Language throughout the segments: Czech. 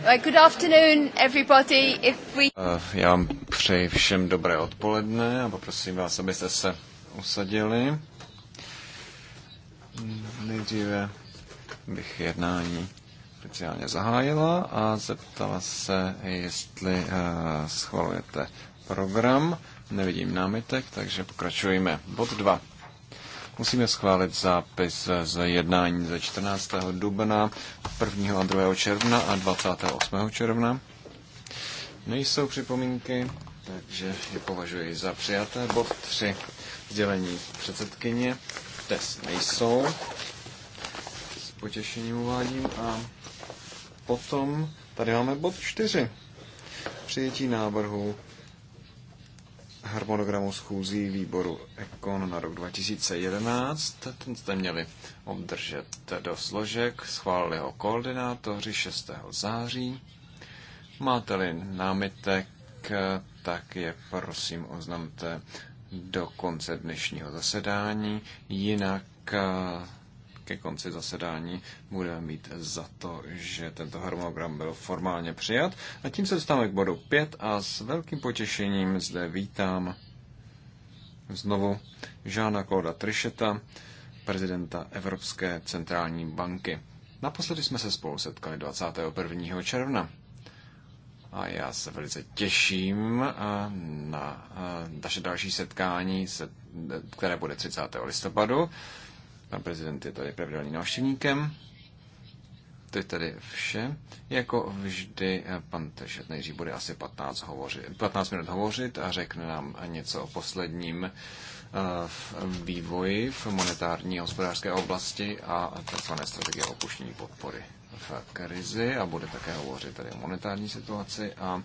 Good afternoon, everybody. If we... Eh, já vám přeji všem dobré odpoledne a poprosím vás, abyste se usadili. Nejdříve bych jednání speciálně zahájila a zeptala se, jestli eh, schvalujete program. Nevidím námitek, takže pokračujeme. Bod 2. Musíme schválit zápis z jednání ze 14. dubna, 1. a 2. června a 28. června. Nejsou připomínky, takže je považuji za přijaté. Bod 3. Sdělení předsedkyně. Test nejsou. S potěšením uvádím. A potom tady máme bod 4. Přijetí návrhu harmonogramu schůzí výboru Ekon na rok 2011. Ten jste měli obdržet do složek, schválili ho koordinátoři 6. září. Máte-li námitek, tak je prosím oznamte do konce dnešního zasedání, jinak ke konci zasedání bude mít za to, že tento harmonogram byl formálně přijat. A tím se dostáváme k bodu 5 a s velkým potěšením zde vítám znovu Žána Klauda Trišeta, prezidenta Evropské centrální banky. Naposledy jsme se spolu setkali 21. června. A já se velice těším na naše další setkání, které bude 30. listopadu. Pan prezident je tady pravidelným návštěvníkem. To je tady vše. Jako vždy, eh, pan Tešet nejdřív bude asi 15, hovořit, 15 minut hovořit a řekne nám něco o posledním eh, v vývoji v monetární a hospodářské oblasti a tzv. strategie opuštění podpory v krizi a bude také hovořit tady o monetární situaci a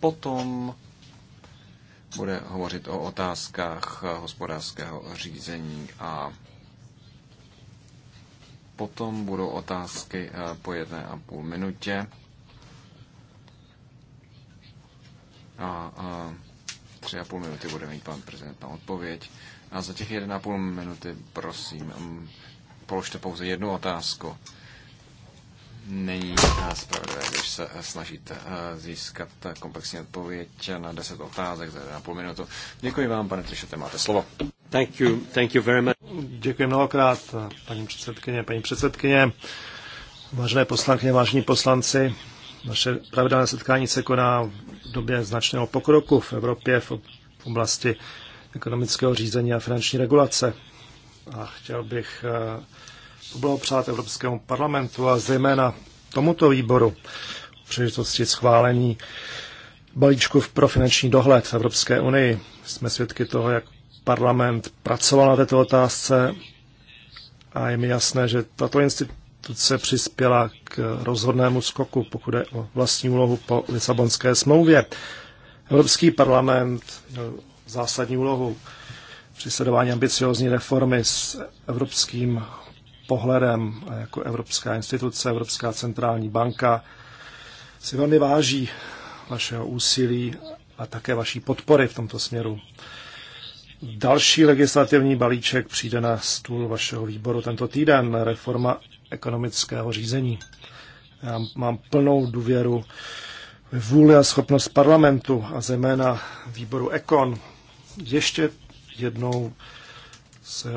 potom bude hovořit o otázkách hospodářského řízení a potom budou otázky eh, po jedné a půl minutě. A, a tři a půl minuty bude mít pan prezident na odpověď. A za těch jeden a půl minuty, prosím, mm, položte pouze jednu otázku. Není spravedlivé, když se snažíte eh, získat komplexní odpověď na deset otázek za půl minutu. Děkuji vám, pane Trišete, máte slovo. Thank you, thank you very much. Děkuji mnohokrát, paní předsedkyně, paní předsedkyně, vážené poslankyně, vážení poslanci. Naše pravidelné setkání se koná v době značného pokroku v Evropě v oblasti ekonomického řízení a finanční regulace. A chtěl bych eh, poblahopřát Evropskému parlamentu a zejména tomuto výboru příležitosti schválení balíčku pro finanční dohled v Evropské unii. Jsme svědky toho, jak parlament pracoval na této otázce a je mi jasné, že tato instituce přispěla k rozhodnému skoku, pokud je o vlastní úlohu po Lisabonské smlouvě. Evropský parlament měl zásadní úlohu při sledování ambiciozní reformy s evropským pohledem a jako Evropská instituce, Evropská centrální banka si velmi váží vašeho úsilí a také vaší podpory v tomto směru. Další legislativní balíček přijde na stůl vašeho výboru tento týden, reforma ekonomického řízení. Já mám plnou důvěru vůli a schopnost parlamentu a zejména výboru Ekon ještě jednou se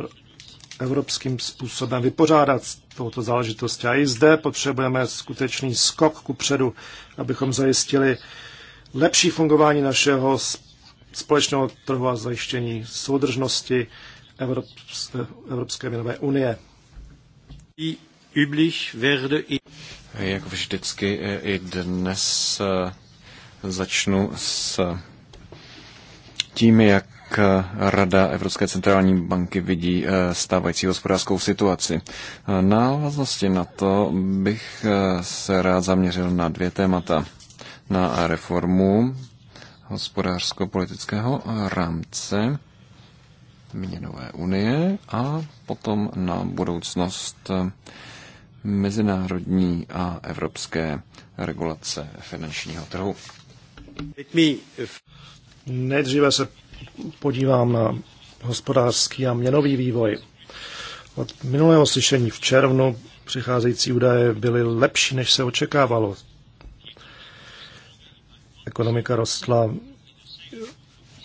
evropským způsobem vypořádat s touto záležitostí. A i zde potřebujeme skutečný skok ku předu, abychom zajistili lepší fungování našeho společnosti společného trhu a zajištění soudržnosti Evropské měnové unie. Jako vždycky i dnes eh, začnu s tím, jak Rada Evropské centrální banky vidí eh, stávající hospodářskou situaci. Eh, návaznosti na to bych se rád zaměřil na dvě témata. Na reformu hospodářsko-politického rámce měnové unie a potom na budoucnost mezinárodní a evropské regulace finančního trhu. Nejdříve se podívám na hospodářský a měnový vývoj. Od minulého slyšení v červnu přicházející údaje byly lepší, než se očekávalo, ekonomika rostla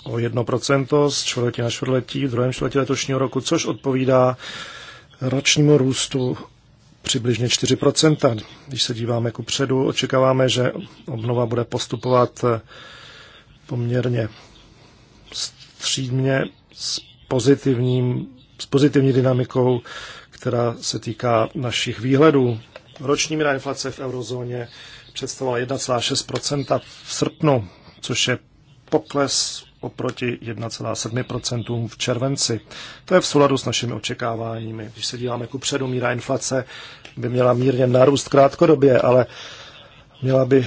o 1% z čtvrtletí na čtvrtletí v druhém čtvrtletí letošního roku, což odpovídá ročnímu růstu přibližně 4%. Když se díváme ku předu, očekáváme, že obnova bude postupovat poměrně střídně s, pozitivním, s pozitivní dynamikou, která se týká našich výhledů. Roční míra inflace v eurozóně představovala 1,6 v srpnu, což je pokles oproti 1,7 v červenci. To je v souladu s našimi očekáváními. Když se díváme ku předu, míra inflace by měla mírně narůst krátkodobě, ale měla by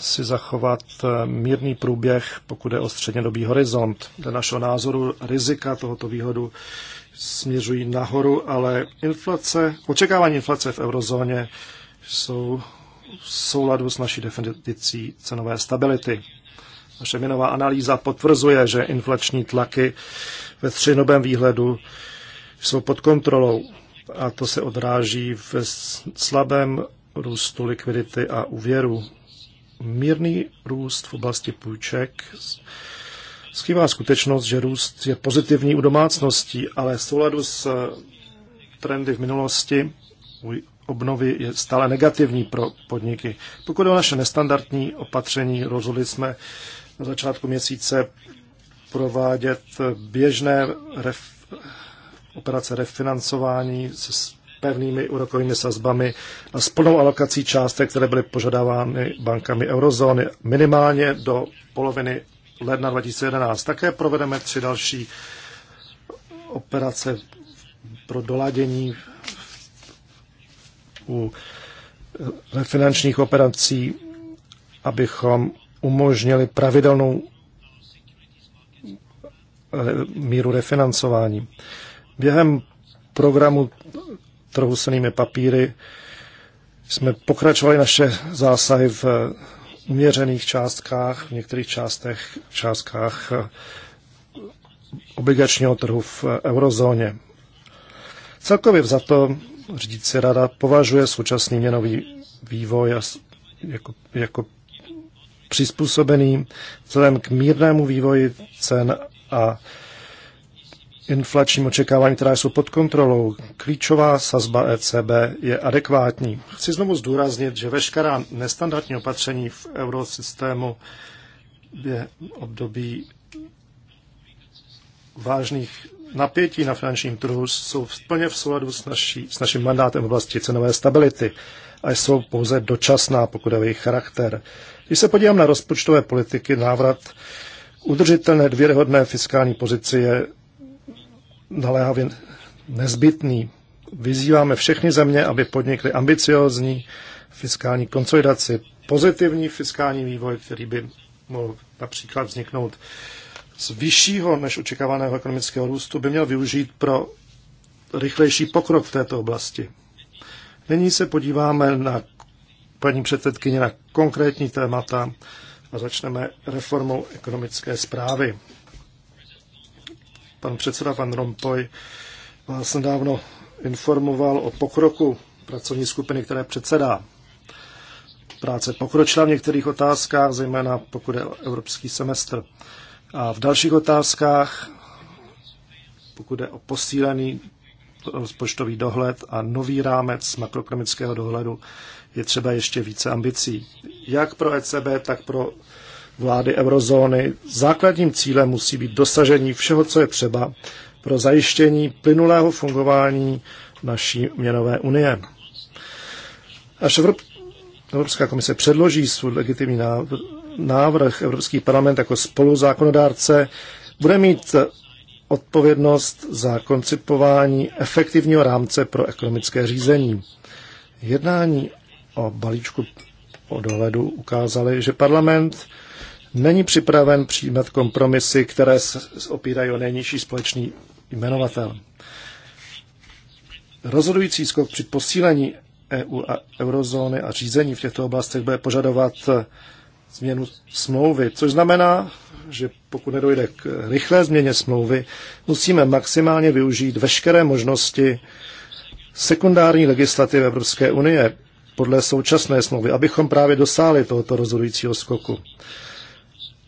si zachovat eh, mírný průběh, pokud je o střednědobý horizont. Dle našeho názoru rizika tohoto výhodu směřují nahoru, ale inflace, očekávání inflace v eurozóně jsou souladu s naší definicí cenové stability. Naše minová analýza potvrzuje, že inflační tlaky ve třinobém výhledu jsou pod kontrolou a to se odráží v slabém růstu likvidity a úvěru. Mírný růst v oblasti půjček skrývá skutečnost, že růst je pozitivní u domácností, ale v souladu s trendy v minulosti obnovy je stále negativní pro podniky. Pokud o naše nestandardní opatření, rozhodli jsme na začátku měsíce provádět běžné ref, operace refinancování s pevnými úrokovými sazbami a s plnou alokací částek, které byly požadávány bankami eurozóny minimálně do poloviny ledna 2011. Také provedeme tři další operace pro doladění u eh, finančních operací, abychom umožnili pravidelnou eh, míru refinancování. Během programu trhu cenými papíry jsme pokračovali naše zásahy v eh, uměřených částkách, v některých částech, částkách obligačního trhu v eurozóně. Celkově za to řídící rada považuje současný měnový vývoj jako, jako přizpůsobený vzhledem k mírnému vývoji cen a inflačním očekávání, která jsou pod kontrolou. Klíčová sazba ECB je adekvátní. Chci znovu zdůraznit, že veškerá nestandardní opatření v eurosystému je období vážných napětí na finančním trhu jsou plně v souladu s, naší, s naším mandátem v oblasti cenové stability a jsou pouze dočasná, pokud je jejich charakter. Když se podívám na rozpočtové politiky, návrat udržitelné důvěryhodné fiskální pozici je naléhavě nezbytný. Vyzýváme všechny země, aby podnikly ambiciozní fiskální konsolidaci, pozitivní fiskální vývoj, který by mohl například vzniknout z vyššího než očekávaného ekonomického růstu by měl využít pro rychlejší pokrok v této oblasti. Nyní se podíváme na paní předsedkyně na konkrétní témata a začneme reformou ekonomické zprávy. Pan předseda Van Rompuy vás nedávno informoval o pokroku pracovní skupiny, které předsedá. Práce pokročila v některých otázkách, zejména pokud je o evropský semestr. A v dalších otázkách, pokud je o posílený rozpočtový dohled a nový rámec makroekonomického dohledu, je třeba ještě více ambicí. Jak pro ECB, tak pro vlády eurozóny. Základním cílem musí být dosažení všeho, co je třeba pro zajištění plynulého fungování naší měnové unie. Až Evropská komise předloží svůj legitimní návrh, návrh Evropský parlament jako spoluzákonodárce bude mít odpovědnost za koncipování efektivního rámce pro ekonomické řízení. Jednání o balíčku o dohledu ukázaly, že parlament není připraven přijímat kompromisy, které se opírají o nejnižší společný jmenovatel. Rozhodující skok při posílení EU a eurozóny a řízení v těchto oblastech bude požadovat změnu smlouvy, což znamená, že pokud nedojde k rychlé změně smlouvy, musíme maximálně využít veškeré možnosti sekundární legislativy Evropské unie podle současné smlouvy, abychom právě dosáhli tohoto rozhodujícího skoku.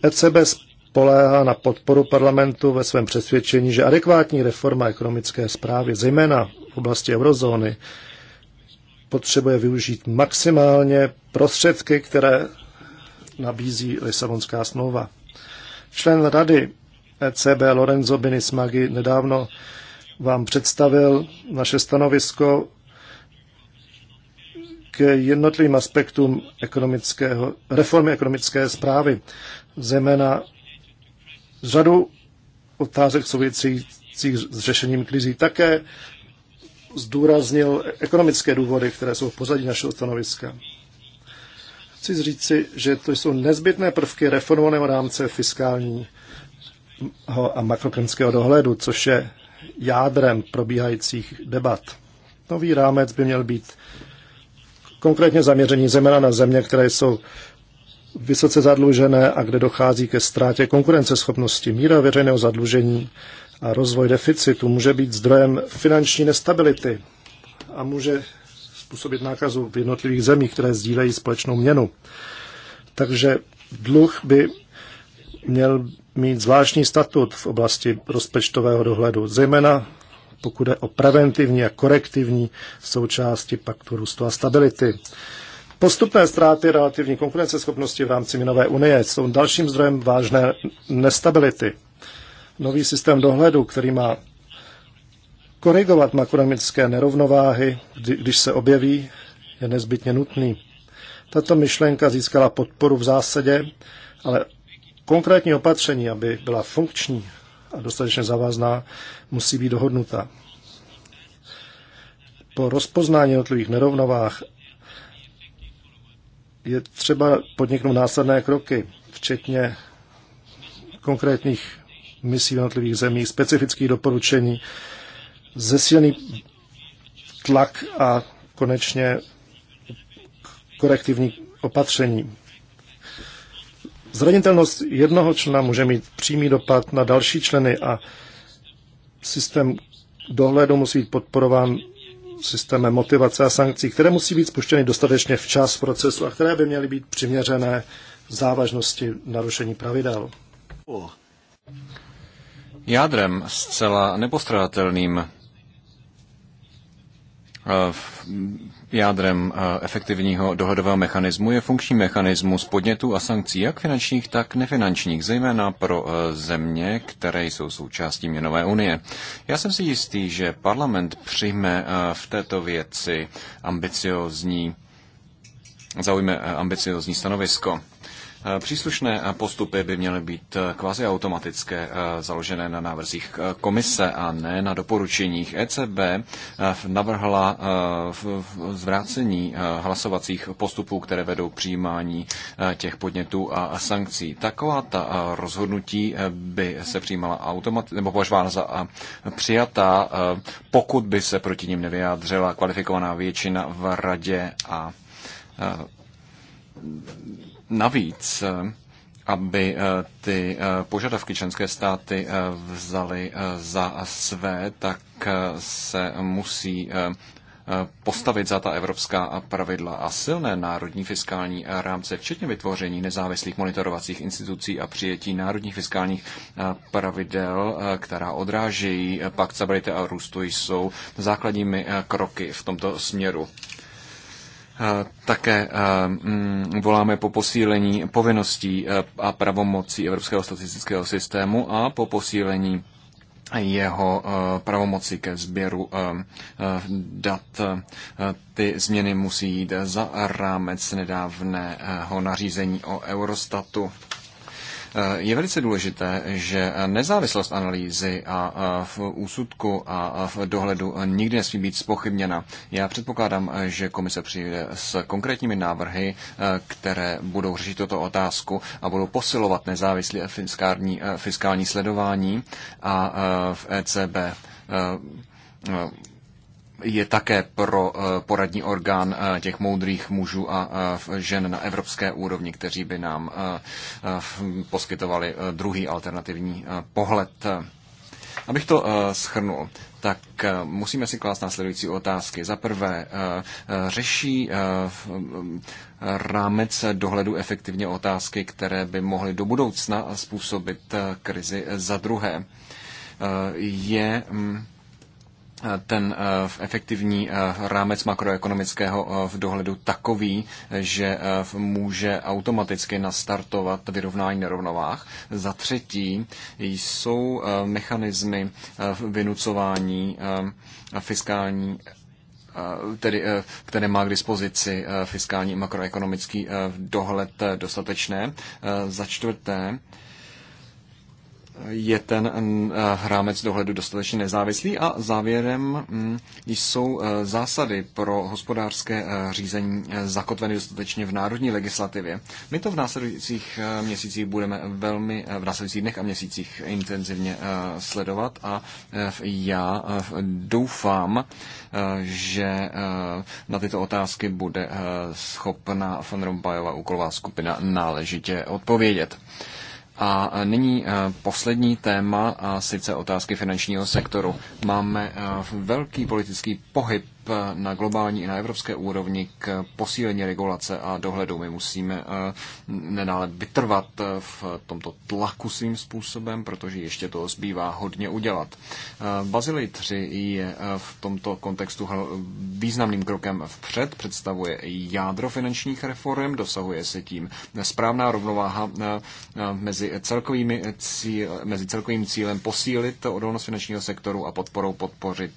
ECB spoléhá na podporu parlamentu ve svém přesvědčení, že adekvátní reforma ekonomické zprávy, zejména v oblasti eurozóny, potřebuje využít maximálně prostředky, které nabízí Lisabonská smlouva. Člen rady ECB Lorenzo Binismagi nedávno vám představil naše stanovisko k jednotlivým aspektům ekonomického, reformy ekonomické zprávy, zejména řadu otázek souvisejících s řešením krizí. Také zdůraznil ekonomické důvody, které jsou v pozadí našeho stanoviska. Chci říci, že to jsou nezbytné prvky reformovaného rámce fiskálního a makrokritického dohledu, což je jádrem probíhajících debat. Nový rámec by měl být konkrétně zaměřený zejména na země, které jsou vysoce zadlužené a kde dochází ke ztrátě konkurenceschopnosti. Míra veřejného zadlužení a rozvoj deficitu může být zdrojem finanční nestability a může způsobit nákazu v jednotlivých zemích, které sdílejí společnou měnu. Takže dluh by měl mít zvláštní statut v oblasti rozpočtového dohledu, zejména pokud je o preventivní a korektivní součásti paktu růstu a stability. Postupné ztráty relativní konkurenceschopnosti v rámci minové unie jsou dalším zdrojem vážné nestability. Nový systém dohledu, který má korigovat makronomické nerovnováhy, když se objeví, je nezbytně nutný. Tato myšlenka získala podporu v zásadě, ale konkrétní opatření, aby byla funkční a dostatečně závazná, musí být dohodnuta. Po rozpoznání jednotlivých nerovnovách je třeba podniknout následné kroky, včetně konkrétních misí v jednotlivých zemích, specifických doporučení zesílený tlak a konečně korektivní opatření. Zranitelnost jednoho člena může mít přímý dopad na další členy a systém dohledu musí být podporován systémem motivace a sankcí, které musí být spuštěny dostatečně včas v procesu a které by měly být přiměřené závažnosti narušení pravidel. Jádrem zcela nepostradatelným Eh, jádrem eh, efektivního dohodového mechanismu je funkční mechanismus podnětů a sankcí, jak finančních, tak nefinančních, zejména pro eh, země, které jsou součástí měnové unie. Já jsem si jistý, že parlament přijme v této věci ambiciozní, zaujme ambiciozní stanovisko. Eh, příslušné eh, postupy by měly být eh, kvazi automatické, založené na návrzích komise a ne na doporučeních. ECB navrhla zvrácení hlasovacích postupů, které vedou k přijímání těch podnětů a sankcí. Taková ta rozhodnutí by se přijímala automaticky nebo považována za přijatá, pokud by se proti ním nevyjádřila kvalifikovaná většina v radě a navíc, eh, aby eh, ty eh, požadavky členské státy vzaly za své, tak se musí postavit za ta evropská pravidla a silné národní fiskální rámce, včetně vytvoření nezávislých monitorovacích institucí a přijetí národních fiskálních pravidel, která odrážejí pakt stability a růstu, jsou základními kroky v tomto směru. Také mm, voláme po posílení povinností e, a pravomocí Evropského statistického systému a po posílení jeho e, pravomoci ke sběru e, dat. Ty změny musí jít za rámec nedávného nařízení o Eurostatu. Je velice důležité, že nezávislost analýzy a v úsudku a v dohledu nikdy nesmí být spochybněna. Já předpokládám, že komise přijde s konkrétními návrhy, e, které budou řešit toto otázku a budou posilovat nezávislé fiskální, e, fiskální sledování a e, v ECB je také pro eh, poradní orgán eh, těch moudrých mužů a eh, žen na evropské úrovni, kteří by nám poskytovali druhý alternativní pohled. Abych to schrnul, tak musíme si klást následující otázky. Za prvé, řeší rámec dohledu efektivně otázky, které by mohly do budoucna způsobit krizi. Za druhé, je mm, ten e, efektivní e, rámec makroekonomického e, v dohledu takový, že může automaticky nastartovat vyrovnání nerovnovách. Za třetí jsou mechanismy vynucování fiskální tedy, které má k dispozici fiskální makroekonomický dohled dostatečné. Za čtvrté, je ten eh, rámec dohledu dostatečně nezávislý a závěrem hm, jsou eh, zásady pro hospodářské eh, řízení zakotveny dostatečně v národní legislativě. My to v následujících měsících budeme velmi, v následujících dnech a měsících intenzivně sledovat a já doufám, že na tyto otázky bude schopna von Rompajová úkolová skupina náležitě odpovědět. A nyní poslední téma, a sice otázky finančního sektoru. Máme velký politický pohyb Eh, na globální i na evropské úrovni k posílení regulace a dohledu. My musíme eh, nenále vytrvat eh, v tomto tlaku svým způsobem, protože ještě toho zbývá hodně udělat. Bazily 3 je v tomto kontextu významným krokem vpřed, představuje jádro finančních reform, dosahuje se tím správná rovnováha mezi, celkovými cíl, mezi celkovým cílem posílit odolnost finančního sektoru a podporou podpořit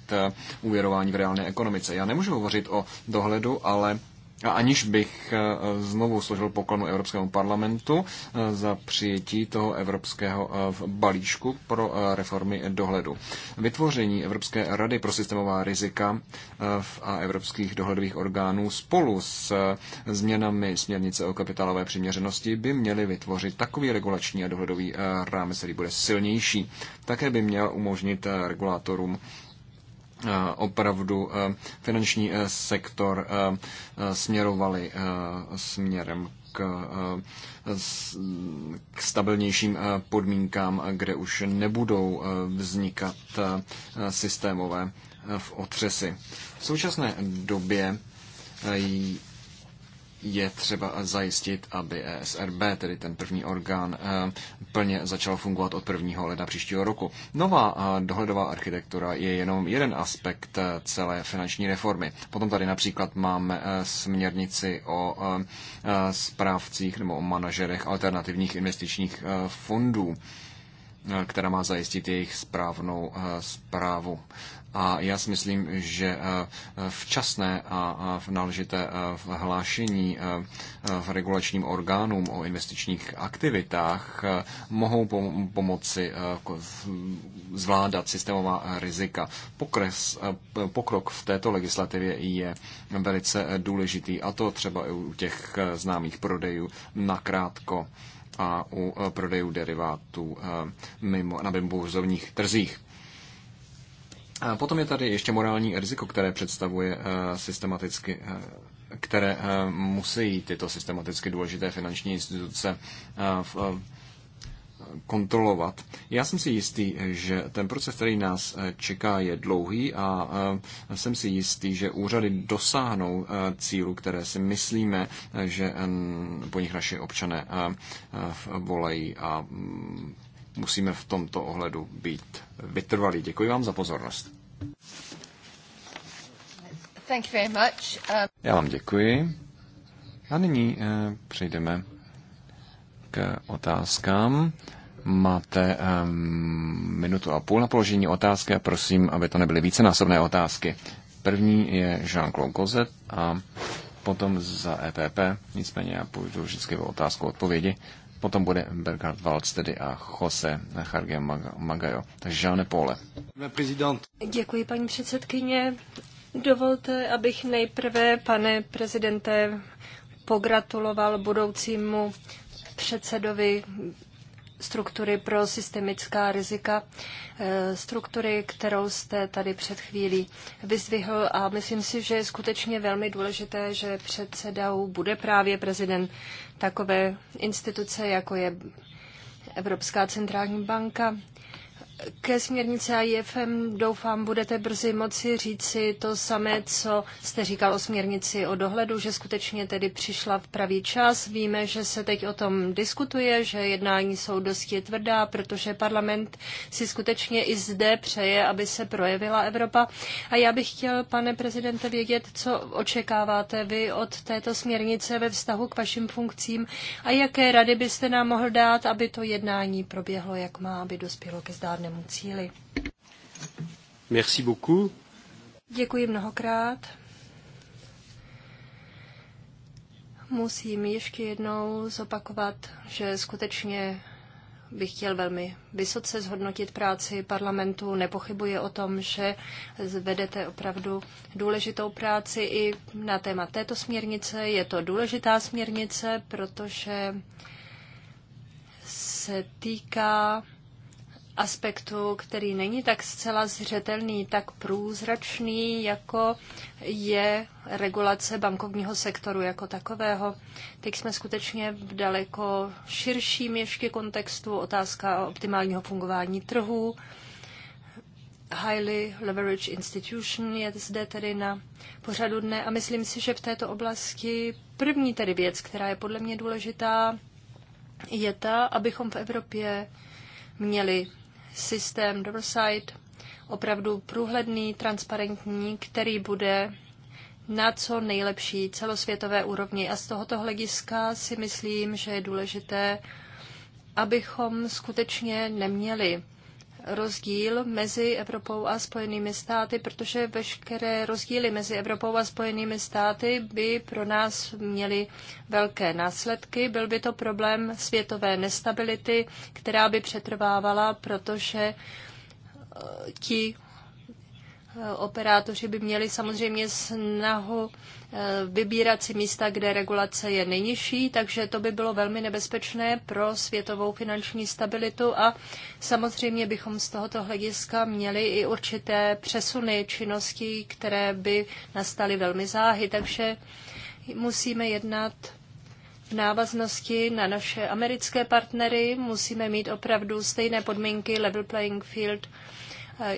úvěrování v reálné ekonomice ekonomice. Já nemůžu hovořit o dohledu, ale a aniž bych eh, znovu složil poklonu Evropskému parlamentu eh, za přijetí toho evropského eh, balíčku pro reformy dohledu. Vytvoření Evropské rady pro systémová rizika a evropských dohledových orgánů spolu s změnami směrnice o kapitálové přiměřenosti by měly vytvořit takový regulační a dohledový rámec, který bude silnější. Také by měl umožnit regulátorům Eh, opravdu eh, finanční eh, sektor směrovali směrem k, k stabilnějším podmínkám, kde už nebudou vznikat systémové v otřesy. V současné době je třeba zajistit, aby ESRB, tedy ten první orgán, eh, plně začal fungovat od 1. ledna příštího roku. Nová eh, dohledová architektura je jenom jeden aspekt eh, celé finanční reformy. Potom tady například máme směrnici o správcích nebo o manažerech alternativních investičních fondů která má zajistit jejich správnou zprávu. A já si myslím, že eh, včasné a náležité eh, hlášení eh, v regulačním orgánům o investičních aktivitách mohou pomoci zvládat systémová rizika. Pokres, pokrok v této legislativě je velice důležitý, a to třeba i u těch známých prodejů nakrátko a u prodejů derivátů mimo, na burzovních trzích potom je tady ještě morální riziko, které představuje eh, systematicky eh, které eh, musí tyto systematicky důležité finanční instituce kontrolovat. Já jsem si jistý, že ten proces, který nás čeká, je dlouhý a jsem si jistý, že úřady dosáhnou cílu, které si myslíme, že po nich naši občané volají a mm, musíme v tomto ohledu být vytrvalí. Děkuji vám za pozornost. Thank you very much. Um... Já vám děkuji. A nyní eh, přejdeme k otázkám. Máte eh, minutu a půl na položení otázky a prosím, aby to nebyly vícenásobné otázky. První je Jean-Claude Gozet a potom za EPP. Nicméně já půjdu vždycky o otázku odpovědi Potom bude Bergard Walc tedy a Jose Charge Magajo. Takže žádné Pole. Děkuji, paní předsedkyně. Dovolte, abych nejprve, pane prezidente, pogratuloval budoucímu předsedovi struktury pro systemická rizika, eh, struktury, kterou jste tady před chvílí vyzvihl a myslím si, že je skutečně velmi důležité, že předsedou bude právě prezident takové instituce, jako je Evropská centrální banka. Ke směrnici IFM doufám, budete brzy moci říci to samé, co jste říkal o směrnici o dohledu, že skutečně tedy přišla v pravý čas. Víme, že se teď o tom diskutuje, že jednání jsou dosti tvrdá, protože parlament si skutečně i zde přeje, aby se projevila Evropa. A já bych chtěl, pane prezidente, vědět, co očekáváte vy od této směrnice ve vztahu k vašim funkcím a jaké rady byste nám mohl dát, aby to jednání proběhlo, jak má, aby dospělo ke zdárnému stanovenému cíli. Merci beaucoup. Děkuji mnohokrát. Musím ještě jednou zopakovat, že skutečně bych chtěl velmi vysoce zhodnotit práci parlamentu. Nepochybuji o tom, že vedete opravdu důležitou práci i na téma této směrnice. Je to důležitá směrnice, protože se týká aspektu, který není tak zcela zřetelný, tak průzračný, jako je regulace bankovního sektoru jako takového. Teď jsme skutečně v daleko širším ještě kontextu otázka optimálního fungování trhu. Highly Leverage Institution je zde tedy na pořadu dne a myslím si, že v této oblasti první tedy věc, která je podle mě důležitá, je ta, abychom v Evropě měli systém Doorsight, opravdu průhledný, transparentní, který bude na co nejlepší celosvětové úrovni. A z tohoto hlediska si myslím, že je důležité, abychom skutečně neměli rozdíl mezi Evropou a Spojenými státy, protože veškeré rozdíly mezi Evropou a Spojenými státy by pro nás měly velké následky. Byl by to problém světové nestability, která by přetrvávala, protože eh, ti Operátoři by měli samozřejmě snahu eh, vybírat si místa, kde regulace je nejnižší, takže to by bylo velmi nebezpečné pro světovou finanční stabilitu a samozřejmě bychom z tohoto hlediska měli i určité přesuny činností, které by nastaly velmi záhy, takže musíme jednat v návaznosti na naše americké partnery, musíme mít opravdu stejné podmínky, level playing field,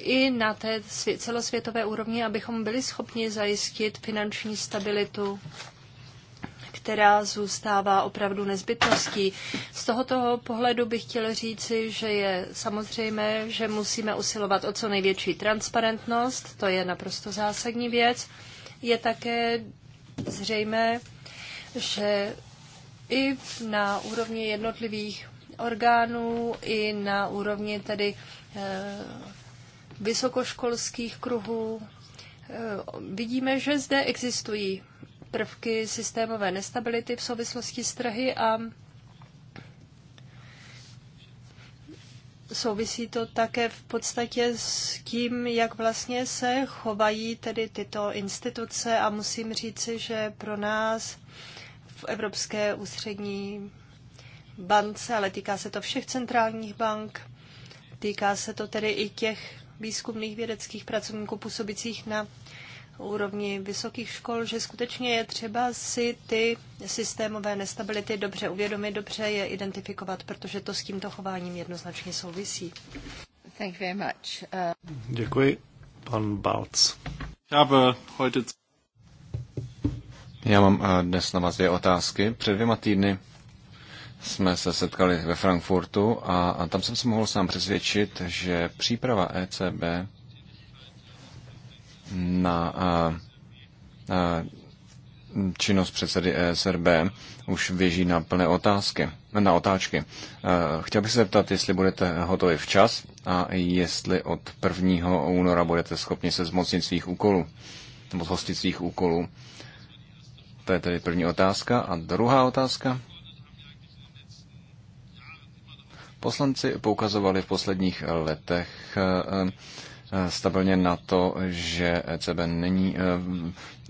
i na té celosvětové úrovni, abychom byli schopni zajistit finanční stabilitu která zůstává opravdu nezbytností. Z tohoto pohledu bych chtěl říci, že je samozřejmé, že musíme usilovat o co největší transparentnost, to je naprosto zásadní věc. Je také zřejmé, že i na úrovni jednotlivých orgánů, i na úrovni tedy eh, vysokoškolských kruhů. Eh, vidíme, že zde existují prvky systémové nestability v souvislosti s trhy a souvisí to také v podstatě s tím, jak vlastně se chovají tedy tyto instituce a musím říci, že pro nás v Evropské ústřední bance, ale týká se to všech centrálních bank, týká se to tedy i těch výzkumných vědeckých pracovníků působících na úrovni vysokých škol, že skutečně je třeba si ty systémové nestability dobře uvědomit, dobře je identifikovat, protože to s tímto chováním jednoznačně souvisí. Thank you very much. Uh... Děkuji. Pan Balc. Já, heute... Já mám eh, dnes na vás dvě otázky. Před dvěma týdny jsme se setkali ve Frankfurtu a, a tam jsem se mohl sám přesvědčit, že příprava ECB na a, a, činnost předsedy ESRB už běží na plné otázky, na otáčky. Chtěl bych se zeptat, jestli budete hotovi včas a jestli od 1. února budete schopni se zmocnit svých úkolů, nebo zhostit svých úkolů. To je tedy první otázka. A druhá otázka. Poslanci poukazovali v posledních letech eh, eh, stabilně na to, že ECB není,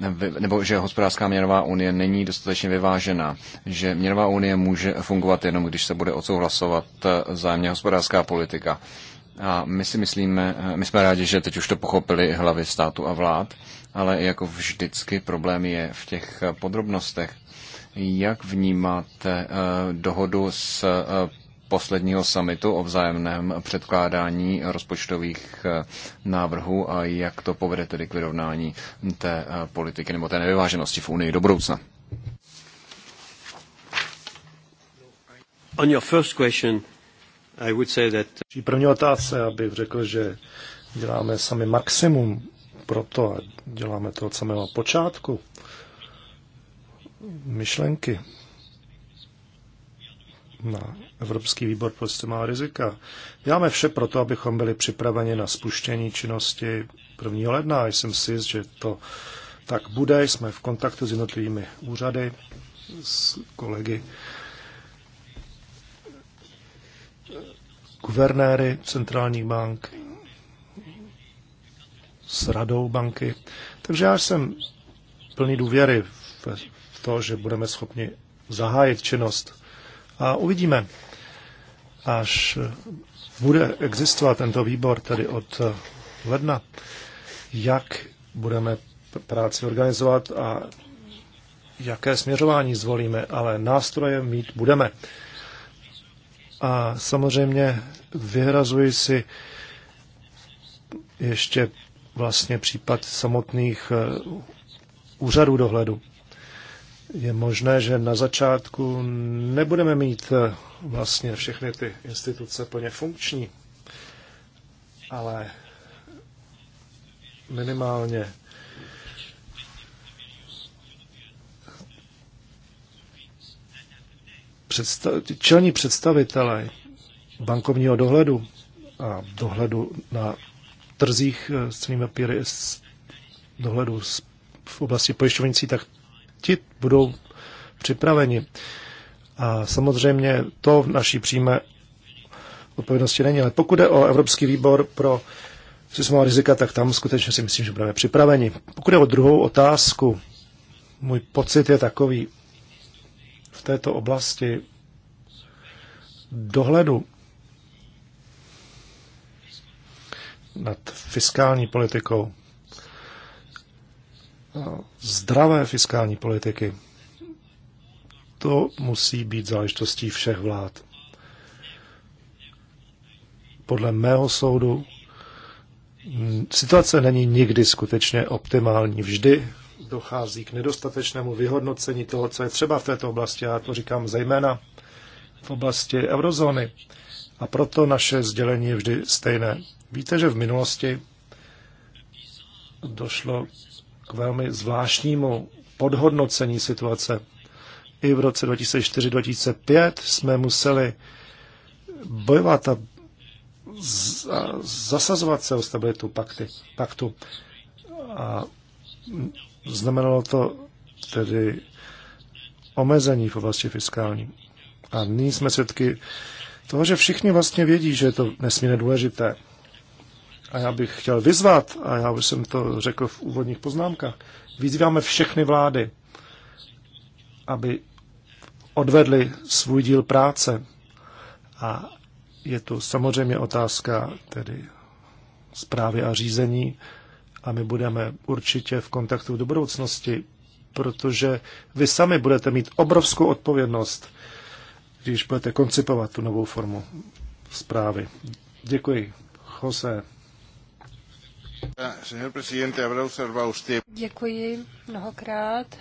eh, nebo že hospodářská měnová unie není dostatečně vyvážená, že měnová unie může fungovat jenom, když se bude odsouhlasovat zájemně hospodářská politika. A my si myslíme, my jsme rádi, že teď už to pochopili hlavy státu a vlád, ale jako vždycky problém je v těch podrobnostech. Jak vnímáte dohodu s posledního samitu o vzájemném předkládání rozpočtových eh, návrhů a jak to povede tedy k vyrovnání té eh, politiky nebo té nevyváženosti v Unii do budoucna. On your first question, I would say that... První otázce, abych řekl, že děláme sami maximum pro to a děláme to od samého počátku. Myšlenky na Evropský výbor pro systémová rizika. Děláme vše pro to, abychom byli připraveni na spuštění činnosti 1. ledna. Jsem si jist, že to tak bude. Jsme v kontaktu s jednotlivými úřady, s kolegy guvernéry centrálních bank, s radou banky. Takže já jsem plný důvěry v to, že budeme schopni zahájit činnost. A uvidíme, až bude existovat tento výbor, tedy od ledna, jak budeme práci organizovat a jaké směřování zvolíme, ale nástroje mít budeme. A samozřejmě vyhrazuji si ještě vlastně případ samotných eh, úřadů dohledu je možné, že na začátku nebudeme mít eh, vlastně všechny ty instituce plně funkční, ale minimálně představ, čelní představitelé bankovního dohledu a dohledu na trzích eh, s cenými papíry, dohledu v oblasti pojišťovnicí, tak ti budou připraveni. A samozřejmě to v naší příjme odpovědnosti není. Ale pokud je o Evropský výbor pro systémová rizika, tak tam skutečně si myslím, že budeme připraveni. Pokud je o druhou otázku, můj pocit je takový. V této oblasti dohledu nad fiskální politikou zdravé fiskální politiky. To musí být záležitostí všech vlád. Podle mého soudu mm, situace není nikdy skutečně optimální. Vždy dochází k nedostatečnému vyhodnocení toho, co je třeba v této oblasti. Já to říkám zejména v oblasti eurozóny. A proto naše sdělení je vždy stejné. Víte, že v minulosti došlo velmi zvláštnímu podhodnocení situace. I v roce 2004-2005 jsme museli bojovat a zasazovat se o stabilitu pakty, paktu. A znamenalo to tedy omezení v oblasti fiskální. A nyní jsme svědky toho, že všichni vlastně vědí, že je to nesmírně důležité. A já bych chtěl vyzvat, a já už jsem to řekl v úvodních poznámkách, vyzýváme všechny vlády, aby odvedli svůj díl práce. A je tu samozřejmě otázka tedy zprávy a řízení a my budeme určitě v kontaktu do budoucnosti, protože vy sami budete mít obrovskou odpovědnost, když budete koncipovat tu novou formu zprávy. Děkuji. Jose. Ah, děkuji mnohokrát.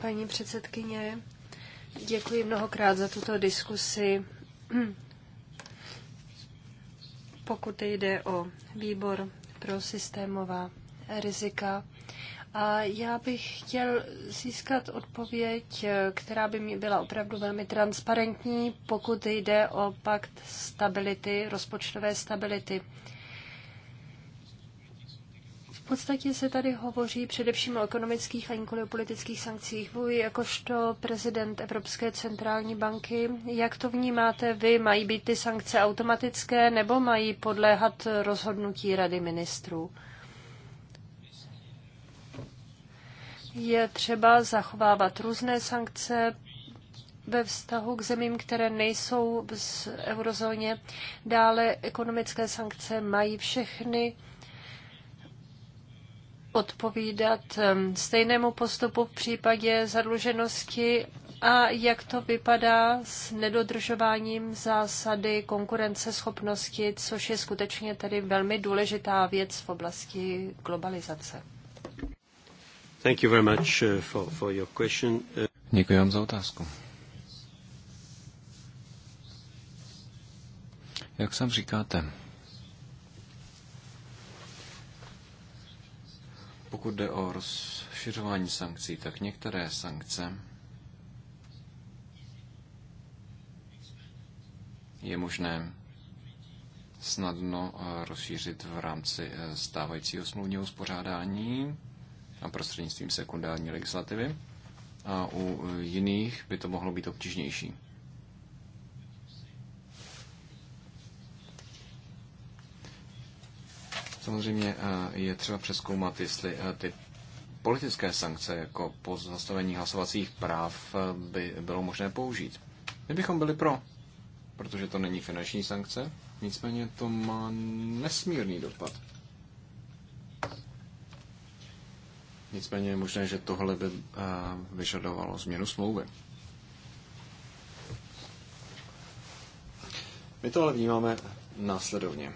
Paní předsedkyně, děkuji mnohokrát za tuto diskusi. Pokud jde o výbor pro systémová rizika, a já bych chtěl získat odpověď, která by mi byla opravdu velmi transparentní, pokud jde o pakt stability, rozpočtové stability podstatě se tady hovoří především o ekonomických a nikoli o politických sankcích. Vy jakožto prezident Evropské centrální banky, jak to vnímáte vy? Mají být ty sankce automatické nebo mají podléhat rozhodnutí Rady ministrů? Je třeba zachovávat různé sankce ve vztahu k zemím, které nejsou v eurozóně. Dále ekonomické sankce mají všechny odpovídat ehm, stejnému postupu v případě zadluženosti a jak to vypadá s nedodržováním zásady konkurenceschopnosti, což je skutečně tedy velmi důležitá věc v oblasti globalizace. Thank you very much eh, for, for your question. Eh, Děkuji vám za otázku. Jak sam říkáte, Pokud jde o rozšiřování sankcí, tak některé sankce je možné snadno eh, rozšířit v rámci eh, stávajícího smluvního uspořádání a prostřednictvím sekundární legislativy. A u eh, jiných by to mohlo být obtížnější. Samozřejmě eh, je třeba přeskoumat, jestli eh, ty politické sankce jako pozastavení hlasovacích práv eh, by bylo možné použít. My bychom byli pro, protože to není finanční sankce, nicméně to má nesmírný dopad. Nicméně je možné, že tohle by vyžadovalo změnu smlouvy. My to ale vnímáme následovně.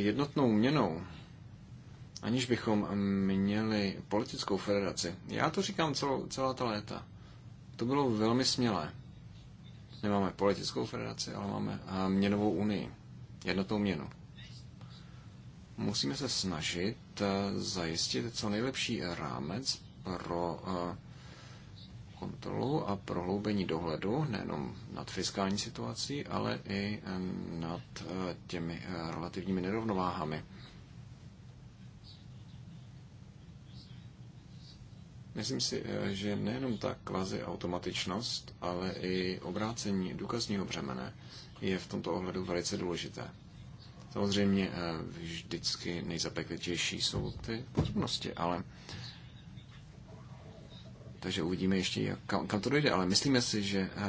jednotnou měnou, aniž bychom měli politickou federaci, já to říkám celou, celá ta léta, to bylo velmi smělé. Nemáme politickou federaci, ale máme eh, měnovou unii, jednotnou měnu. Musíme se snažit eh, zajistit co nejlepší rámec pro eh, kontrolu a prohloubení dohledu nejenom nad fiskální situací, ale i eh, nad eh, těmi eh, relativními nerovnováhami. Myslím si, že nejenom ta kvazi automatičnost, ale i obrácení důkazního břemene je v tomto ohledu velice důležité. Samozřejmě vždycky nejzapeklitější jsou ty pozornosti, ale uh, takže uvidíme ještě, jak, kam, kam to dojde. Ale myslíme si, že eh,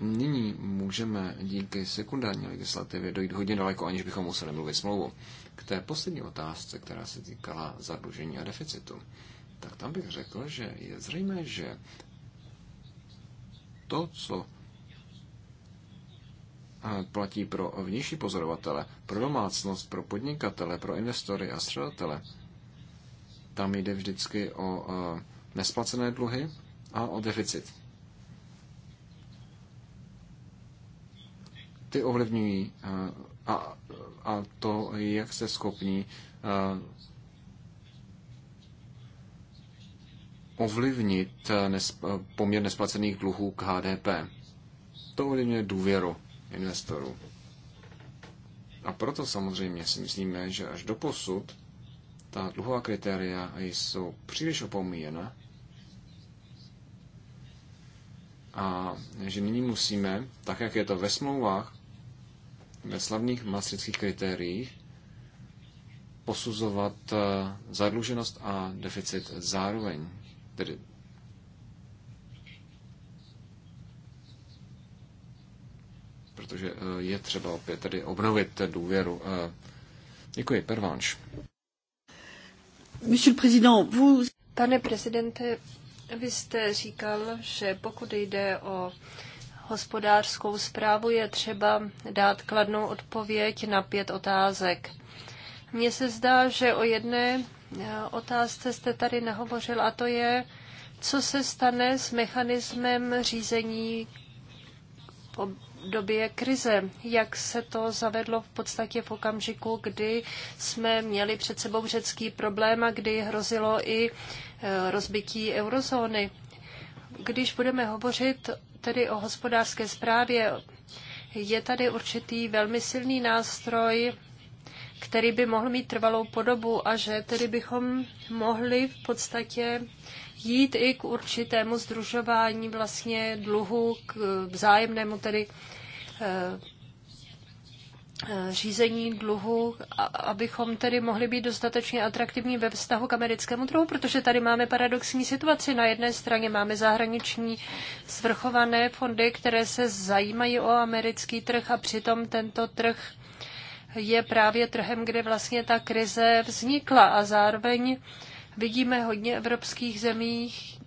nyní můžeme díky sekundární legislativě dojít hodně daleko, aniž bychom museli mluvit smlouvu. K té poslední otázce, která se týkala zadlužení a deficitu, tak tam bych řekl, že je zřejmé, že to, co eh, platí pro vnější pozorovatele, pro domácnost, pro podnikatele, pro investory a středatele, tam jde vždycky o eh, nesplacené dluhy a o deficit. Ty ovlivňují eh, a, a, to, jak se schopni eh, ovlivnit eh, nesp- poměr nesplacených dluhů k HDP. To ovlivňuje důvěru investorů. A proto samozřejmě si myslíme, že až do posud ta dluhová kritéria jsou příliš opomíjena a že nyní musíme, tak jak je to ve smlouvách, ve slavných maastrichtských kritériích, posuzovat eh, zadluženost a deficit zároveň. Tedy protože eh, je třeba opět tedy obnovit důvěru. Eh. Děkuji, Pervánč. Pane prezidente, vy jste říkal, že pokud jde o hospodářskou zprávu, je třeba dát kladnou odpověď na pět otázek. Mně se zdá, že o jedné eh, otázce jste tady nahovořil, a to je, co se stane s mechanismem řízení době krize, jak se to zavedlo v podstatě v okamžiku, kdy jsme měli před sebou řecký problém a kdy hrozilo i e, rozbití eurozóny. Když budeme hovořit tedy o hospodářské zprávě, je tady určitý velmi silný nástroj, který by mohl mít trvalou podobu a že tedy bychom mohli v podstatě jít i k určitému združování vlastně dluhu, k vzájemnému tedy Eh, řízení dluhu, abychom tedy mohli být dostatečně atraktivní ve vztahu k americkému trhu, protože tady máme paradoxní situaci. Na jedné straně máme zahraniční svrchované fondy, které se zajímají o americký trh a přitom tento trh je právě trhem, kde vlastně ta krize vznikla a zároveň vidíme hodně evropských zemích,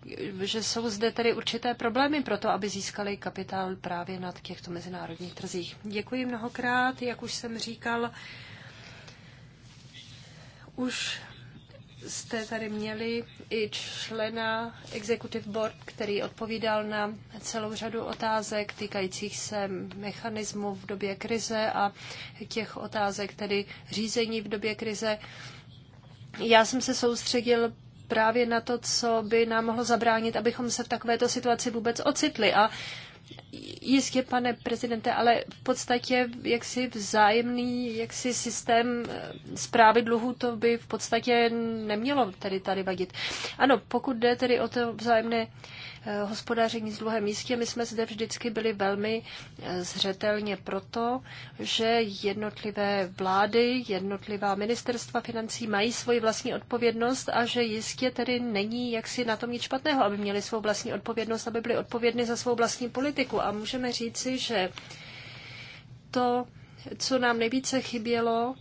že jsou zde tedy určité problémy pro to, aby získali kapitál právě na těchto mezinárodních trzích. Děkuji mnohokrát, jak už jsem říkal, už jste tady měli i člena Executive Board, který odpovídal na celou řadu otázek týkajících se mechanismu v době krize a těch otázek tedy řízení v době krize. Já jsem se soustředil právě na to, co by nám mohlo zabránit, abychom se v takovéto situaci vůbec ocitli. A Jistě, pane prezidente, ale v podstatě jaksi vzájemný jaksi systém eh, zprávy dluhu to by v podstatě nemělo tedy tady vadit. Ano, pokud jde tedy o to vzájemné Eh, hospodaření s dluhem. Jistě my jsme zde vždycky byli velmi eh, zřetelně proto, že jednotlivé vlády, jednotlivá ministerstva financí mají svoji vlastní odpovědnost a že jistě tedy není jaksi na tom nic špatného, aby měli svou vlastní odpovědnost, aby byli odpovědní za svou vlastní politiku. A můžeme říci, že to, co nám nejvíce chybělo,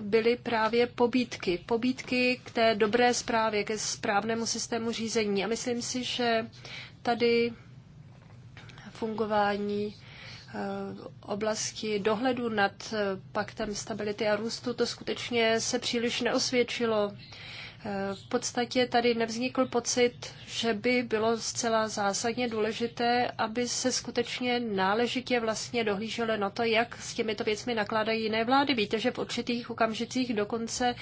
byly právě pobídky. Pobídky k té dobré zprávě, ke správnému systému řízení. A myslím si, že tady fungování eh, oblasti dohledu nad eh, paktem stability a růstu, to skutečně se příliš neosvědčilo. V podstatě tady nevznikl pocit, že by bylo zcela zásadně důležité, aby se skutečně náležitě vlastně dohlíželo na to, jak s těmito věcmi nakládají jiné vlády. Víte, že v určitých okamžicích dokonce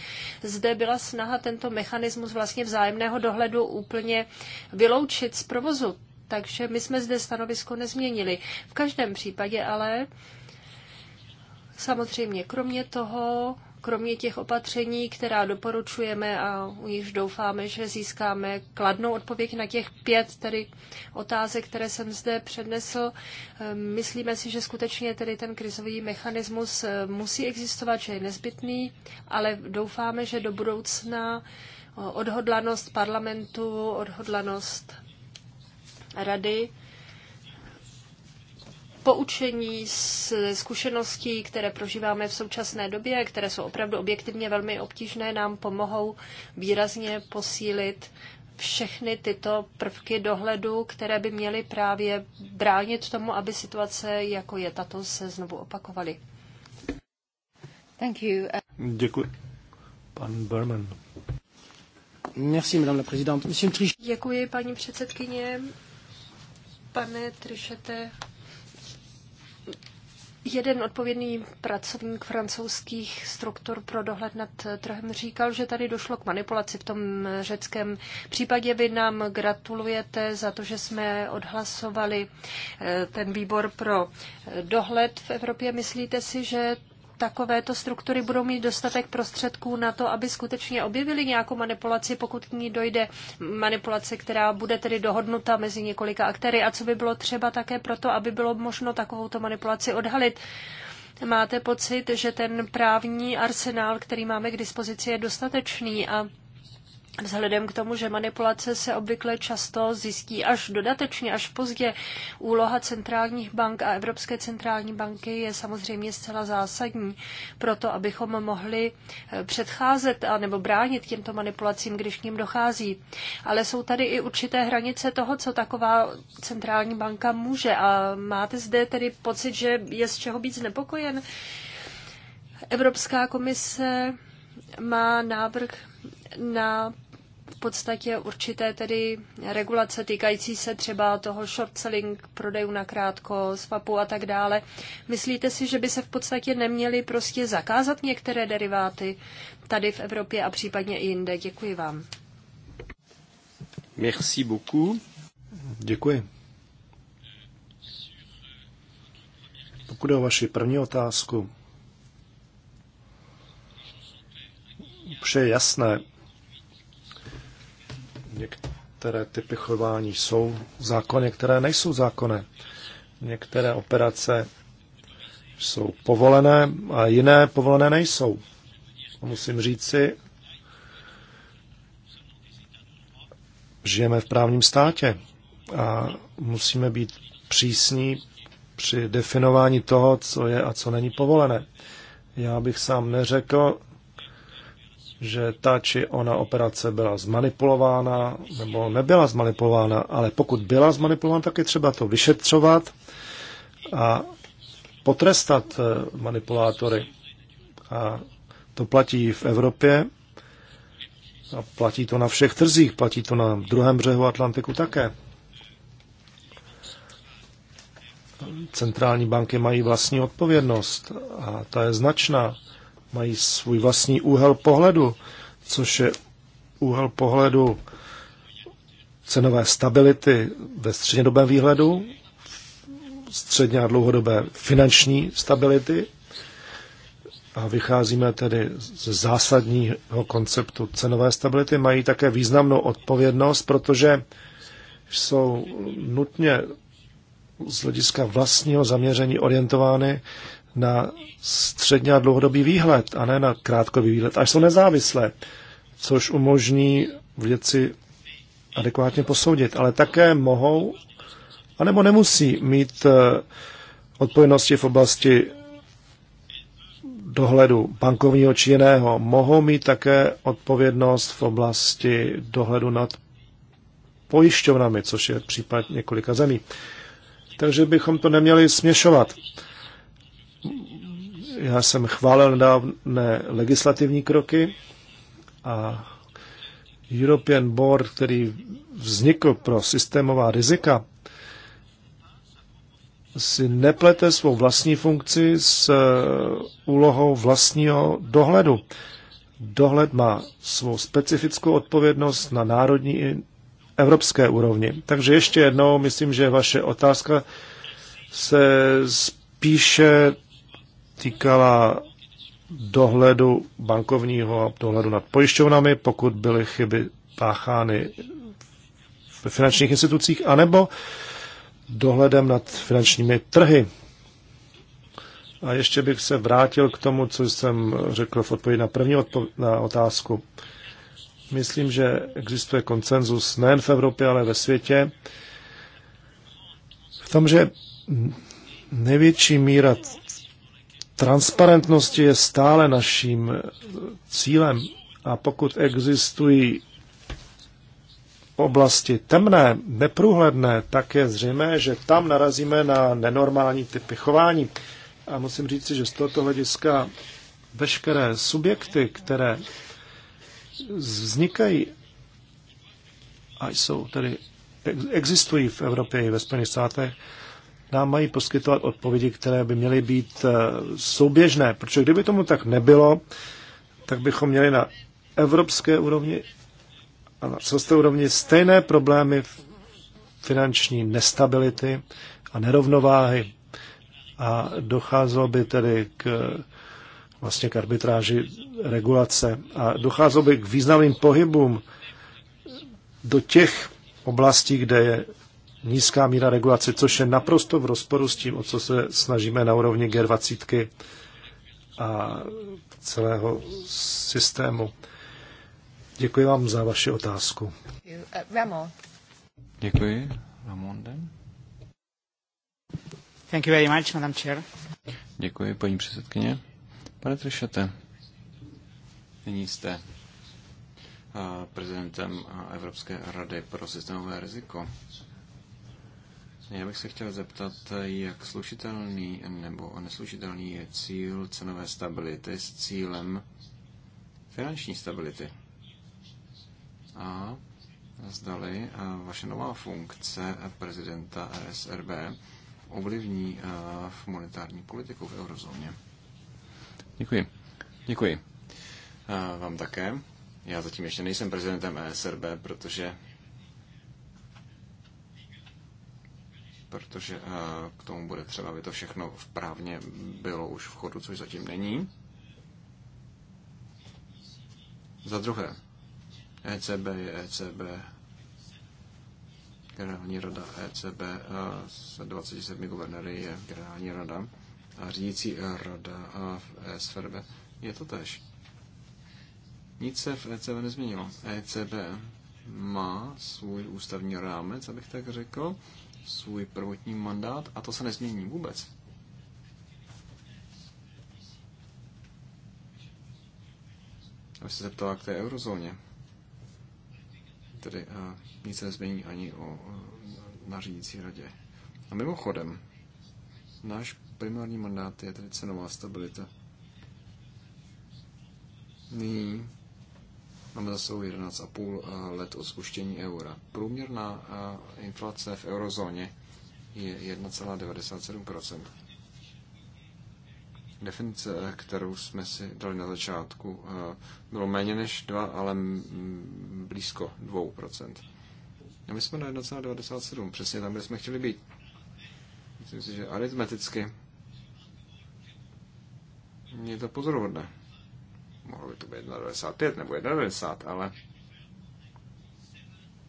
zde byla snaha tento mechanismus vlastně vzájemného dohledu úplně vyloučit z provozu. Takže my jsme zde stanovisko nezměnili. V každém případě ale samozřejmě kromě toho kromě těch opatření, která doporučujeme a u nich doufáme, že získáme kladnou odpověď na těch pět tedy otázek, které jsem zde přednesl, eh, myslíme si, že skutečně tedy ten krizový mechanismus eh, musí existovat, že je nezbytný, ale doufáme, že do budoucna eh, odhodlanost parlamentu, odhodlanost rady poučení z zkušeností, které prožíváme v současné době, které jsou opravdu objektivně velmi obtížné, nám pomohou výrazně posílit všechny tyto prvky dohledu, které by měly právě bránit tomu, aby situace, jako je tato, se znovu opakovaly. Thank you. Děkuji. Pan Berman. Merci, madame la présidente. Monsieur Trichet. Děkuji, paní předsedkyně. Pane Trichete, Jeden odpovědný pracovník francouzských struktur pro dohled nad trhem říkal, že tady došlo k manipulaci v tom řeckém případě. Vy nám gratulujete za to, že jsme odhlasovali eh, ten výbor pro eh, dohled v Evropě. Myslíte si, že takovéto struktury budou mít dostatek prostředků na to, aby skutečně objevili nějakou manipulaci, pokud k ní dojde manipulace, která bude tedy dohodnuta mezi několika aktéry a co by bylo třeba také proto, aby bylo možno takovouto manipulaci odhalit. Máte pocit, že ten právní arsenál, který máme k dispozici, je dostatečný a Vzhledem k tomu, že manipulace se obvykle často zjistí až dodatečně, až pozdě, úloha centrálních bank a Evropské centrální banky je samozřejmě zcela zásadní pro to, abychom mohli eh, předcházet a nebo bránit těmto manipulacím, když k ním dochází. Ale jsou tady i určité hranice toho, co taková centrální banka může. A máte zde tedy pocit, že je z čeho být znepokojen? Evropská komise má návrh na v podstatě určité tedy regulace týkající se třeba toho short selling, prodejů na krátko, swapu a tak dále. Myslíte si, že by se v podstatě neměly prostě zakázat některé deriváty tady v Evropě a případně i jinde? Děkuji vám. Merci beaucoup. Děkuji. Pokud je o vaši první otázku, vše je jasné, Některé typy chování jsou zákony, některé nejsou zákony. Některé operace jsou povolené a jiné povolené nejsou. A musím říci, žijeme v právním státě a musíme být přísní při definování toho, co je a co není povolené. Já bych sám neřekl, že ta či ona operace byla zmanipulována nebo nebyla zmanipulována, ale pokud byla zmanipulována, tak je třeba to vyšetřovat a potrestat eh, manipulátory. A to platí v Evropě a platí to na všech trzích, platí to na druhém břehu Atlantiku také. Centrální banky mají vlastní odpovědnost a ta je značná mají svůj vlastní úhel pohledu, což je úhel pohledu cenové stability ve střednědobém výhledu, středně a dlouhodobé finanční stability a vycházíme tedy z zásadního konceptu cenové stability, mají také významnou odpovědnost, protože jsou nutně z hlediska vlastního zaměření orientovány na středně a dlouhodobý výhled a ne na krátkodobý výhled, až jsou nezávislé, což umožní věci adekvátně posoudit, ale také mohou anebo nemusí mít eh, odpovědnosti v oblasti dohledu bankovního či jiného. Mohou mít také odpovědnost v oblasti dohledu nad pojišťovnami, což je případ několika zemí. Takže bychom to neměli směšovat. Já jsem chválil nedávné legislativní kroky a European Board, který vznikl pro systémová rizika, si neplete svou vlastní funkci s eh, úlohou vlastního dohledu. Dohled má svou specifickou odpovědnost na národní i evropské úrovni. Takže ještě jednou, myslím, že vaše otázka se spíše týkala dohledu bankovního a dohledu nad pojišťovnami, pokud byly chyby páchány ve finančních institucích, anebo dohledem nad finančními trhy. A ještě bych se vrátil k tomu, co jsem řekl v odpovědi na první odpo- na otázku. Myslím, že existuje konsenzus nejen v Evropě, ale ve světě v tom, že největší míra transparentnost je stále naším cílem a pokud existují oblasti temné, neprůhledné, tak je zřejmé, že tam narazíme na nenormální typy chování. A musím říct, že z tohoto hlediska veškeré subjekty, které vznikají a jsou tedy existují v Evropě i ve Spojených státech, nám mají poskytovat odpovědi, které by měly být eh, souběžné, protože kdyby tomu tak nebylo, tak bychom měli na evropské úrovni a na celosté úrovni stejné problémy finanční nestability a nerovnováhy a docházelo by tedy k vlastně k arbitráži regulace a docházelo by k významným pohybům do těch oblastí, kde je nízká míra regulace, což je naprosto v rozporu s tím, o co se snažíme na úrovni G20 a celého systému. Děkuji vám za vaši otázku. Děkuji. Thank you very much, Madam Chair. Děkuji, paní předsedkyně. Pane Trišete, nyní jste eh, prezidentem eh, Evropské rady pro systémové riziko. Vlastně já bych se chtěl zeptat, jak slušitelný nebo neslušitelný je cíl cenové stability s cílem finanční stability. A zdali vaše nová funkce prezidenta SRB ovlivní v monetární politiku v eurozóně. Děkuji. Děkuji. Vám také. Já zatím ještě nejsem prezidentem ESRB, protože protože eh, k tomu bude třeba, aby to všechno vprávně bylo už v chodu, což zatím není. Za druhé, ECB je ECB, generální rada ECB s 27 guvernery je generální rada a řídící rada v eh, ESFRB je to tež. Nic se v ECB nezměnilo. ECB má svůj ústavní rámec, abych tak řekl, svůj prvotní mandát a to se nezmění vůbec. Aby se jak to je eurozóně. Tedy a, eh, nic se nezmění ani o a, eh, nařídící radě. A mimochodem, náš primární mandát je tedy cenová stabilita. Nyní Máme za sebou 11,5 eh, let od spuštění eura. Průměrná eh, inflace v eurozóně je 1,97 Definice, eh, kterou jsme si dali na začátku, bylo méně než 2, ale blízko 2 A my jsme na 1,97, přesně tam, kde jsme chtěli být. Myslím si, že aritmeticky je to pozoruhodné. Mohlo by to být 1,95 nebo 1,90, ale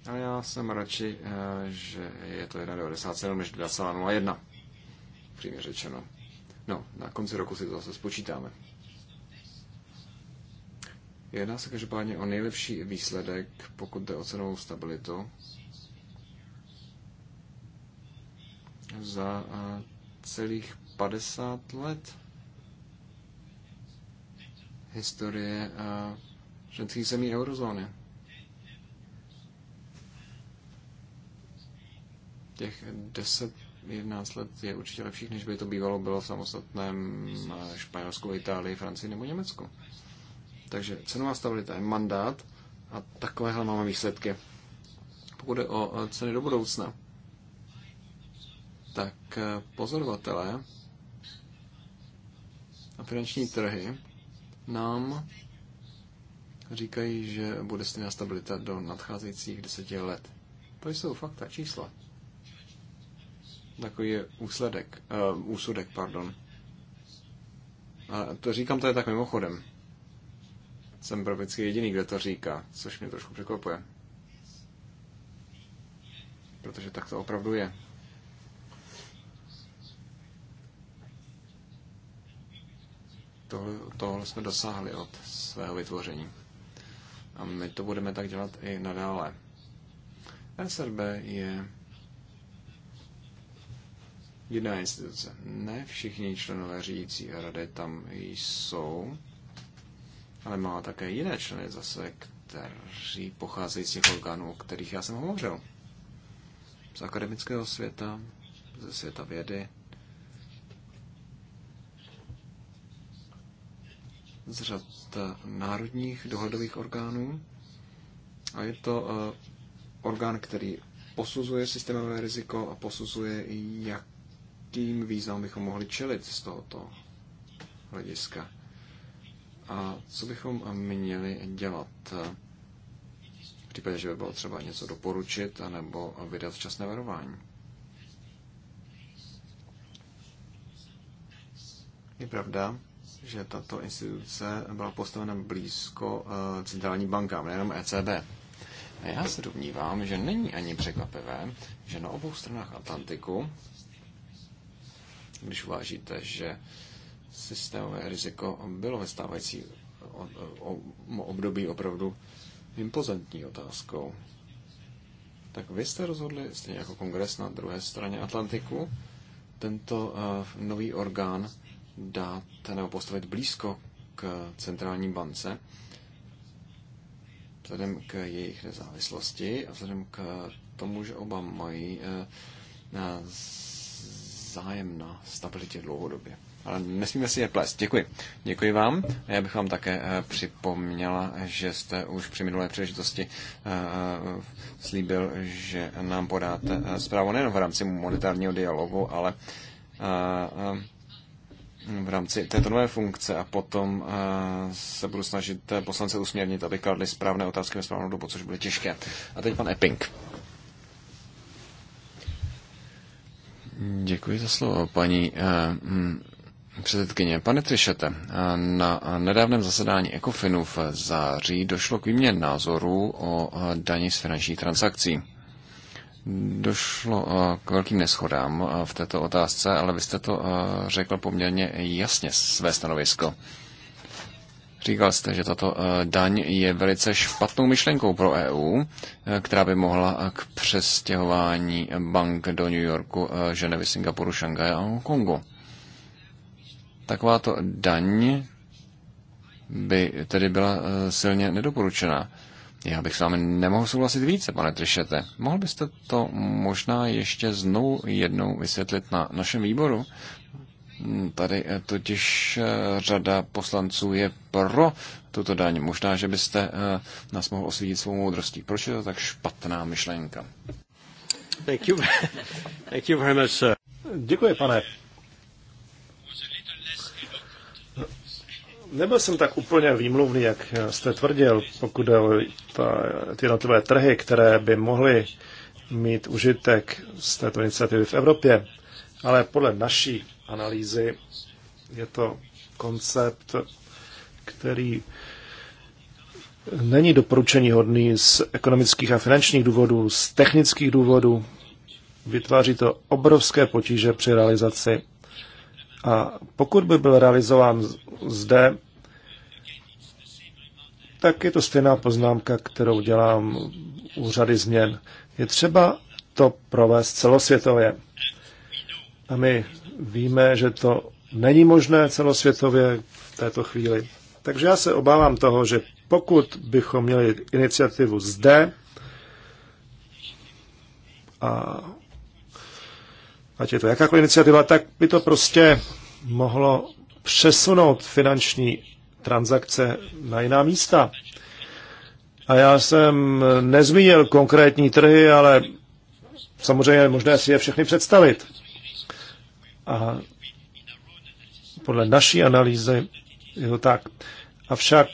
ale já jsem radši, eh, že je to 1,97 než 2,01. Přímě řečeno. No, na konci roku si to zase spočítáme. Jedná se každopádně o nejlepší výsledek, pokud jde o cenovou stabilitu za eh, celých 50 let historie členských eh, zemí eurozóny. Těch 10 11 let je určitě lepších, než by to bývalo bylo v samostatném eh, Španělsku, Itálii, Francii nebo Německu. Takže cenová stabilita je mandát a takovéhle máme výsledky. Pokud je o eh, ceny do budoucna, tak pozorovatelé a finanční trhy nám říkají, že bude stejná stabilita do nadcházejících deseti let. To jsou fakta, čísla. Takový je úsledek, uh, úsudek, pardon. A to říkám to je tak mimochodem. Jsem prakticky jediný, kdo to říká, což mě trošku překvapuje. Protože tak to opravdu je. tohle, tohle jsme dosáhli od svého vytvoření. A my to budeme tak dělat i nadále. SRB je jedna instituce. Ne všichni členové řídící rady tam jsou, ale má také jiné členy zase, kteří pocházejí z těch orgánů, o kterých já jsem hovořil. Z akademického světa, ze světa vědy, z řad eh, národních dohledových orgánů a je to eh, orgán, který posuzuje systémové riziko a posuzuje, jakým význam bychom mohli čelit z tohoto hlediska. A co bychom měli dělat? Eh, v případě, že by bylo třeba něco doporučit anebo vydat včasné varování. Je pravda, že tato instituce byla postavena blízko eh, centrální bankám, nejenom ECB. A já se domnívám, že není ani překvapivé, že na obou stranách Atlantiku, když uvážíte, že systémové riziko bylo ve stávající období opravdu impozantní otázkou, tak vy jste rozhodli, stejně jako kongres na druhé straně Atlantiku, tento eh, nový orgán dát nebo postavit blízko k centrální bance, vzhledem k jejich nezávislosti a vzhledem k tomu, že oba mají eh, zájem na stabilitě dlouhodobě. Ale nesmíme si je plést. Děkuji. Děkuji vám. Já bych vám také eh, připomněla, že jste už při minulé příležitosti eh, slíbil, že nám podáte zprávu nejen v rámci monetárního dialogu, ale v rámci této nové funkce a potom eh, se budu snažit eh, poslance usměrnit, aby kladli správné otázky ve správnou dobu, což bude těžké. A teď pan Epping. Děkuji za slovo, paní eh, mm, předsedkyně. Pane Trišete, na nedávném zasedání Ecofinu v září došlo k výměně názorů o daní z finančních transakcí došlo eh, k velkým neschodám eh, v této otázce, ale vy jste to eh, řekl poměrně jasně své stanovisko. Říkal jste, že tato daň je velice špatnou myšlenkou pro EU, která by mohla k přestěhování bank do New Yorku, Ženevy, Singapuru, Šangaje a Hongkongu. Takováto daň by tedy byla silně nedoporučená. Já bych s vámi nemohl souhlasit více, pane Trišete. Mohl byste to možná ještě znovu jednou vysvětlit na našem výboru? Tady eh, totiž eh, řada poslanců je pro tuto daň. Možná, že byste eh, nás mohl osvítit svou moudrostí. Proč je to tak špatná myšlenka? Thank you. Thank you very much, sir. Děkuji, pane nebyl jsem tak úplně výmluvný, jak jste tvrdil, pokud je ta, ty jednotlivé trhy, které by mohly mít užitek z této iniciativy v Evropě, ale podle naší analýzy je to koncept, který není doporučení hodný z ekonomických a finančních důvodů, z technických důvodů. Vytváří to obrovské potíže při realizaci. A pokud by byl realizován zde, tak je to stejná poznámka, kterou dělám u řady změn. Je třeba to provést celosvětově. A my víme, že to není možné celosvětově v této chvíli. Takže já se obávám toho, že pokud bychom měli iniciativu zde, a ať je to jakákoliv iniciativa, tak by to prostě mohlo přesunout finanční transakce na jiná místa. A já jsem nezmínil konkrétní trhy, ale samozřejmě možné si je všechny představit. A podle naší analýzy je to tak. Avšak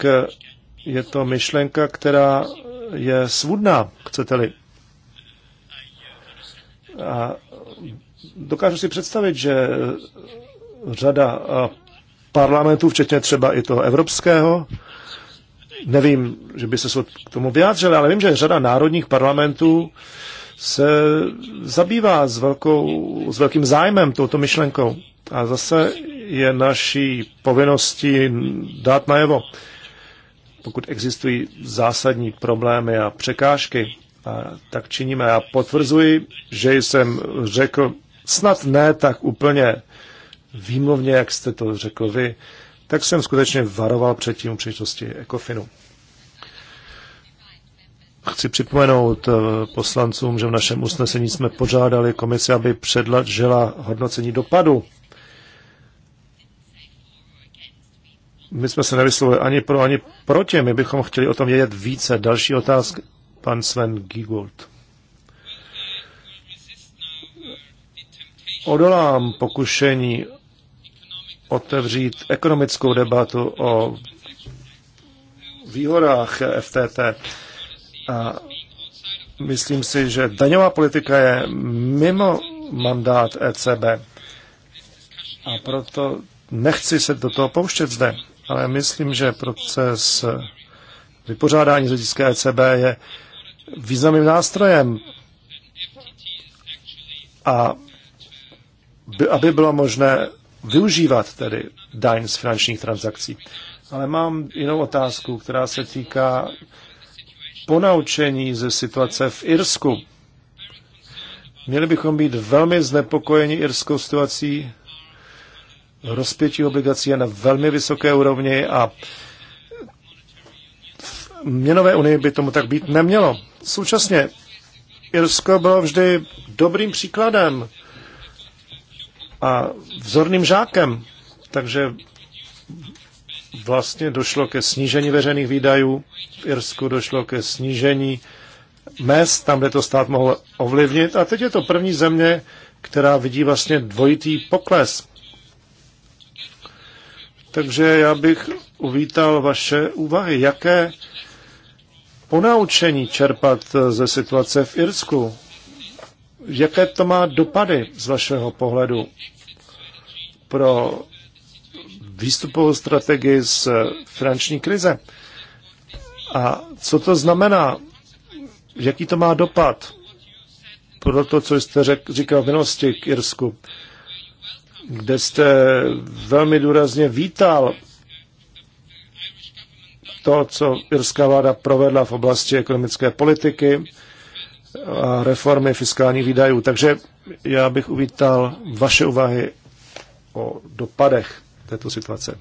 je to myšlenka, která je svudná, chcete-li. A dokážu si představit, že řada parlamentů, včetně třeba i toho evropského. Nevím, že by se k tomu vyjádřili, ale vím, že řada národních parlamentů se zabývá s, velkou, s velkým zájmem touto myšlenkou. A zase je naší povinností dát najevo, pokud existují zásadní problémy a překážky, a tak činíme. Já potvrzuji, že jsem řekl snad ne tak úplně výmluvně, jak jste to řekl vy, tak jsem skutečně varoval před tím příležitosti ECOFINu. Chci připomenout eh, poslancům, že v našem usnesení jsme požádali komisi, aby předlažila hodnocení dopadu. My jsme se nevyslovili ani pro, ani proti. My bychom chtěli o tom vědět více. Další otázka, pan Sven Gigold. Odolám pokušení otevřít ekonomickou debatu o výhodách FTT. A myslím si, že daňová politika je mimo mandát ECB. A proto nechci se do toho pouštět zde, ale myslím, že proces vypořádání z hlediska ECB je významným nástrojem. A aby bylo možné využívat tedy daň z finančních transakcí. Ale mám jinou otázku, která se týká ponaučení ze situace v Irsku. Měli bychom být velmi znepokojeni irskou situací rozpětí obligací je na velmi vysoké úrovni a v měnové unii by tomu tak být nemělo. Současně Irsko bylo vždy dobrým příkladem a vzorným žákem. Takže vlastně došlo ke snížení veřejných výdajů, v Irsku došlo ke snížení mest, tam, kde to stát mohl ovlivnit. A teď je to první země, která vidí vlastně dvojitý pokles. Takže já bych uvítal vaše úvahy, jaké ponaučení čerpat ze situace v Irsku jaké to má dopady z vašeho pohledu pro výstupovou strategii z finanční krize? A co to znamená? Jaký to má dopad pro to, co jste řek, říkal v minulosti k Irsku, kde jste velmi důrazně vítal to, co irská vláda provedla v oblasti ekonomické politiky, a reformy fiskálních výdajů. Takže já bych uvítal vaše uvahy o dopadech této situace.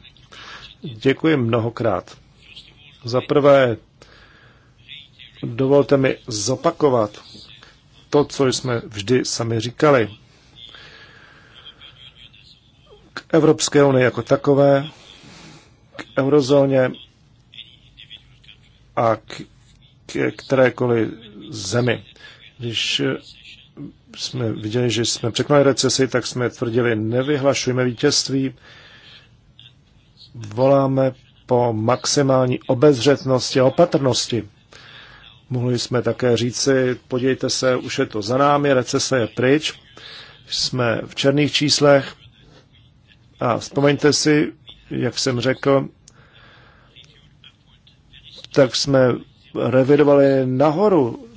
Děkuji mnohokrát. Za prvé, dovolte mi zopakovat to, co jsme vždy sami říkali. K Evropské unii jako takové, k eurozóně a k, k kterékoliv zemi. Když eh, jsme viděli, že jsme překonali recesi, tak jsme tvrdili, nevyhlašujeme vítězství, voláme po maximální obezřetnosti a opatrnosti. Mohli jsme také říci, podívejte se, už je to za námi, recese je pryč, jsme v černých číslech a vzpomeňte si, jak jsem řekl, tak jsme revidovali nahoru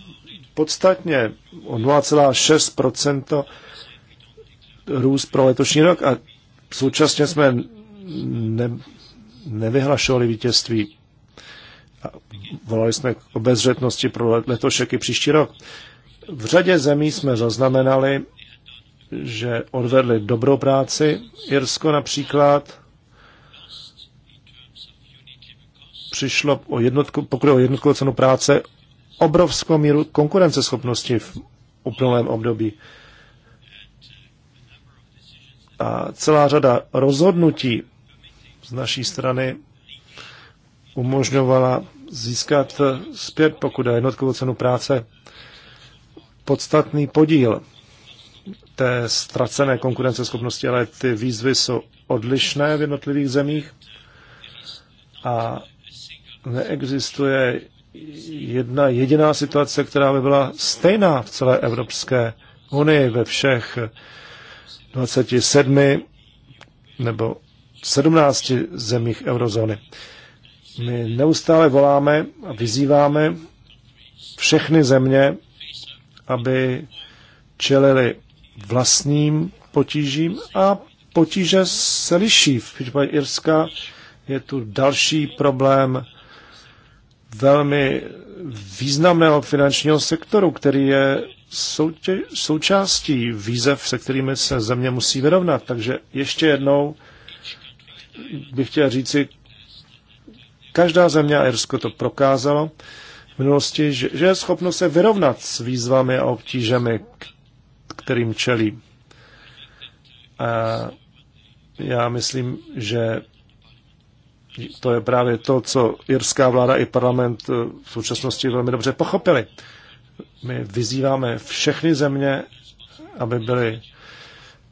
podstatně o 0,6 růst pro letošní rok a současně jsme ne, nevyhlašovali vítězství. A volali jsme k obezřetnosti pro letošek i příští rok. V řadě zemí jsme zaznamenali, že odvedli dobrou práci. Irsko například přišlo o jednotku, pokud o jednotkovou cenu práce obrovskou míru konkurenceschopnosti v uplynulém období. A celá řada rozhodnutí z naší strany umožňovala získat zpět, pokud je jednotkovou cenu práce, podstatný podíl té ztracené konkurenceschopnosti, ale ty výzvy jsou odlišné v jednotlivých zemích a neexistuje jedna jediná situace, která by byla stejná v celé Evropské unii, ve všech 27 nebo 17 zemích eurozóny. My neustále voláme a vyzýváme všechny země, aby čelili vlastním potížím a potíže se liší. V případě Irska je tu další problém velmi významného finančního sektoru, který je soutě, součástí výzev, se kterými se země musí vyrovnat. Takže ještě jednou bych chtěl říci, každá země, a Irsko to prokázalo v minulosti, že, že je schopno se vyrovnat s výzvami a obtížemi, kterým čelí. A já myslím, že to je právě to, co irská vláda i parlament eh, v současnosti velmi dobře pochopili. My vyzýváme všechny země, aby byly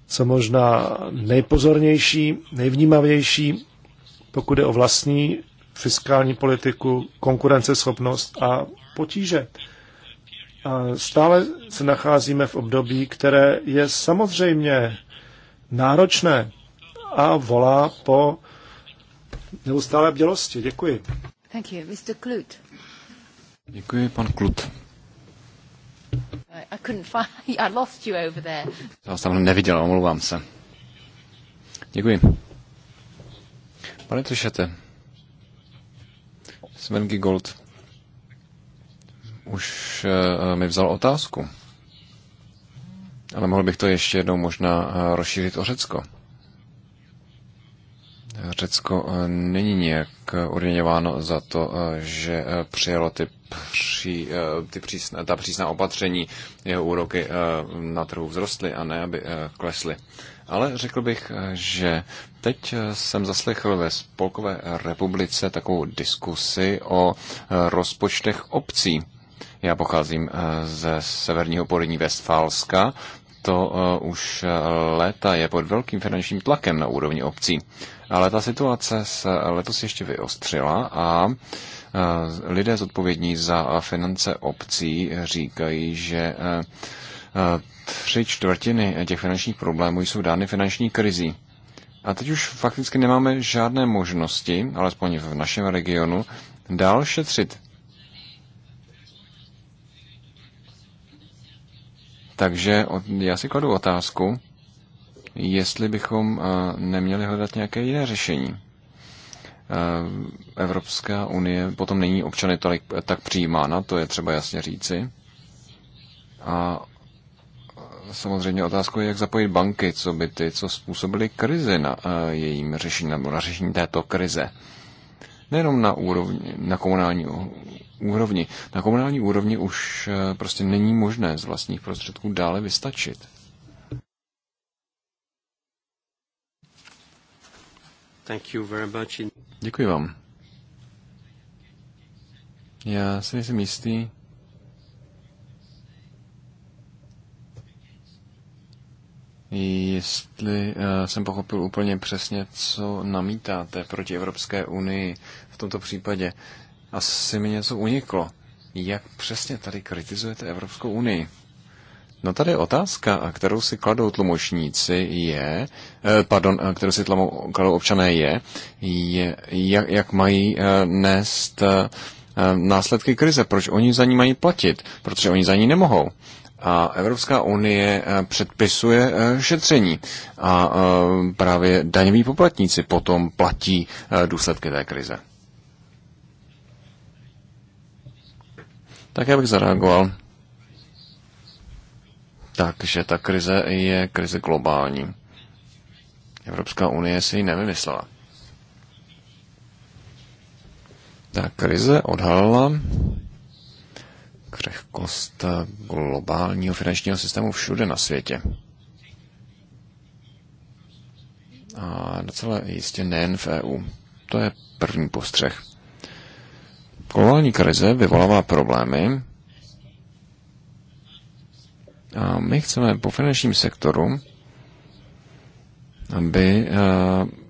co možná nejpozornější, nejvnímavější, pokud je o vlastní fiskální politiku, konkurenceschopnost a potíže. A stále se nacházíme v období, které je samozřejmě náročné a volá po neustále bdělosti. Děkuji. Thank you. Mr. Klut. Děkuji, pan Klut. I couldn't find, I lost you over there. Já jsem tam neviděl, omlouvám se. Děkuji. Pane Tršete, Sven Gigold už eh, mi vzal otázku, ale mohl bych to ještě jednou možná eh, rozšířit o Řecko. Řecko eh, není nějak eh, odměňováno za to, eh, že přijalo ty, při, ty přísná, ta přísná opatření. Jeho úroky na trhu vzrostly a ne, aby klesly. Ale řekl bych, že teď jsem zaslechl ve Spolkové republice takovou diskusi o rozpočtech obcí. Já pocházím ze severního Poryní Westfalska, to eh, už eh, léta je pod velkým finančním tlakem na úrovni obcí. Ale ta situace se letos ještě vyostřila a eh, lidé zodpovědní za finance obcí říkají, že tři čtvrtiny těch finančních problémů jsou dány finanční krizí. A teď už fakticky nemáme žádné možnosti, alespoň v našem regionu, dál šetřit. Takže já si kladu otázku, jestli bychom eh, neměli hledat nějaké jiné řešení. Eh, Evropská unie potom není občany tolik, eh, tak přijímána, to je třeba jasně říci. A samozřejmě otázkou je, jak zapojit banky, co by ty, co způsobily krizi na jejím řešení, nebo na řešení této krize. Nejenom na, úrovni, na komunální úrovni. Na komunální úrovni už eh, prostě není možné z vlastních prostředků dále vystačit. Thank you very much. Děkuji vám. Já si nejsem jistý, jestli eh, jsem pochopil úplně přesně, co namítáte proti Evropské unii v tomto případě. Asi mi něco uniklo. Jak přesně tady kritizujete Evropskou unii? No tady otázka, kterou si kladou tlumočníci je, eh, pardon, eh, kterou si tlamou, kladou občané je, je jak, jak mají nést následky krize, proč oni za ní mají platit, protože oni za ní nemohou. A Evropská unie eh, předpisuje eh, šetření a eh, právě daňoví poplatníci potom platí důsledky té krize. Tak já bych zareagoval. Takže ta krize je krize globální. Evropská unie si ji nevymyslela. Ta krize odhalila křehkost eh, globálního finančního systému všude na světě. A docela jistě nejen v EU. To je první postřeh. Globální krize vyvolává problémy a my chceme po finančním sektoru, aby eh,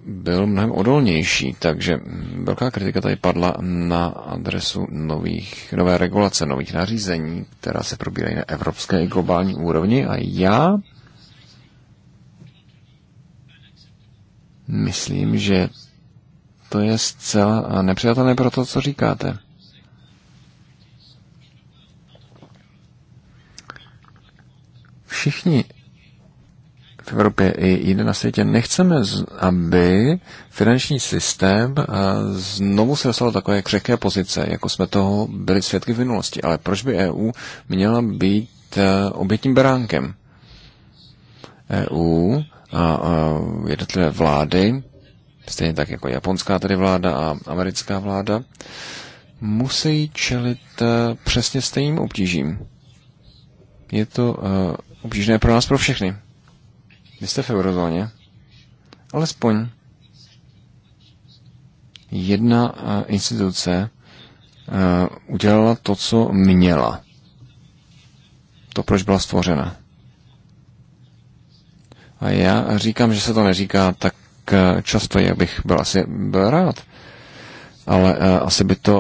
byl mnohem odolnější, takže velká kritika tady padla na adresu nových, nové regulace, nových nařízení, která se probírají na evropské i globální úrovni a já myslím, že to je zcela nepřijatelné pro to, co říkáte. Všichni Evropě i jinde na světě, nechceme, aby finanční systém eh, znovu se dostal do takové křehké pozice, jako jsme toho byli svědky v minulosti. Ale proč by EU měla být eh, obětním beránkem? EU a eh, jednotlivé vlády, stejně tak jako japonská tedy vláda a americká vláda, musí čelit přesně stejným obtížím. Je to obtížné pro nás, pro všechny. Vy jste v eurozóně. Alespoň jedna eh, instituce eh, udělala to, co měla. To, proč byla stvořena. A já říkám, že se to neříká tak eh, často, jak bych byl asi byl rád. Ale asi by to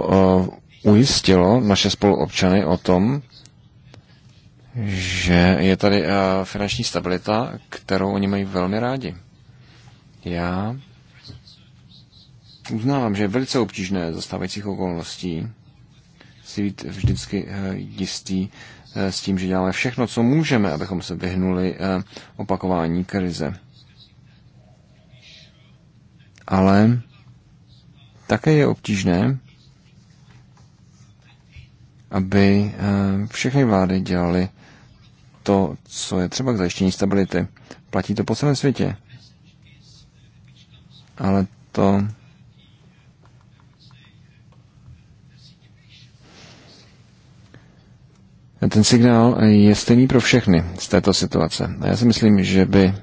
ujistilo naše spoluobčany o tom, že je tady eh, finanční stabilita, kterou oni mají velmi rádi. Já uznávám, že je velice obtížné za stávajících okolností si být vždycky eh, jistý eh, s tím, že děláme všechno, co můžeme, abychom se vyhnuli opakování krize. Ale také je obtížné, aby všechny vlády dělaly to, co je třeba k zajištění stability. Platí to po celém světě. Ale to Ten signál je stejný pro všechny z této situace. A já si myslím, že by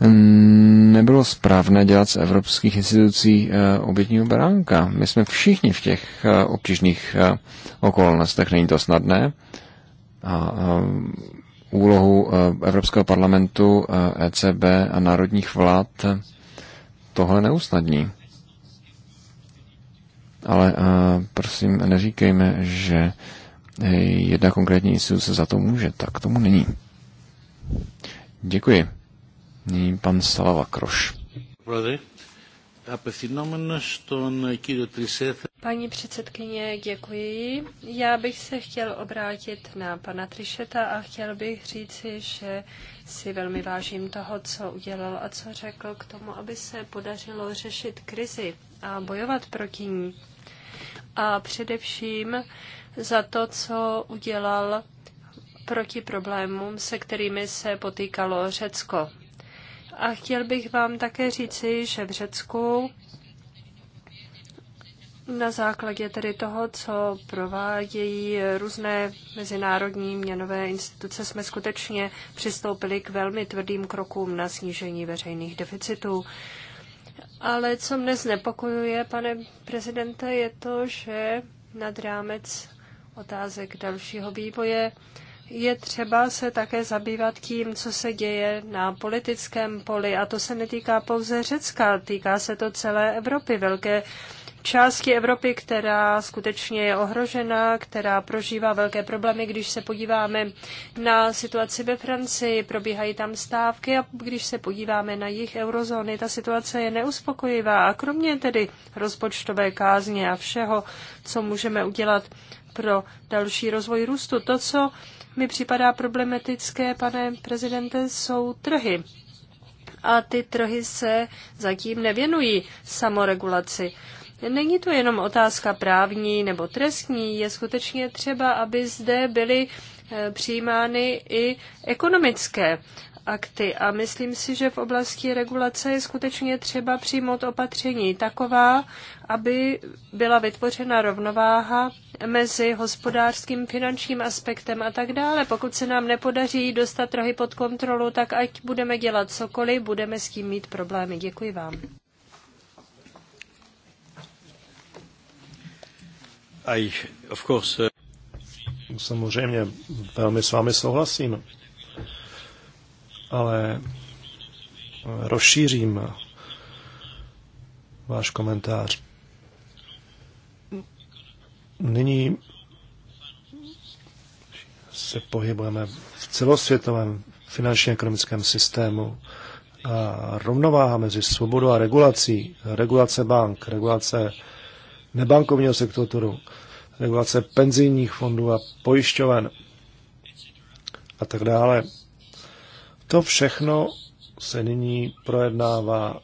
nebylo správné dělat z evropských institucí eh, obětního bránka. My jsme všichni v těch eh, obtížných eh, okolnostech, není to snadné. A úlohu Evropského parlamentu, ECB e a národních vlád tohle neusnadní. Ale prosím, neříkejme, že jedna konkrétní instituce za to může. Tak tomu není. Děkuji. Nyní pan Salava Kroš. Paní předsedkyně, děkuji. Já bych se chtěl obrátit na pana Trišeta a chtěl bych říci, že si velmi vážím toho, co udělal a co řekl k tomu, aby se podařilo řešit krizi a bojovat proti ní. A především za to, co udělal proti problémům, se kterými se potýkalo Řecko. A chtěl bych vám také říci, že v Řecku na základě tedy toho, co provádějí různé mezinárodní měnové instituce, jsme skutečně přistoupili k velmi tvrdým krokům na snížení veřejných deficitů. Ale co mne znepokojuje, pane prezidente, je to, že nad rámec otázek dalšího vývoje je třeba se také zabývat tím, co se děje na politickém poli. A to se netýká pouze Řecka, týká se to celé Evropy, velké části Evropy, která skutečně je ohrožena, která prožívá velké problémy. Když se podíváme na situaci ve Francii, probíhají tam stávky a když se podíváme na jejich eurozóny, ta situace je neuspokojivá. A kromě tedy rozpočtové kázně a všeho, co můžeme udělat pro další rozvoj růstu, to, co mi připadá problematické, pane prezidente, jsou trhy. A ty trhy se zatím nevěnují samoregulaci. Není to jenom otázka právní nebo trestní, je skutečně třeba, aby zde byly eh, přijímány i ekonomické akty a myslím si, že v oblasti regulace je skutečně třeba přijmout opatření taková, aby byla vytvořena rovnováha mezi hospodářským, finančním aspektem a tak dále. Pokud se nám nepodaří dostat trhy pod kontrolu, tak ať budeme dělat cokoliv, budeme s tím mít problémy. Děkuji vám. I, of course, uh... Samozřejmě velmi s vámi souhlasím ale rozšířím váš komentář. Nyní se pohybujeme v celosvětovém finančně ekonomickém systému a rovnováha mezi svobodou a regulací, regulace bank, regulace nebankovního sektoru, regulace penzijních fondů a pojišťoven a tak dále, to všechno se nyní projednává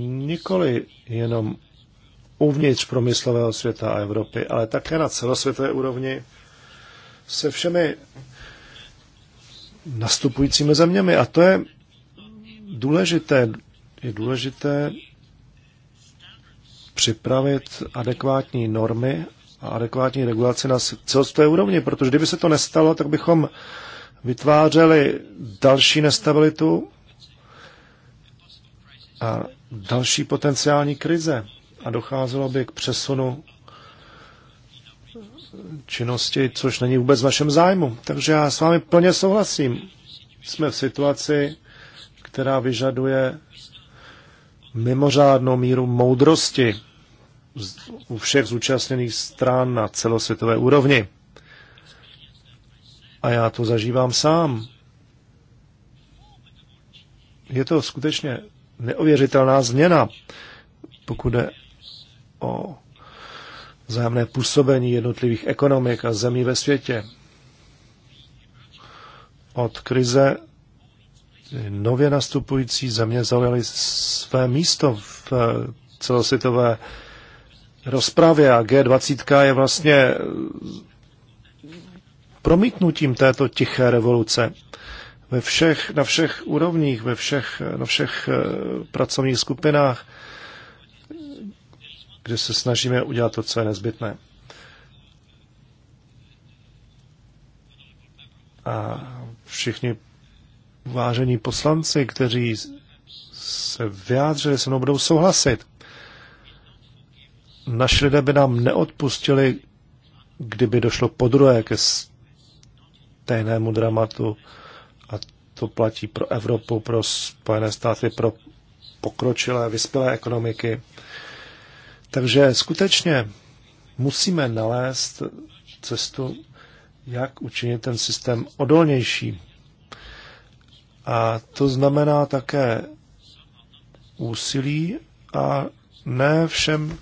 nikoli jenom uvnitř promyslového světa a Evropy, ale také na celosvětové úrovni se všemi nastupujícími zeměmi. A to je důležité. Je důležité připravit adekvátní normy a adekvátní regulaci na celosvětové úrovni, protože kdyby se to nestalo, tak bychom vytvářely další nestabilitu a další potenciální krize a docházelo by k přesunu činnosti, což není vůbec v našem zájmu. Takže já s vámi plně souhlasím. Jsme v situaci, která vyžaduje mimořádnou míru moudrosti u všech zúčastněných stran na celosvětové úrovni. A já to zažívám sám. Je to skutečně neověřitelná změna, pokud jde o vzájemné působení jednotlivých ekonomik a zemí ve světě. Od krize nově nastupující země zaujaly své místo v celosvětové rozpravě a G20 je vlastně promítnutím této tiché revoluce ve všech, na všech úrovních, ve všech, na všech eh, pracovních skupinách, kde se snažíme udělat to, co je nezbytné. A všichni vážení poslanci, kteří se vyjádřili, se mnou budou souhlasit. Naši lidé by nám neodpustili, kdyby došlo podruhé ke stejnému dramatu a to platí pro Evropu, pro Spojené státy, pro pokročilé, vyspělé ekonomiky. Takže skutečně musíme nalézt cestu, jak učinit ten systém odolnější. A to znamená také úsilí a ne všem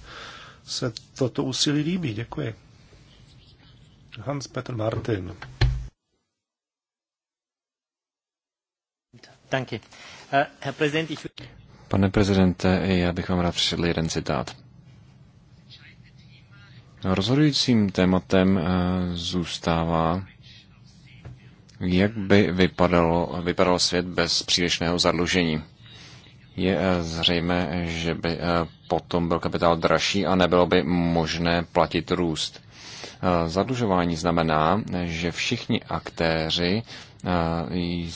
se toto úsilí líbí. Děkuji. Hans Peter Martin. Pane prezidente, já bych vám rád přišel jeden citát. Rozhodujícím tématem eh, zůstává, jak by vypadalo, vypadal svět bez přílišného zadlužení. Je eh, zřejmé, že by eh, potom byl kapitál dražší a nebylo by možné platit růst. Zadlužování znamená, že všichni aktéři Eh,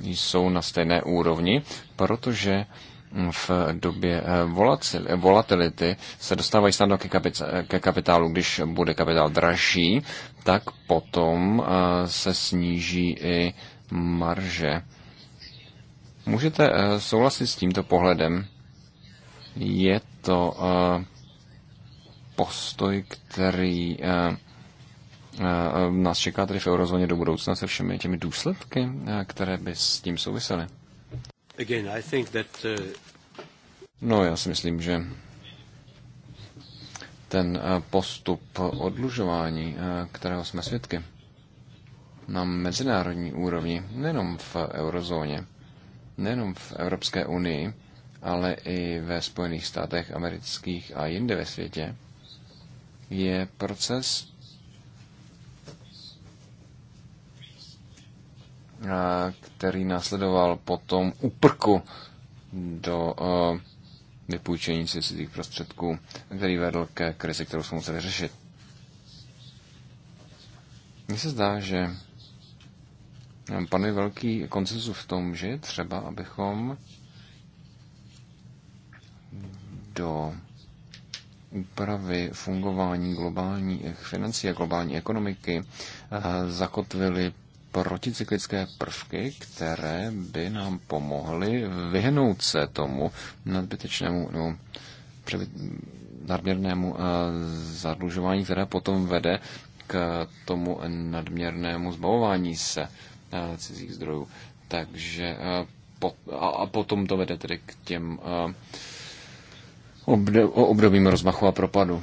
jsou na stejné úrovni, protože v době eh, volatility se dostávají snadno ke kapitálu. Když bude kapitál dražší, tak potom eh, se sníží i marže. Můžete souhlasit s tímto pohledem? Je to postoj, který Eh, eh, nás čeká tady v eurozóně do budoucna se všemi těmi důsledky, eh, které by s tím souvisely? No, já si myslím, že ten postup odlužování, kterého jsme svědky na mezinárodní úrovni, nejenom v eurozóně, nejenom v Evropské unii, ale i ve Spojených státech amerických a jinde ve světě, je proces, který následoval potom uprku do vypůjčení cizích prostředků, který vedl ke krizi, kterou jsme museli řešit. Mně se zdá, že panuje velký koncenzus v tom, že je třeba, abychom do úpravy fungování globálních financí a globální ekonomiky zakotvili proticyklické prvky, které by nám pomohly vyhnout se tomu nadbytečnému no, nadměrnému eh, zadlužování, které potom vede k tomu nadměrnému zbavování se eh, cizích zdrojů. Takže eh, a potom to vede tedy k těm obdobím rozmachu a propadu.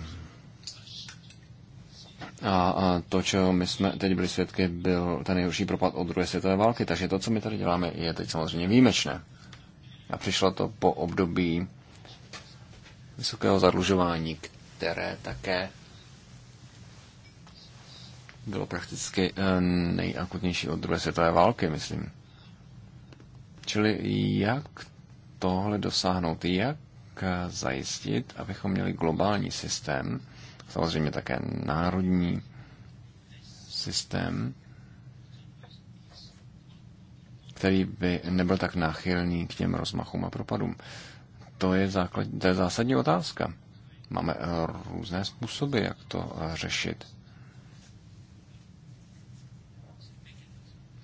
A, a to, čeho my jsme teď byli svědky, byl ten nejhorší propad od druhé světové války. Takže to, co my tady děláme, je teď samozřejmě výjimečné. A přišlo to po období vysokého zadlužování, které také bylo prakticky eh, nejakutnější od druhé světové války, myslím. Čili jak tohle dosáhnout, jak eh, zajistit, abychom měli globální systém, samozřejmě také národní systém, který by nebyl tak náchylný k těm rozmachům a propadům. To je, základ, to je zásadní otázka. Máme eh, různé způsoby, jak to eh, řešit.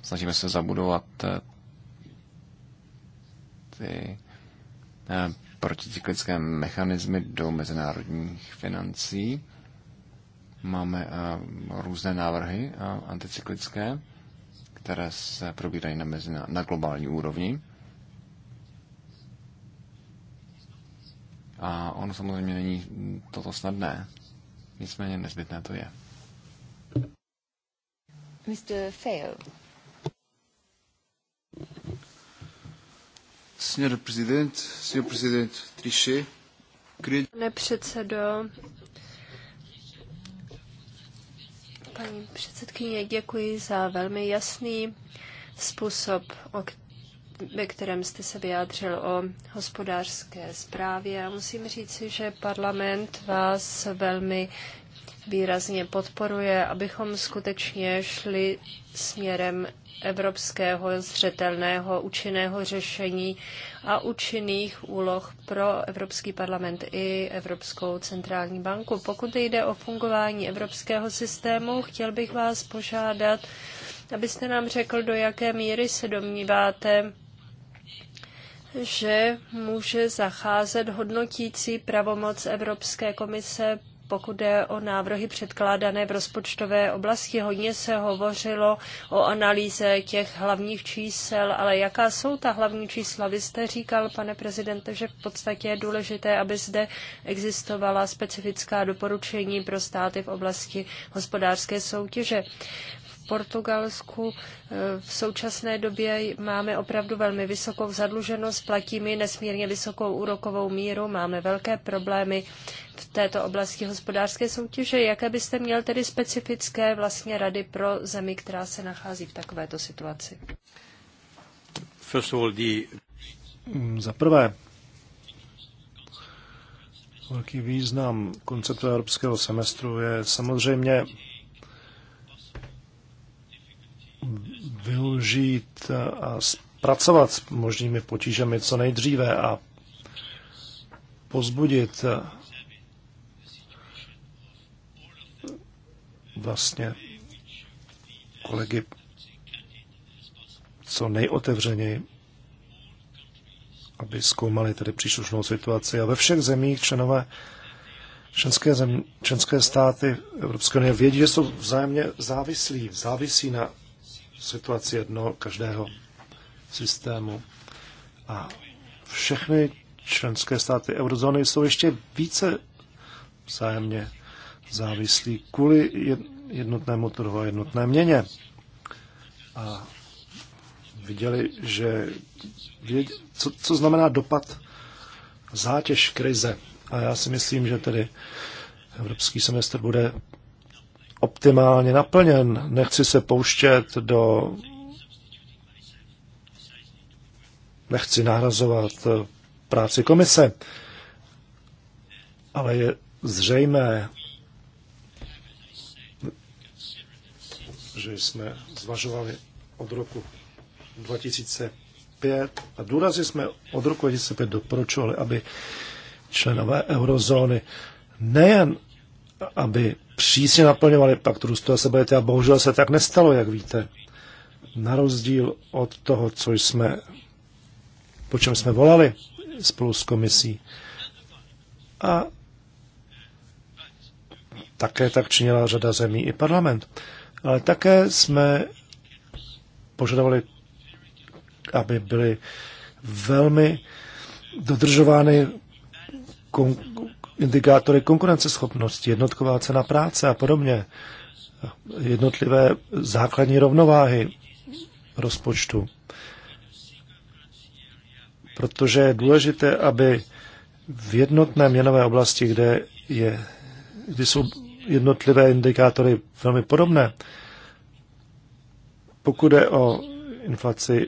Snažíme se zabudovat eh, ty proticyklické mechanismy do mezinárodních financí. Máme eh, různé návrhy eh, anticyklické, které se probírají na, mezi, na globální úrovni. A ono samozřejmě není toto snadné. Nicméně nezbytné to je. Mr. Fail. Senhor Presidente, Senhor Presidente Trichet, queria... Pane předsedo, paní předsedkyně, děkuji za velmi jasný způsob, ve kterém jste se vyjádřil o hospodářské zprávě. A musím říci, že parlament vás velmi výrazně podporuje, abychom skutečně šli směrem evropského zřetelného účinného řešení a účinných úloh pro Evropský parlament i Evropskou centrální banku. Pokud jde o fungování evropského systému, chtěl bych vás požádat, abyste nám řekl, do jaké míry se domníváte, že může zacházet hodnotící pravomoc Evropské komise pokud jde o návrhy předkládané v rozpočtové oblasti. Hodně se hovořilo o analýze těch hlavních čísel, ale jaká jsou ta hlavní čísla? Vy jste říkal, pane prezidente, že v podstatě je důležité, aby zde existovala specifická doporučení pro státy v oblasti hospodářské soutěže. Portugalsku e, v současné době máme opravdu velmi vysokou zadluženost, platíme nesmírně vysokou úrokovou míru, máme velké problémy v této oblasti hospodářské soutěže. Jaké byste měl tedy specifické vlastně rady pro zemi, která se nachází v takovéto situaci? First of all, the... Mm, za prvé, velký význam konceptu evropského semestru je samozřejmě využít a zpracovat s možnými potížemi co nejdříve a pozbudit vlastně kolegy co nejotevřeněji, aby zkoumali tedy příslušnou situaci. A ve všech zemích členové členské, zem, členské státy Evropské unie vědí, že jsou vzájemně závislí, závisí na situaci jedno každého systému. A všechny členské státy eurozóny jsou ještě více vzájemně závislí kvůli jednotnému trhu a jednotné měně. A viděli, že vědě, co, co znamená dopad zátěž krize. A já si myslím, že tedy evropský semestr bude optimálně naplněn. Nechci se pouštět do... Nechci nahrazovat eh, práci komise, ale je zřejmé, že jsme zvažovali od roku 2005 a důrazně jsme od roku 2005 doporučovali, aby členové eurozóny nejen aby přísně naplňovali pakt růstu a sebojety a bohužel se tak nestalo, jak víte. Na rozdíl od toho, co jsme, po čem jsme volali spolu s komisí. A také tak činila řada zemí i parlament. Ale také jsme požadovali, aby byly velmi dodržovány indikátory konkurenceschopnosti, jednotková cena práce a podobně, jednotlivé základní rovnováhy rozpočtu. Protože je důležité, aby v jednotné měnové oblasti, kde, je, kde jsou jednotlivé indikátory velmi podobné, pokud je o inflaci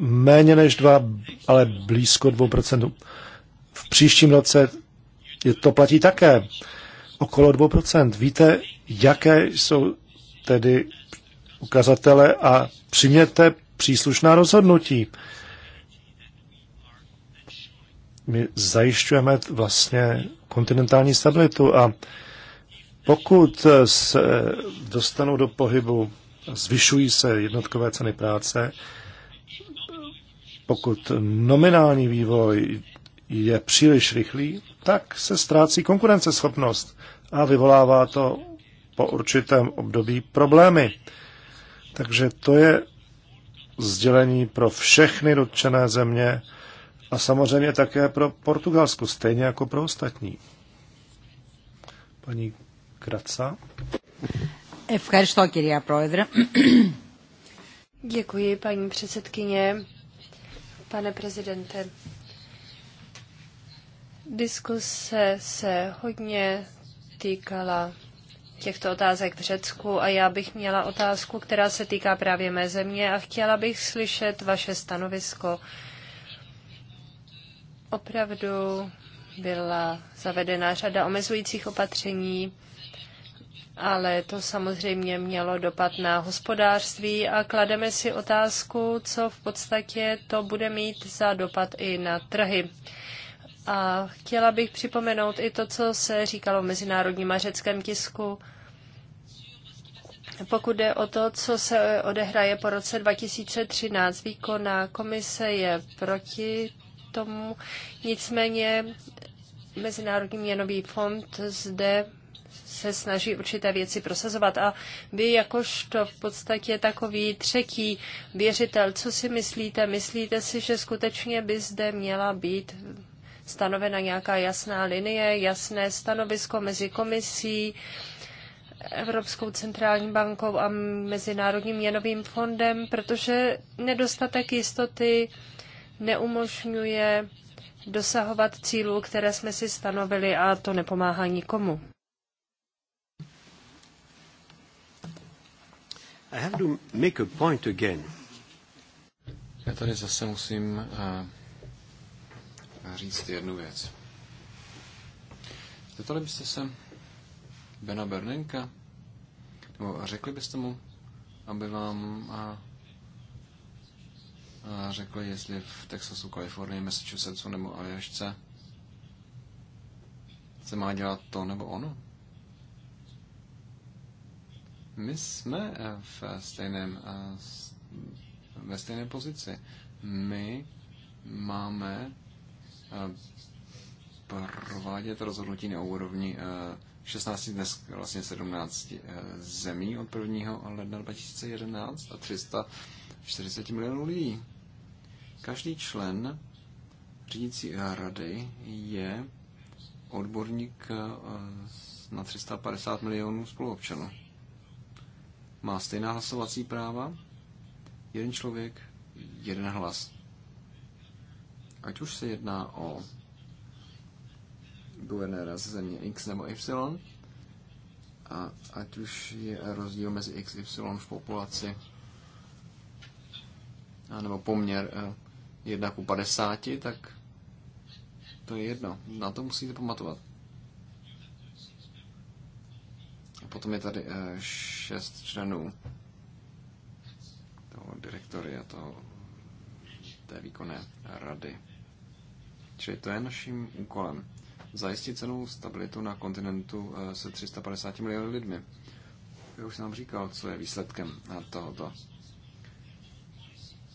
méně než 2, ale blízko 2%. V příštím roce to platí také okolo 2%. Víte, jaké jsou tedy ukazatele a přiměte příslušná rozhodnutí. My zajišťujeme vlastně kontinentální stabilitu a pokud se dostanou do pohybu, zvyšují se jednotkové ceny práce, pokud nominální vývoj je příliš rychlý, tak se ztrácí konkurenceschopnost a vyvolává to po určitém období problémy. Takže to je sdělení pro všechny dotčené země a samozřejmě také pro Portugalsko, stejně jako pro ostatní. Paní Kraca. Děkuji, paní předsedkyně. Pane prezidente, Diskuse se hodně týkala těchto otázek v Řecku a já bych měla otázku, která se týká právě mé země a chtěla bych slyšet vaše stanovisko. Opravdu byla zavedena řada omezujících opatření, ale to samozřejmě mělo dopad na hospodářství a klademe si otázku, co v podstatě to bude mít za dopad i na trhy. A chtěla bych připomenout i to, co se říkalo v mezinárodním a řeckém tisku. Pokud jde o to, co se odehraje po roce 2013, výkonná komise je proti tomu. Nicméně Mezinárodní měnový fond zde se snaží určité věci prosazovat. A vy jakožto v podstatě takový třetí věřitel, co si myslíte? Myslíte si, že skutečně by zde měla být stanovena nějaká jasná linie, jasné stanovisko mezi komisí, Evropskou centrální bankou a Mezinárodním měnovým fondem, protože nedostatek jistoty neumožňuje dosahovat cílů, které jsme si stanovili a to nepomáhá nikomu. I have to make a point again. Já tady zase musím uh říct jednu věc. Zeptali byste se Bena Bernenka, nebo řekli byste mu, aby vám a, a řekli, jestli v Texasu, Kalifornii, Massachusettsu nebo Aljašce se má dělat to nebo ono? My jsme eh, v stejném, eh, ve stejné pozici. My máme provádět rozhodnutí na úrovni 16 eh, dnes vlastně 17 eh, zemí od 1. ledna 2011 a 340 milionů lidí. Každý člen řídící rady je odborník eh, na 350 milionů spoluobčanů. Má stejná hlasovací práva, jeden člověk, jeden hlas. Ať už se jedná o guvernéra ze země X nebo Y, a ať už je rozdíl mezi X, a Y v populaci, anebo poměr 1 eh, ku 50, tak to je jedno. Na to musíte pamatovat. A potom je tady eh, šest členů toho direktoria, toho, té výkonné rady. Čili to je naším úkolem. Zajistit cenovou stabilitu na kontinentu eh, se 350 miliony lidmi. Já už jsem vám říkal, co je výsledkem tohoto.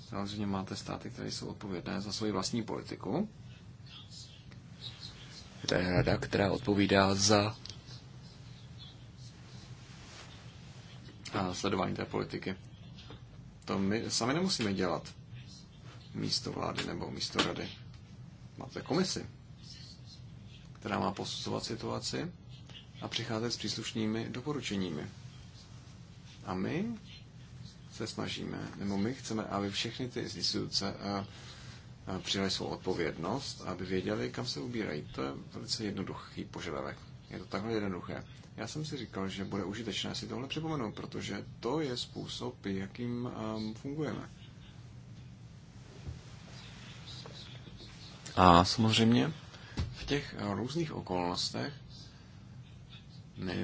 Samozřejmě máte státy, které jsou odpovědné za svoji vlastní politiku. To je rada, která odpovídá za sledování té politiky. To my sami nemusíme dělat místo vlády nebo místo rady. Máte komisi, která má posuzovat situaci a přicházet s příslušnými doporučeními. A my se snažíme, nebo my chceme, aby všechny ty instituce eh, eh, přijali svou odpovědnost, aby věděli, kam se ubírají. To je velice jednoduchý požadavek. Je to takhle jednoduché. Já jsem si říkal, že bude užitečné si tohle připomenout, protože to je způsob, jakým eh, fungujeme. A samozřejmě v těch eh, různých okolnostech my,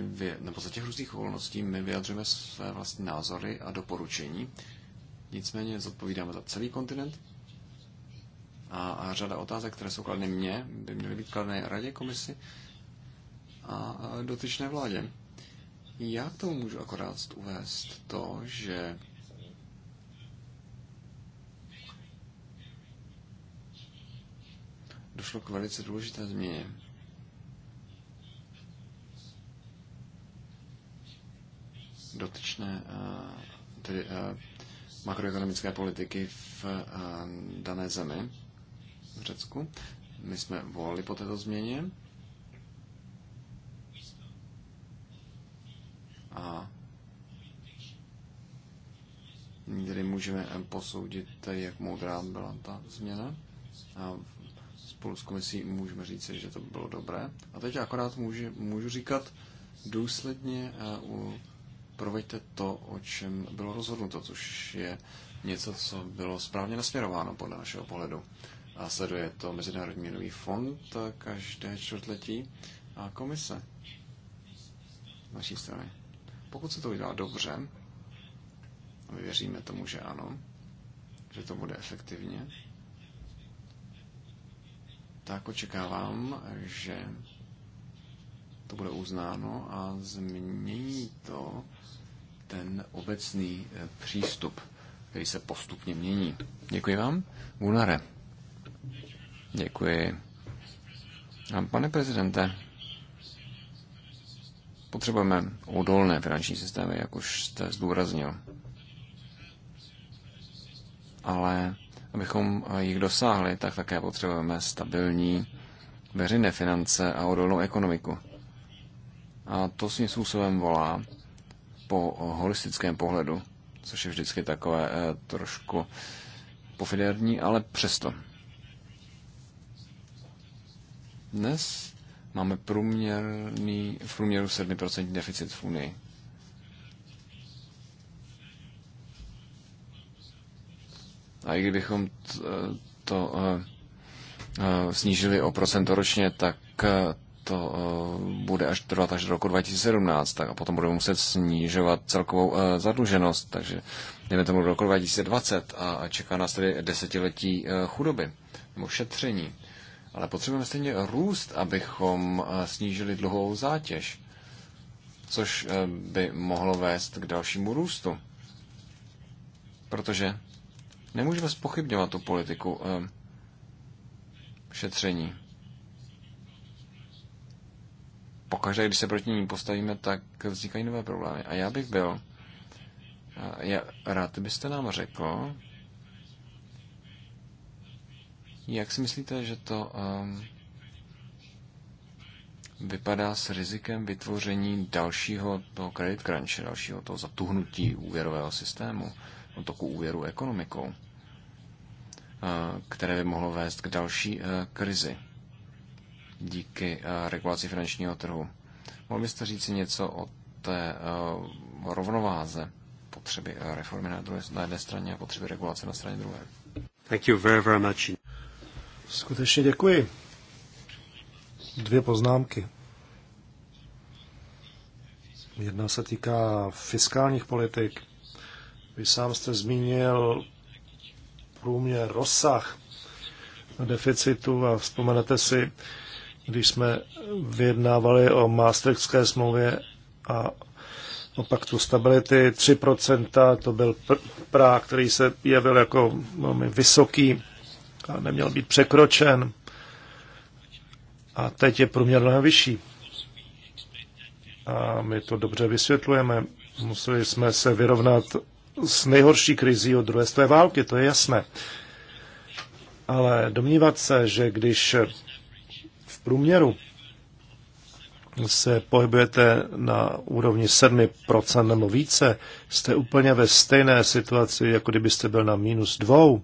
nebo za těch různých okolností my vyjadřujeme své vlastní názory a doporučení. Nicméně zodpovídáme za celý kontinent a, a řada otázek, které jsou kladeny mně, by měly být kladeny radě komisi a, dotyčné vládě. Já to můžu akorát uvést to, že došlo k velice důležité změně. Dotyčné eh, tedy eh, makroekonomické politiky v eh, dané zemi, v Řecku. My jsme volali po této změně. A nyní tedy můžeme posoudit, jak moudrá byla ta změna. A spolu s komisí můžeme říct, že to bylo dobré. A teď akorát můžu, můžu říkat důsledně eh, u proveďte to, o čem bylo rozhodnuto, což je něco, co bylo správně nasměrováno podle našeho pohledu. A sleduje to Mezinárodní měnový fond eh, každé čtvrtletí a komise naší strany. Pokud se to udělá dobře, a my věříme tomu, že ano, že to bude efektivně, tak očekávám, že to bude uznáno a změní to ten obecný eh, přístup, který se postupně mění. Děkuji vám. Gunare. Děkuji. A pane prezidente, potřebujeme odolné finanční systémy, jak už jste zdůraznil. Ale Abychom eh, jich dosáhli, tak také potřebujeme stabilní veřejné finance a odolnou ekonomiku. A to svým způsobem volá po holistickém pohledu, což je vždycky takové eh, trošku pofiderní, ale přesto. Dnes máme průměrný, v průměru 7% deficit v Unii. A i kdybychom to eh, eh, snížili o procento ročně, tak eh, to bude až trvat až do roku 2017, tak a potom budeme muset snižovat celkovou zadluženost, takže jdeme tomu do roku 2020 a čeká nás tedy desetiletí chudoby nebo šetření. Ale potřebujeme stejně růst, abychom snížili dluhovou zátěž, což by mohlo vést k dalšímu růstu. Protože Nemůžeme spochybňovat tu politiku eh, šetření. Pokaždé, když se proti ní postavíme, tak vznikají nové problémy. A já bych byl, eh, já, rád byste nám řekl, jak si myslíte, že to eh, vypadá s rizikem vytvoření dalšího toho credit crunche, dalšího toho zatuhnutí úvěrového systému, no toku úvěru ekonomikou? které by mohlo vést k další e, krizi díky e, regulaci finančního trhu. Mohl byste říct něco o té e, rovnováze potřeby reformy na, druhé, na jedné straně a potřeby regulace na straně druhé? Thank you very, very much. Skutečně děkuji. Dvě poznámky. Jedna se týká fiskálních politik. Vy sám jste zmínil průměr, rozsah deficitu a vzpomenete si, když jsme vyjednávali o Maastrichtské smlouvě a o paktu stability, 3% to byl práh, který se jevil jako velmi vysoký a neměl být překročen. A teď je průměr mnohem vyšší. A my to dobře vysvětlujeme. Museli jsme se vyrovnat s nejhorší krizí od druhé světové války, to je jasné. Ale domnívat se, že když v průměru se pohybujete na úrovni 7% nebo více, jste úplně ve stejné situaci, jako kdybyste byl na minus dvou.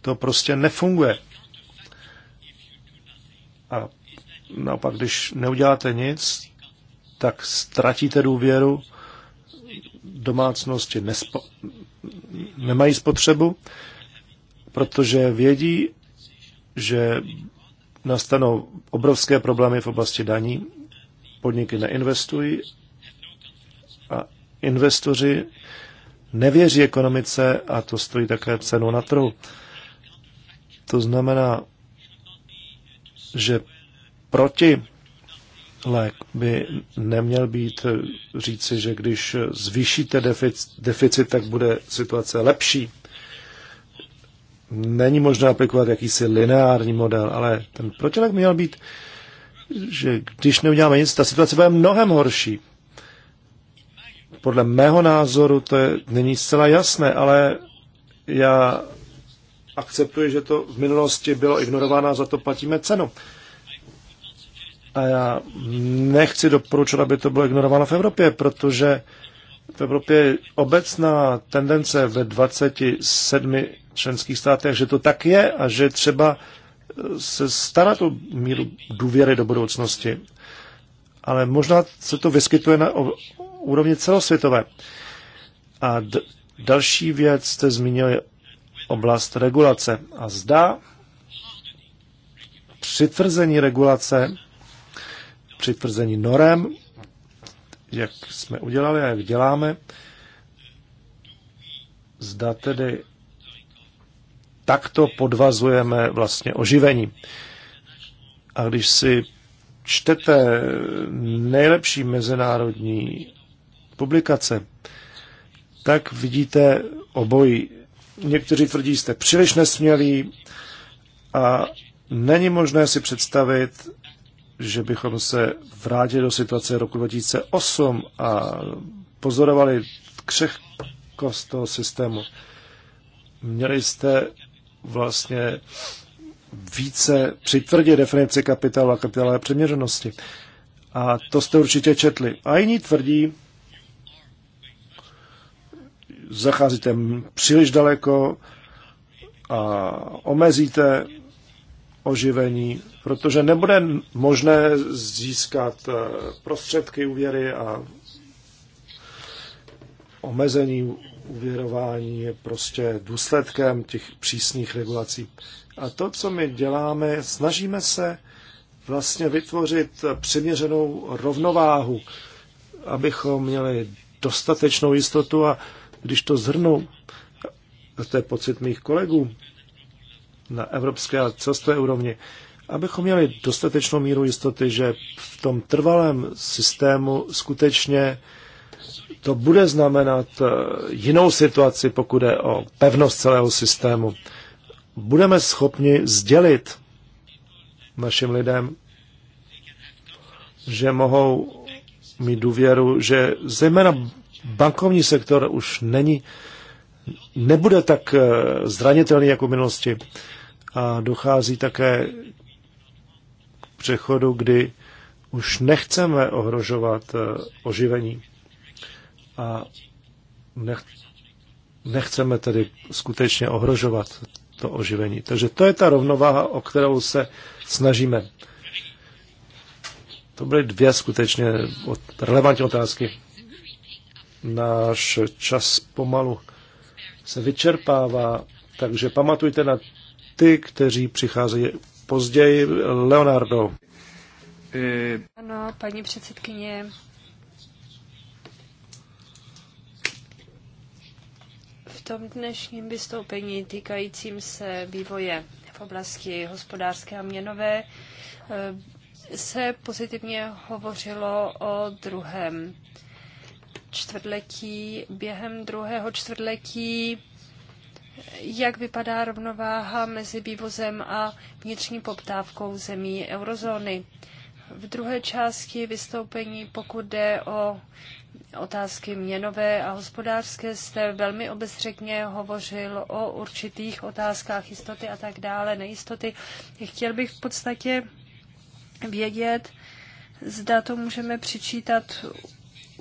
To prostě nefunguje. A naopak, když neuděláte nic, tak ztratíte důvěru domácnosti nespo, nemají spotřebu, protože vědí, že nastanou obrovské problémy v oblasti daní, podniky neinvestují a investoři nevěří ekonomice a to stojí také cenu na trhu. To znamená, že proti lék by neměl být eh, říci, že když eh, zvýšíte deficit, deficit, tak bude situace lepší. Není možné aplikovat jakýsi lineární model, ale ten protilek měl být, že když neuděláme nic, ta situace bude mnohem horší. Podle mého názoru to je, není zcela jasné, ale já akceptuji, že to v minulosti bylo ignorováno a za to platíme cenu. A já nechci doporučit, aby to bylo ignorováno v Evropě, protože v Evropě je obecná tendence ve 27 členských státech, že to tak je a že třeba se starat o míru důvěry do budoucnosti. Ale možná se to vyskytuje na úrovni celosvětové. A další věc jste zmínili oblast regulace. A zdá přitvrzení regulace přitvrzení norem, jak jsme udělali a jak děláme. Zda tedy takto podvazujeme vlastně oživení. A když si čtete nejlepší mezinárodní publikace, tak vidíte obojí. Někteří tvrdí, že jste příliš nesmělí a není možné si představit, že bychom se vrátili do situace roku 2008 a pozorovali křehkost toho systému. Měli jste vlastně více přitvrdit definici kapitálu a kapitálové přeměřenosti. A to jste určitě četli. A jiní tvrdí, zacházíte příliš daleko a omezíte oživení protože nebude možné získat eh, prostředky úvěry a omezení uvěrování je prostě důsledkem těch přísných regulací. A to, co my děláme, snažíme se vlastně vytvořit přiměřenou rovnováhu, abychom měli dostatečnou jistotu a když to zhrnu, to je pocit mých kolegů na evropské a celostové úrovni, abychom měli dostatečnou míru jistoty, že v tom trvalém systému skutečně to bude znamenat eh, jinou situaci, pokud je o pevnost celého systému. Budeme schopni sdělit našim lidem, že mohou mít důvěru, že zejména bankovní sektor už není, nebude tak eh, zranitelný jako v minulosti. A dochází také přechodu, kdy už nechceme ohrožovat eh, oživení a nech, nechceme tedy skutečně ohrožovat to oživení. Takže to je ta rovnováha, o kterou se snažíme. To byly dvě skutečně relevantní otázky. Náš čas pomalu se vyčerpává, takže pamatujte na ty, kteří přicházejí později Leonardo. Ano, paní předsedkyně. V tom dnešním vystoupení týkajícím se vývoje v oblasti hospodářské a měnové eh, se pozitivně hovořilo o druhém čtvrtletí. Během druhého čtvrtletí jak vypadá rovnováha mezi vývozem a vnitřní poptávkou zemí eurozóny. V druhé části vystoupení, pokud jde o otázky měnové a hospodářské, jste velmi obezřetně hovořil o určitých otázkách jistoty a tak dále, nejistoty. Chtěl bych v podstatě vědět, zda to můžeme přičítat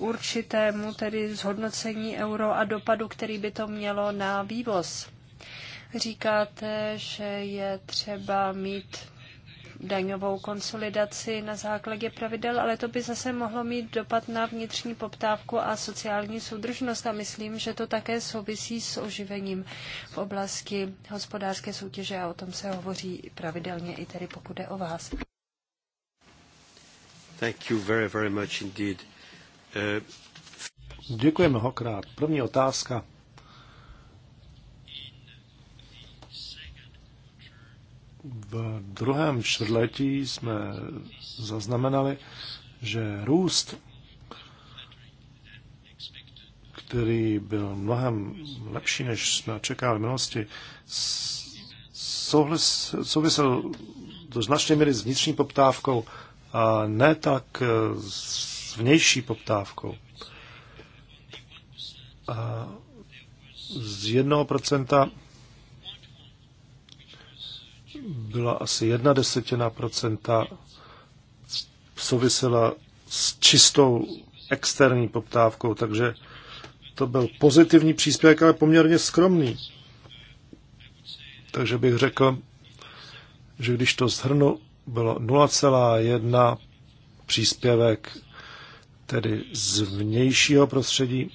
určitému tedy zhodnocení euro a dopadu, který by to mělo na vývoz. Říkáte, že je třeba mít daňovou konsolidaci na základě pravidel, ale to by zase mohlo mít dopad na vnitřní poptávku a sociální soudržnost a myslím, že to také souvisí s oživením v oblasti hospodářské soutěže a o tom se hovoří pravidelně i tedy pokud je o vás. Thank you very, very much indeed. Děkuji mnohokrát. První otázka. V druhém čtvrtletí jsme zaznamenali, že růst, který byl mnohem lepší, než jsme čekali v minulosti, souvisel do značné míry s vnitřní poptávkou a ne tak s vnější poptávkou. A z jednoho procenta byla asi jedna desetina procenta souvisela s čistou externí poptávkou, takže to byl pozitivní příspěvek, ale poměrně skromný. Takže bych řekl, že když to zhrnu, bylo 0,1 příspěvek tedy z vnějšího prostředí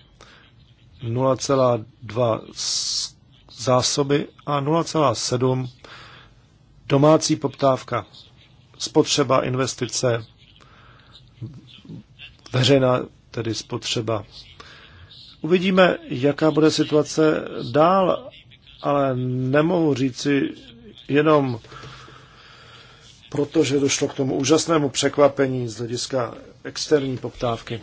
0,2 zásoby a 0,7 domácí poptávka, spotřeba, investice, veřejná tedy spotřeba. Uvidíme, jaká bude situace dál, ale nemohu říci jenom protože došlo k tomu úžasnému překvapení z hlediska externí poptávky.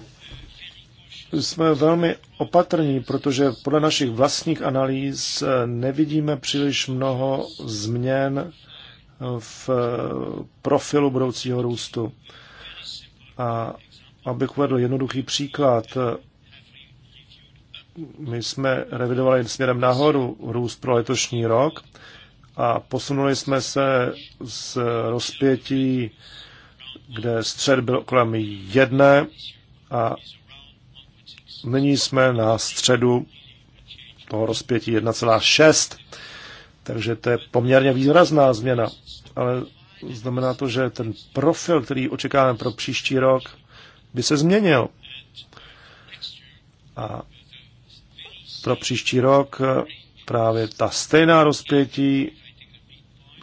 Jsme velmi opatrní, protože podle našich vlastních analýz eh, nevidíme příliš mnoho změn eh, v eh, profilu budoucího růstu. A abych uvedl jednoduchý příklad, my jsme revidovali směrem nahoru růst pro letošní rok a posunuli jsme se z rozpětí kde střed byl kolem jedné a nyní jsme na středu toho rozpětí 1,6, takže to je poměrně výrazná změna, ale znamená to, že ten profil, který očekáváme pro příští rok, by se změnil. A pro příští rok právě ta stejná rozpětí,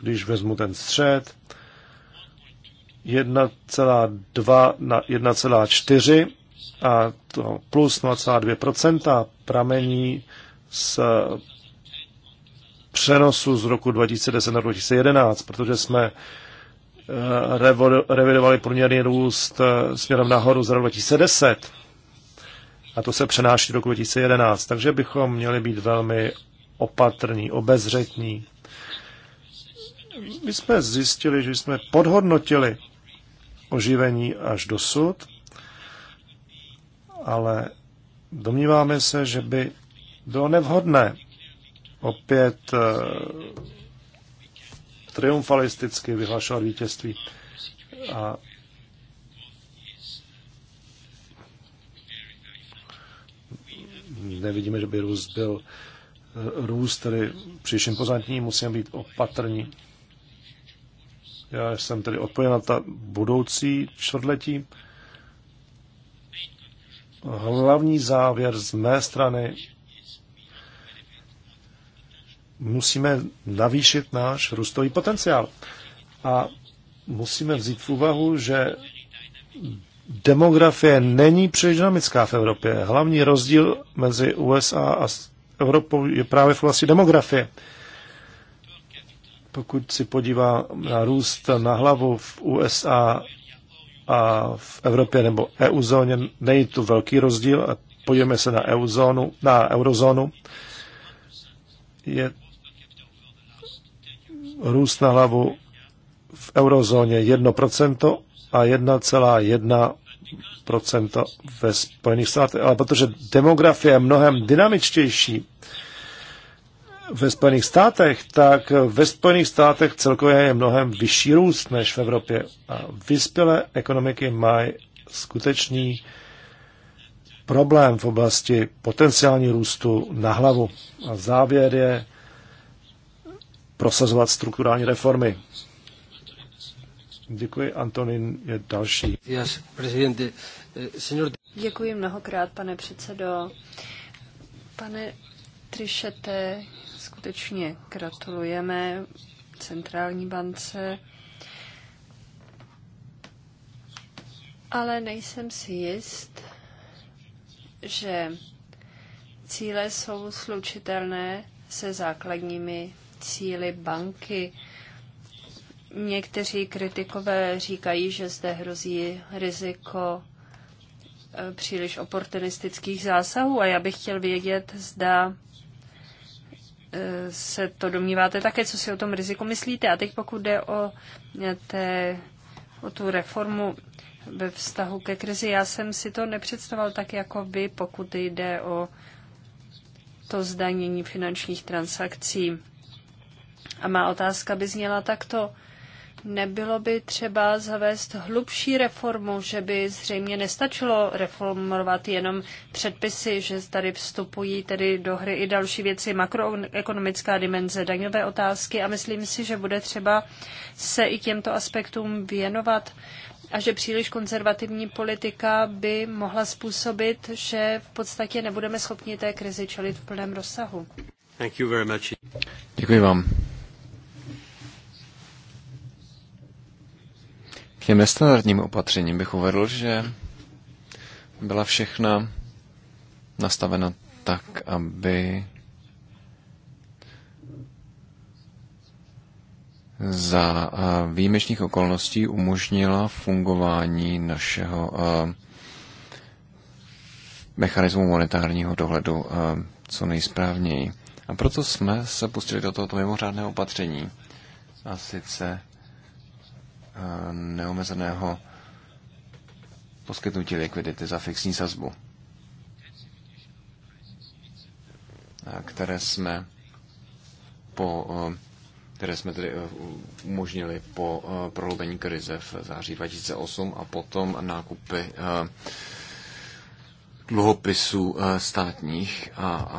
když vezmu ten střed, 1,2 na 1,4 a to plus 0,2 pramení z přenosu z roku 2010 na 2011, protože jsme eh, revidovali průměrný růst eh, směrem nahoru z roku 2010 a to se přenáší do roku 2011, takže bychom měli být velmi opatrní, obezřetní my jsme zjistili, že jsme podhodnotili oživení až dosud, ale domníváme se, že by bylo nevhodné opět eh, triumfalisticky vyhlašovat vítězství. A nevidíme, že by růst byl eh, růst, tedy příliš impozantní, musíme být opatrní. Já jsem tedy odpověděl na ta budoucí čtvrtletí. Hlavní závěr z mé strany musíme navýšit náš růstový potenciál. A musíme vzít v úvahu, že demografie není příliš dynamická v Evropě. Hlavní rozdíl mezi USA a Evropou je právě v oblasti demografie. Pokud si podívá na růst na hlavu v USA a v Evropě nebo EU-zóně, není tu velký rozdíl. A podívejme se na, EU-zónu, na eurozónu. Je růst na hlavu v eurozóně 1% a 1,1% ve Spojených státech. Ale protože demografie je mnohem dynamičtější, ve Spojených státech, tak ve Spojených státech celkově je mnohem vyšší růst než v Evropě. A vyspělé ekonomiky mají skutečný problém v oblasti potenciální růstu na hlavu. A závěr je prosazovat strukturální reformy. Děkuji, Antonin je další. Eh, Děkuji mnohokrát, pane předsedo. Pane Trišete, skutečně gratulujeme centrální bance, ale nejsem si jist, že cíle jsou slučitelné se základními cíly banky. Někteří kritikové říkají, že zde hrozí riziko eh, příliš oportunistických zásahů a já bych chtěl vědět, zda se to domníváte také, co si o tom riziku myslíte. A teď pokud jde o, té, o tu reformu ve vztahu ke krizi, já jsem si to nepředstavoval tak jako vy, pokud jde o to zdanění finančních transakcí. A má otázka by zněla takto. Nebylo by třeba zavést hlubší reformu, že by zřejmě nestačilo reformovat jenom předpisy, že tady vstupují tedy do hry i další věci, makroekonomická dimenze, daňové otázky a myslím si, že bude třeba se i těmto aspektům věnovat a že příliš konzervativní politika by mohla způsobit, že v podstatě nebudeme schopni té krizi čelit v plném rozsahu. Děkuji vám. K těm nestandardním opatřením bych uvedl, že byla všechna nastavena tak, aby za eh, výjimečných okolností umožnila fungování našeho eh, mechanismu monetárního dohledu eh, co nejsprávněji. A proto jsme se pustili do tohoto mimořádného opatření. A sice Eh, neomezeného poskytnutí likvidity za fixní sazbu, eh, které jsme po eh, které jsme tedy umožnili po prohloubení krize v září 2008 a potom nákupy dluhopisů státních a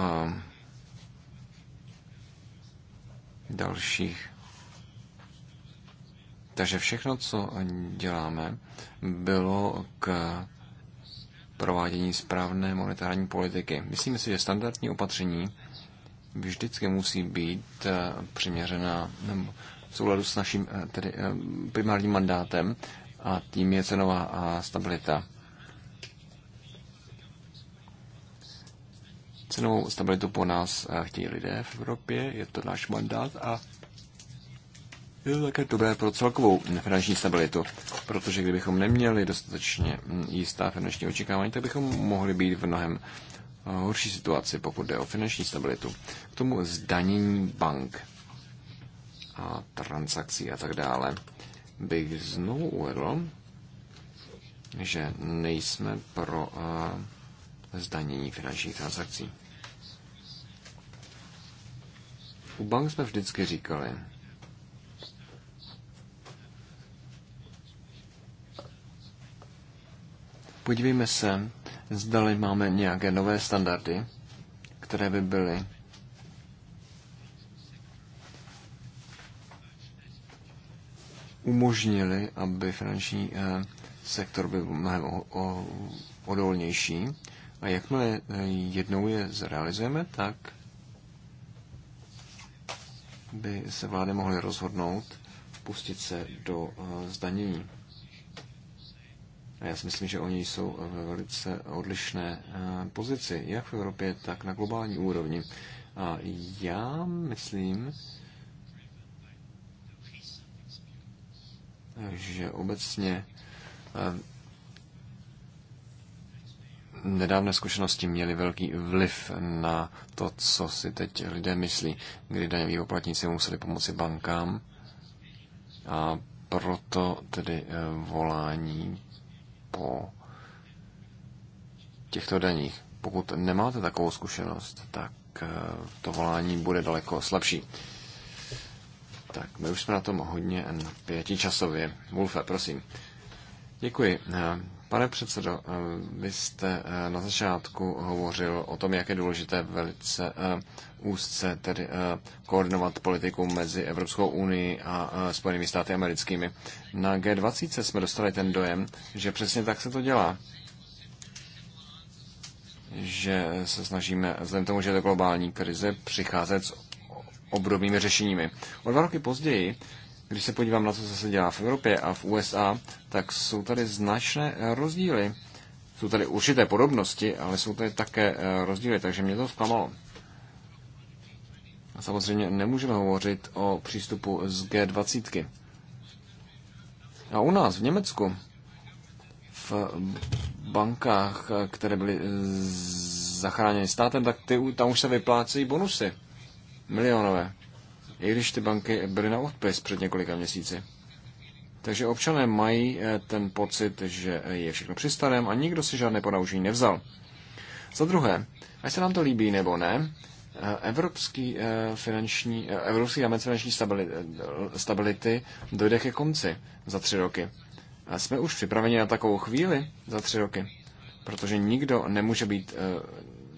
dalších takže všechno, co děláme, bylo k provádění správné monetární politiky. Myslím si, že standardní opatření vždycky musí být eh, přiměřená nebo v souladu s naším eh, tedy eh, primárním mandátem a tím je cenová stabilita. Cenovou stabilitu po nás chtějí lidé v Evropě, je to náš mandát a je to také dobré pro celkovou finanční stabilitu, protože kdybychom neměli dostatečně mm, jistá finanční očekávání, tak bychom mohli být v mnohem eh, horší situaci, pokud jde o finanční stabilitu. K tomu zdanění bank a transakcí a tak dále bych znovu uvedl, že nejsme pro eh, zdanění finančních transakcí. U bank jsme vždycky říkali, Podívejme se, zdali máme nějaké nové standardy, které by byly umožnili, aby finanční eh, sektor byl mnohem odolnější. A jakmile eh, jednou je zrealizujeme, tak by se vlády mohly rozhodnout pustit se do eh, zdanění. A já si myslím, že oni jsou ve velice odlišné eh, pozici, jak v Evropě, tak na globální úrovni. A já myslím, že obecně eh, nedávné zkušenosti měly velký vliv na to, co si teď lidé myslí, kdy daňoví poplatníci museli pomoci bankám a proto tedy eh, volání po těchto daních. Pokud nemáte takovou zkušenost, tak eh, to volání bude daleko slabší. Tak my už jsme na tom hodně na časově. Wolfe, prosím. Děkuji. Eh, Pane předsedo, eh, vy jste eh, na začátku hovořil o tom, jak je důležité velice eh, úzce tedy koordinovat politiku mezi Evropskou unii a Spojenými státy americkými. Na G20 jsme dostali ten dojem, že přesně tak se to dělá že se snažíme, vzhledem tomu, že je to globální krize, přicházet s obdobnými řešeními. O dva roky později když se podívám na to, co se dělá v Evropě a v USA, tak jsou tady značné eh, rozdíly. Jsou tady určité podobnosti, ale jsou tady také eh, rozdíly, takže mě to zklamalo. A samozřejmě nemůžeme hovořit o přístupu z G20. A u nás v Německu v bankách, které byly eh, zachráněny státem, tak ty, tam už se vyplácejí bonusy milionové i když ty banky byly na odpis před několika měsíci. Takže občané mají eh, ten pocit, že je všechno při starém a nikdo si žádné ponaužení nevzal. Za druhé, ať se nám to líbí nebo ne, eh, evropský eh, finanční, evropský rámec finanční stability, stability dojde ke konci za tři roky. A jsme už připraveni na takovou chvíli za tři roky, protože nikdo nemůže být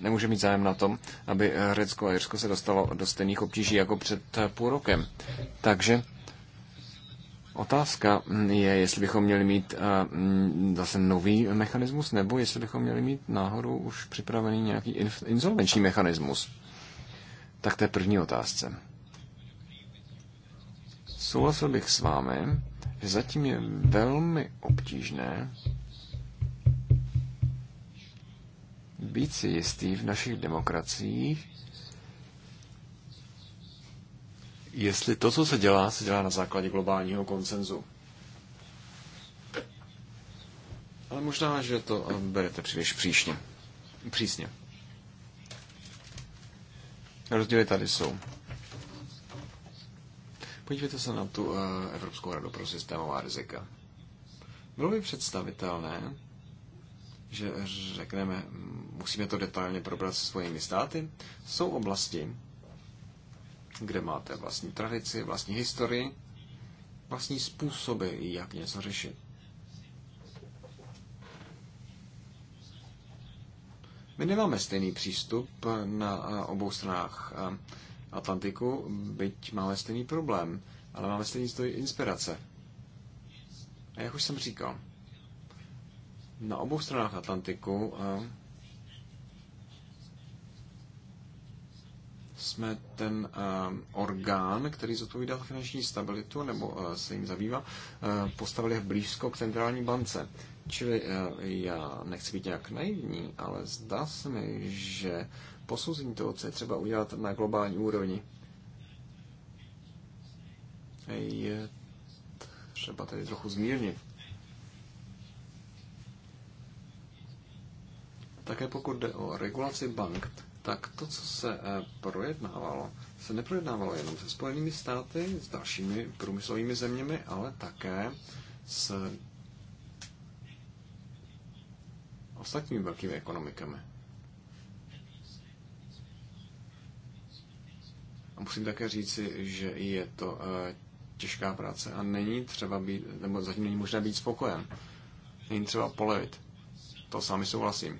nemůže mít zájem na tom, aby eh, Řecko a Jirsko se dostalo do stejných obtíží jako před eh, půl rokem. Takže Otázka mm, je, jestli bychom měli mít eh, mm, zase nový mechanismus, nebo jestli bychom měli mít náhodou už připravený nějaký insolvenční mechanismus. Tak to je první otázce. Souhlasil bych s vámi, že zatím je velmi obtížné být si jistý v našich demokraciích, jestli to, co se dělá, se dělá na základě globálního konsenzu. Ale možná, že to eh, berete příliš příšně. přísně. Rozdíly tady jsou. Podívejte se na tu eh, Evropskou radu pro systémová rizika. Bylo by představitelné, že řekneme, musíme to detailně probrat se svými státy. Jsou oblasti, kde máte vlastní tradici, vlastní historii, vlastní způsoby, jak něco řešit. My nemáme stejný přístup na obou stranách Atlantiku, byť máme stejný problém, ale máme stejný zdroj inspirace. A jak už jsem říkal, na obou stranách Atlantiku eh, jsme ten eh, orgán, který zodpovídal finanční stabilitu nebo eh, se jim zabývá, postavili blízko k centrální bance. Čili já nechci být nějak naivní, ale zdá se mi, že posouzení toho, co je třeba udělat na globální úrovni, je třeba tady trochu zmírnit. Také pokud jde o regulaci bank, tak to, co se eh, projednávalo, se neprojednávalo jenom se Spojenými státy, s dalšími průmyslovými zeměmi, ale také s ostatními velkými ekonomikami. A musím také říci, že je to eh, těžká práce a není třeba být, nebo zatím není možné být spokojen. Není třeba polevit. To sami souhlasím.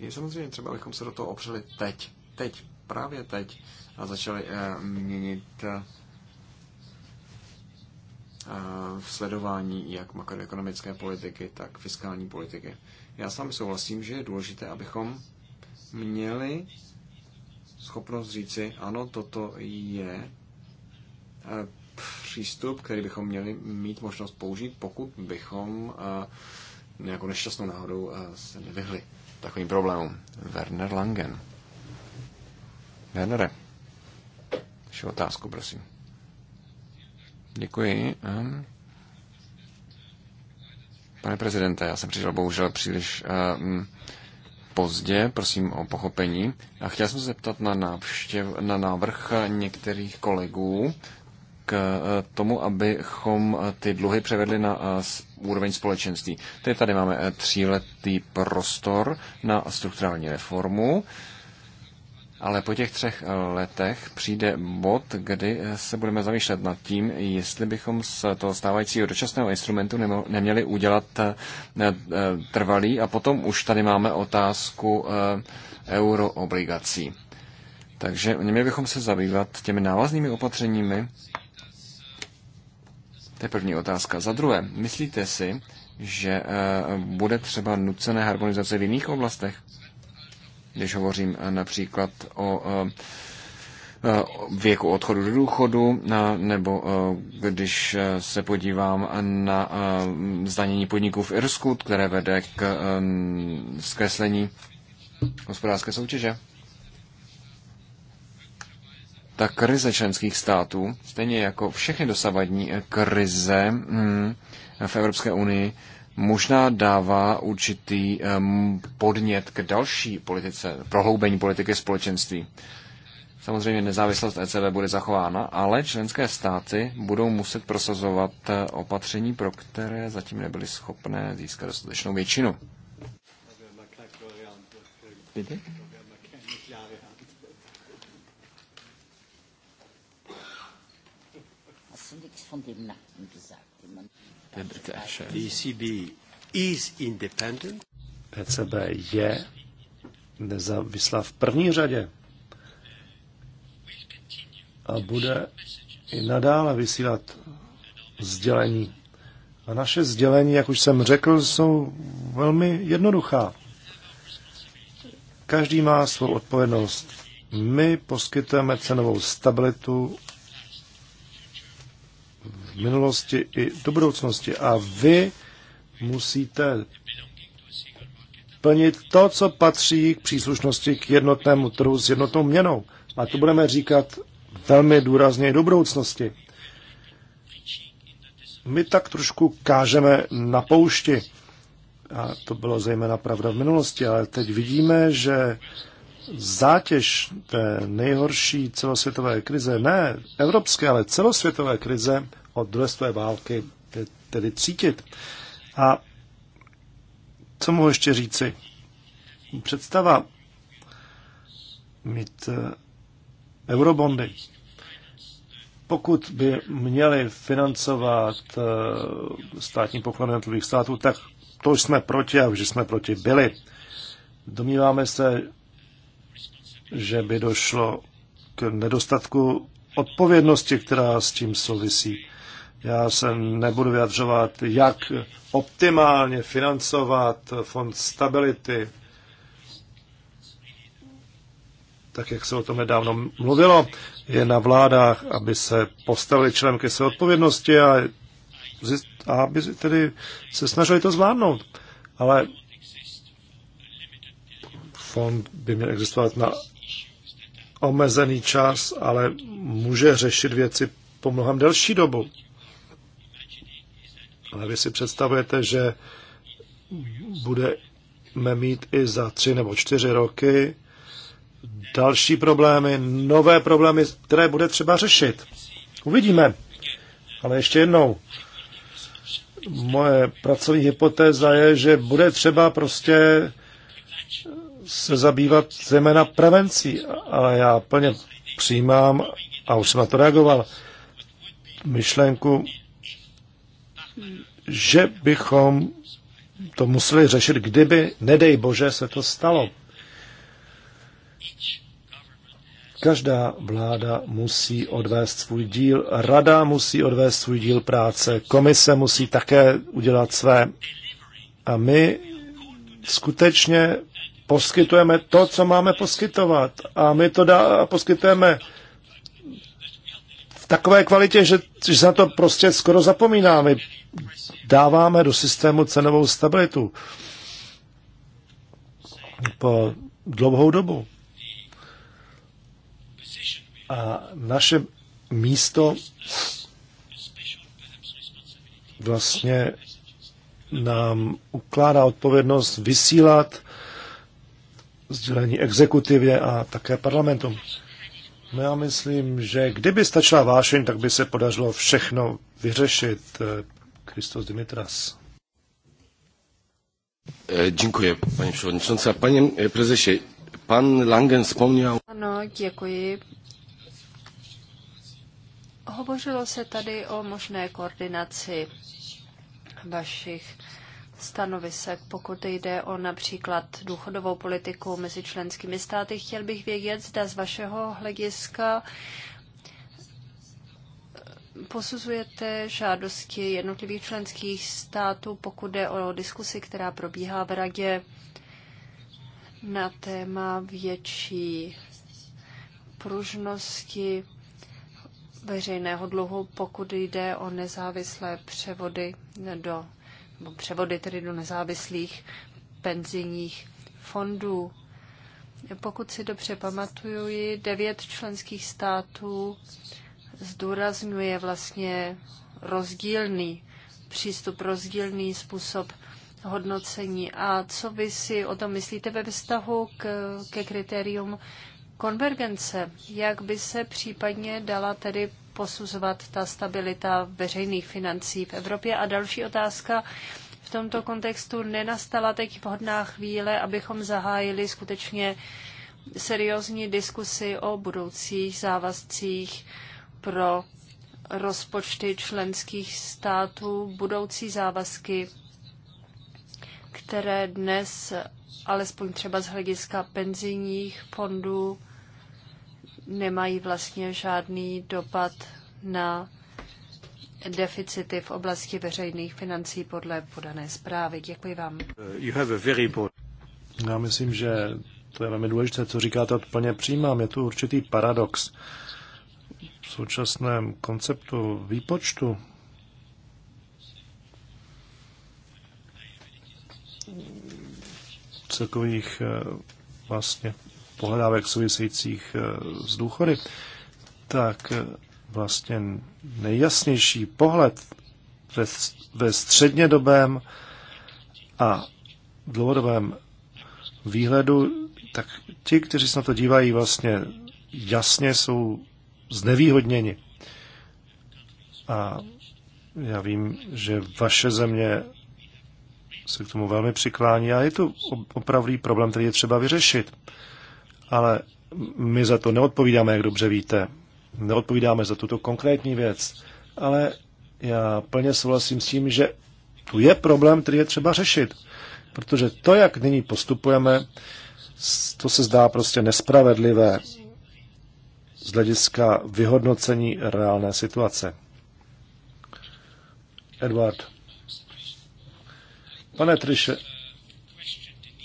Je samozřejmě třeba, abychom se do toho opřeli teď. Teď. Právě teď. A začali uh, měnit uh, v sledování jak makroekonomické politiky, tak fiskální politiky. Já s vámi souhlasím, že je důležité, abychom měli schopnost říci, ano, toto je eh, přístup, který bychom měli mít možnost použít, pokud bychom nějakou nešťastnou náhodou se nevyhli takovým problémům. Werner Langen. Wernere, ještě otázku, prosím. Děkuji. Ehm. Pane prezidente, já jsem přišel bohužel příliš uh, pozdě, prosím o pochopení. A chtěl jsem se zeptat na, návštěv, na návrh některých kolegů k eh, tomu, abychom ty dluhy převedli na eh, úroveň společenství. Tedy tady máme eh, tříletý prostor na strukturální reformu, ale po těch třech eh, letech přijde bod, kdy eh, se budeme zamýšlet nad tím, jestli bychom z toho stávajícího dočasného instrumentu neměli udělat trvalý a potom už tady máme otázku euroobligací. Takže měli bychom se zabývat těmi návaznými opatřeními, to je první otázka. Za druhé, myslíte si, že eh, bude třeba nucené harmonizace v jiných oblastech? Když hovořím eh, například o eh, věku odchodu do důchodu, nebo když se podívám na zdanění podniků v Irsku, které vede k zkreslení hospodářské soutěže ta krize členských států, stejně jako všechny dosavadní krize mm, v Evropské unii, možná dává určitý podnět k další politice, prohloubení politiky společenství. Samozřejmě nezávislost ECB bude zachována, ale členské státy budou muset prosazovat eh, opatření, pro které zatím nebyly schopné získat dostatečnou většinu. Bitte? von dem gesagt. ECB is independent. ECB je nezávislá v první řadě a bude i nadále vysílat sdělení. A naše sdělení, jak už jsem řekl, jsou velmi jednoduchá. Každý má svou odpovědnost. My poskytujeme cenovou stabilitu v minulosti i do budoucnosti. A vy musíte plnit to, co patří k příslušnosti k jednotnému trhu s jednotnou měnou. A to budeme říkat velmi důrazně i do budoucnosti. My tak trošku kážeme na poušti. A to bylo zejména pravda v minulosti, ale teď vidíme, že zátěž té nejhorší celosvětové krize, ne evropské, ale celosvětové krize, od druhé světové války tedy cítit. A co mohu ještě říci? Představa mít eh, eurobondy, pokud by měli financovat eh, státní pokladny jednotlivých států, tak to jsme proti a vždy jsme proti byli. Domníváme se, že by došlo k nedostatku odpovědnosti, která s tím souvisí. Já se nebudu vyjadřovat, jak optimálně financovat fond stability, tak jak se o tom nedávno mluvilo, je na vládách, aby se postavili členem ke své odpovědnosti a, a aby tedy se snažili to zvládnout. Ale fond by měl existovat na omezený čas, ale může řešit věci po mnohem delší dobu. Ale vy si představujete, že budeme mít i za tři nebo čtyři roky další problémy, nové problémy, které bude třeba řešit. Uvidíme. Ale ještě jednou, moje pracovní hypotéza je, že bude třeba prostě se zabývat zejména prevencí, ale já plně přijímám, a už jsem na to reagoval, myšlenku že bychom to museli řešit, kdyby, nedej bože, se to stalo. Každá vláda musí odvést svůj díl, rada musí odvést svůj díl práce, komise musí také udělat své. A my skutečně poskytujeme to, co máme poskytovat. A my to dá, poskytujeme takové kvalitě, že, že na to prostě skoro zapomínáme. Dáváme do systému cenovou stabilitu po dlouhou dobu. A naše místo vlastně nám ukládá odpovědnost vysílat sdělení exekutivě a také parlamentu. No já myslím, že kdyby stačila vášeň, tak by se podařilo všechno vyřešit. Kristos Dimitras. Eh, dziękuję, paní Przewodnicząca. Paní eh, Prezesie, Pan Langen vzpomněl. Ano, děkuji. Hovořilo se tady o možné koordinaci vašich stanovisek. Pokud jde o například důchodovou politiku mezi členskými státy, chtěl bych vědět, zda z vašeho hlediska posuzujete žádosti jednotlivých členských států, pokud jde o diskusi, která probíhá v radě na téma větší pružnosti veřejného dluhu, pokud jde o nezávislé převody do převody tedy do nezávislých penzijních fondů. Pokud si dobře pamatuju, devět členských států zdůrazňuje vlastně rozdílný přístup, rozdílný způsob hodnocení. A co vy si o tom myslíte ve vztahu k, ke kritérium konvergence? Jak by se případně dala tedy posuzovat ta stabilita veřejných financí v Evropě. A další otázka. V tomto kontextu nenastala teď vhodná chvíle, abychom zahájili skutečně seriózní diskusy o budoucích závazcích pro rozpočty členských států, budoucí závazky, které dnes, alespoň třeba z hlediska penzijních fondů, nemají vlastně žádný dopad na deficity v oblasti veřejných financí podle podané zprávy. Děkuji vám. Eh, you have a very Já myslím, že to je velmi důležité, co říkáte, plně přijímám. Je tu určitý paradox v současném konceptu výpočtu celkových eh, vlastně pohledávek souvisejících eh, s důchody, tak eh, vlastně nejjasnější pohled ve, střednědobém a dlouhodobém výhledu, tak ti, kteří se na to dívají, vlastně jasně jsou znevýhodněni. A já vím, že vaše země se k tomu velmi přiklání a je to opravdý problém, který je třeba vyřešit ale my za to neodpovídáme, jak dobře víte. Neodpovídáme za tuto konkrétní věc, ale já plně souhlasím s tím, že tu je problém, který je třeba řešit. Protože to, jak nyní postupujeme, to se zdá prostě nespravedlivé z hlediska vyhodnocení reálné situace. Edward. Pane Triše,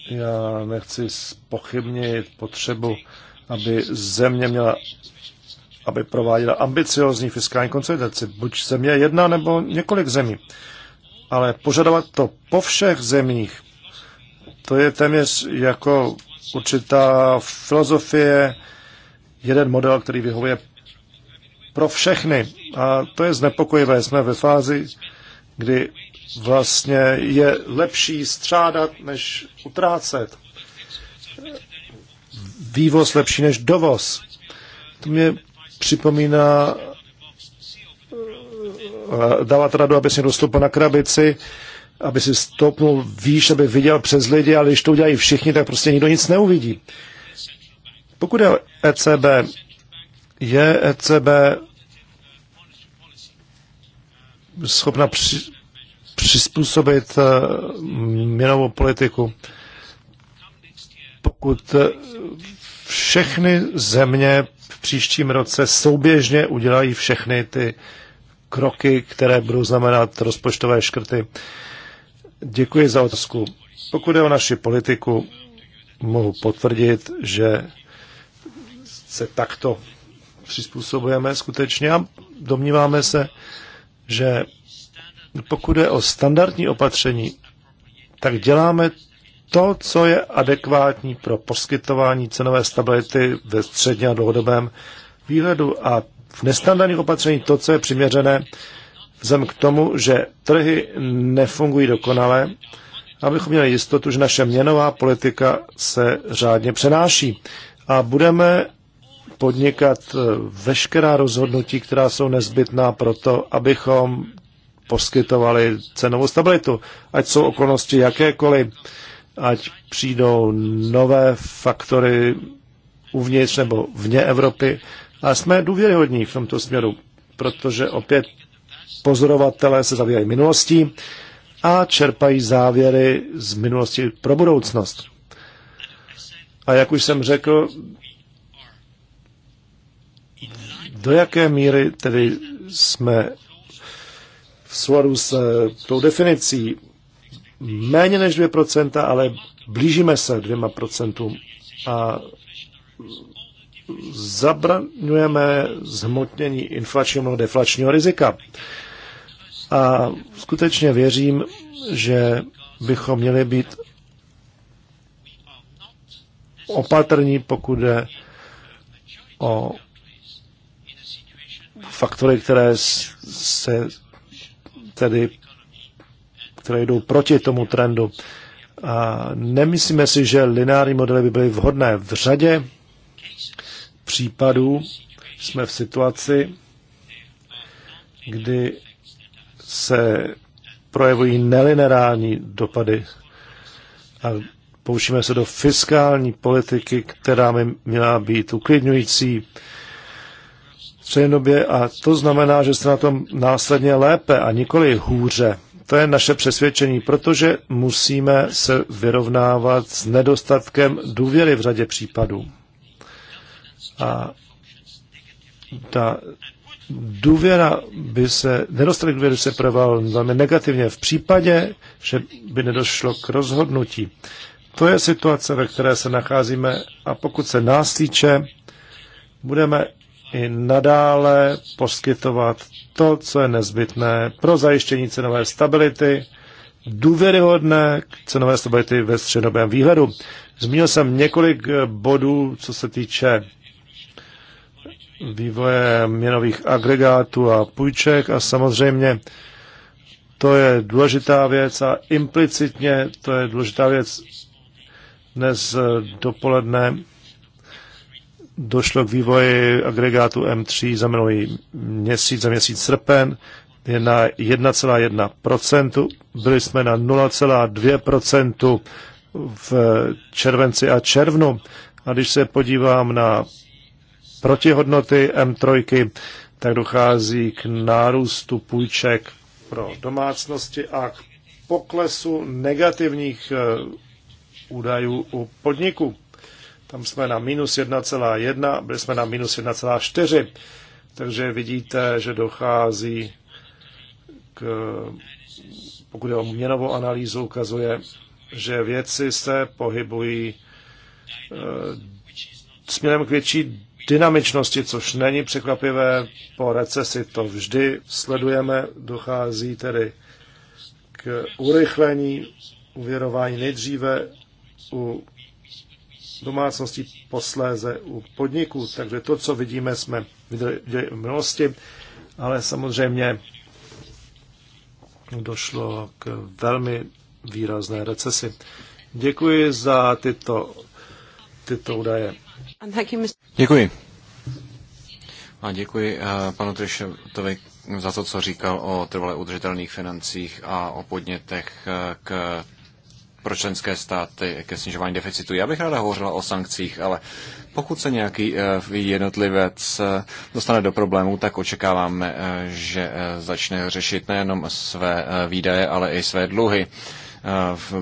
já nechci spochybnit potřebu, aby země měla, aby prováděla ambiciozní fiskální konsolidaci. Buď země jedna nebo několik zemí. Ale požadovat to po všech zemích, to je téměř jako určitá filozofie, jeden model, který vyhovuje pro všechny. A to je znepokojivé. Jsme ve fázi, kdy vlastně je lepší střádat, než utrácet. Vývoz lepší než dovoz. To mě připomíná eh, dávat radu, aby si dostoupil na krabici, aby si stoupnul výš, aby viděl přes lidi, ale když to udělají všichni, tak prostě nikdo nic neuvidí. Pokud je ECB, je ECB schopna při, přizpůsobit eh, měnovou politiku. Pokud eh, všechny země v příštím roce souběžně udělají všechny ty kroky, které budou znamenat rozpočtové škrty. Děkuji za otázku. Pokud je o naši politiku, mohu potvrdit, že se takto přizpůsobujeme skutečně a domníváme se, že pokud je o standardní opatření, tak děláme to, co je adekvátní pro poskytování cenové stability ve středně a dlouhodobém výhledu a v nestandardních opatření to, co je přiměřené vzhledem k tomu, že trhy nefungují dokonale, abychom měli jistotu, že naše měnová politika se řádně přenáší. A budeme podnikat veškerá rozhodnutí, která jsou nezbytná pro to, abychom poskytovali cenovou stabilitu. Ať jsou okolnosti jakékoliv, ať přijdou nové faktory uvnitř nebo vně Evropy. A jsme důvěryhodní v tomto směru, protože opět pozorovatelé se zavírají minulostí a čerpají závěry z minulosti pro budoucnost. A jak už jsem řekl, do jaké míry tedy jsme v souladu s eh, tou definicí méně než 2%, ale blížíme se 2% a zabraňujeme zhmotnění inflačního nebo deflačního rizika. A skutečně věřím, že bychom měli být opatrní, pokud je o faktory, které se tedy, které jdou proti tomu trendu. A nemyslíme si, že lineární modely by byly vhodné. V řadě případů jsme v situaci, kdy se projevují nelinerální dopady a poušíme se do fiskální politiky, která by měla být uklidňující, střednědobě a to znamená, že se na tom následně lépe a nikoli hůře. To je naše přesvědčení, protože musíme se vyrovnávat s nedostatkem důvěry v řadě případů. A ta důvěra by se, nedostatek důvěry se proval velmi negativně v případě, že by nedošlo k rozhodnutí. To je situace, ve které se nacházíme a pokud se nás týče, budeme i nadále poskytovat to, co je nezbytné pro zajištění cenové stability, důvěryhodné cenové stability ve střednobém výhledu. Zmínil jsem několik eh, bodů, co se týče vývoje měnových agregátů a půjček a samozřejmě to je důležitá věc a implicitně to je důležitá věc dnes eh, dopoledne došlo k vývoji agregátu M3 za minulý měsíc, za měsíc srpen, je na 1,1%, byli jsme na 0,2% v červenci a červnu. A když se podívám na protihodnoty M3, tak dochází k nárůstu půjček pro domácnosti a k poklesu negativních eh, údajů u podniků. Tam jsme na minus 1,1, byli jsme na minus 1,4. Takže vidíte, že dochází k, pokud je o měnovou analýzu, ukazuje, že věci se pohybují e, směrem k větší dynamičnosti, což není překvapivé. Po recesi to vždy sledujeme, dochází tedy k urychlení uvěrování nejdříve u domácností, posléze u podniků. Takže to, co vidíme, jsme viděli v minulosti, ale samozřejmě došlo k velmi výrazné recesi. Děkuji za tyto, tyto údaje. Děkuji. A děkuji eh, panu Trišovi za to, co říkal o trvale udržitelných financích a o podnětech eh, k pro členské státy ke snižování deficitu. Já bych ráda hovořila o sankcích, ale pokud se nějaký eh, jednotlivec eh, dostane do problémů, tak očekáváme, eh, že začne řešit nejenom své výdaje, ale i své dluhy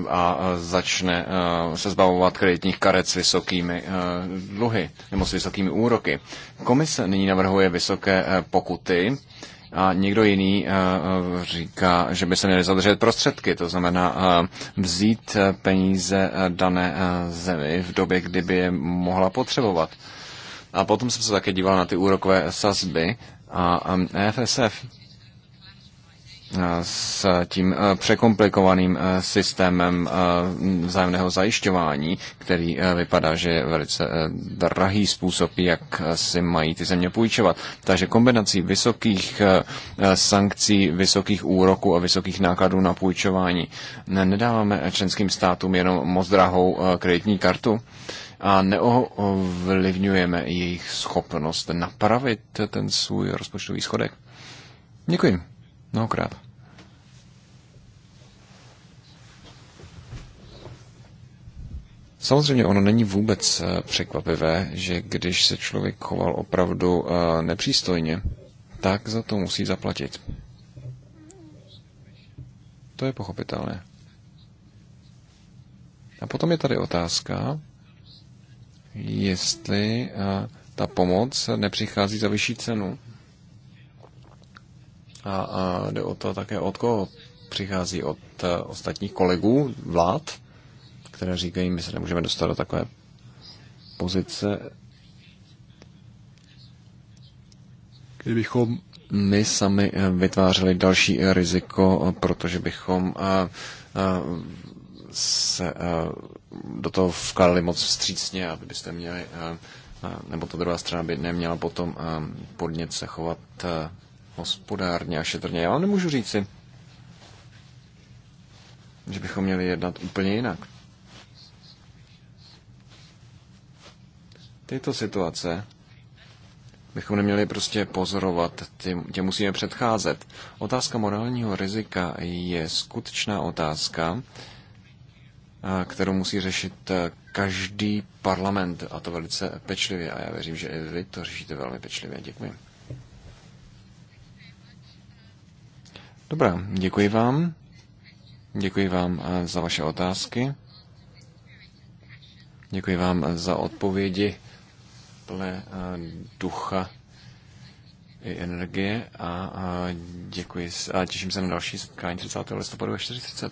a začne se zbavovat kreditních karet s vysokými dluhy nebo s vysokými úroky. Komise nyní navrhuje vysoké pokuty a někdo jiný eh, eh, říká, že by se měly zadržet prostředky, to znamená eh, vzít peníze dané zemi v době, kdyby je mohla potřebovat. A potom jsem se také díval na ty úrokové sazby a FSF e Eh, s tím eh, překomplikovaným eh, systémem vzájemného zajišťování, který vypadá, že je velice drahý způsob, jak si mají ty země půjčovat. Takže kombinací vysokých sankcí, vysokých úroků a vysokých nákladů na půjčování nedáváme členským státům jenom moc drahou kreditní kartu a neovlivňujeme jejich schopnost napravit ten svůj rozpočtový schodek. Děkuji. Mnohokrát. Samozřejmě ono není vůbec eh, překvapivé, že když se člověk choval opravdu eh, nepřístojně, tak za to musí zaplatit. To je pochopitelné. A potom je tady otázka, jestli eh, ta pomoc nepřichází za vyšší cenu. A, jde o to také, od koho přichází od ostatních kolegů, vlád, které říkají, my se nemůžeme dostat do takové pozice, kdybychom my sami eh, vytvářeli další eh, riziko, eh, protože bychom se do toho vkládali moc vstřícně, aby byste měli, nebo ta druhá strana by neměla potom podnět se chovat hospodárně a šetrně. Já vám nemůžu říci, že bychom měli jednat úplně jinak. Tyto situace bychom neměli prostě pozorovat, tě musíme předcházet. Otázka morálního rizika je skutečná otázka, kterou musí řešit každý parlament, a to velice pečlivě. A já věřím, že i vy to řešíte velmi pečlivě. Děkuji. Dobrá, děkuji vám. Děkuji vám za vaše otázky. Děkuji vám za odpovědi plné eh, ducha i energie a děkuji a těším se na další setkání 30. listopadu ve 4.30.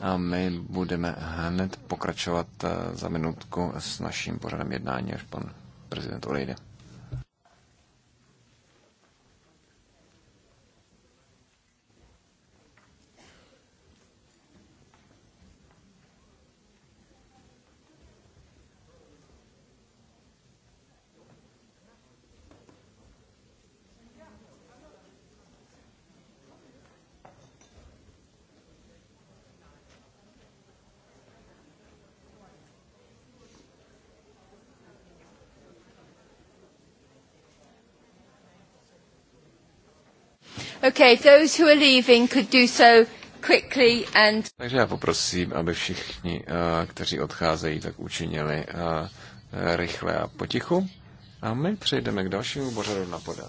A my budeme hned pokračovat eh, za minutku s naším pořadem jednání, až pan prezident odejde. those who are leaving could do so quickly and... Takže já poprosím, aby všichni, eh, kteří odcházejí, tak učinili eh, eh, rychle a potichu. A my přejdeme k dalšímu pořadu na, poda,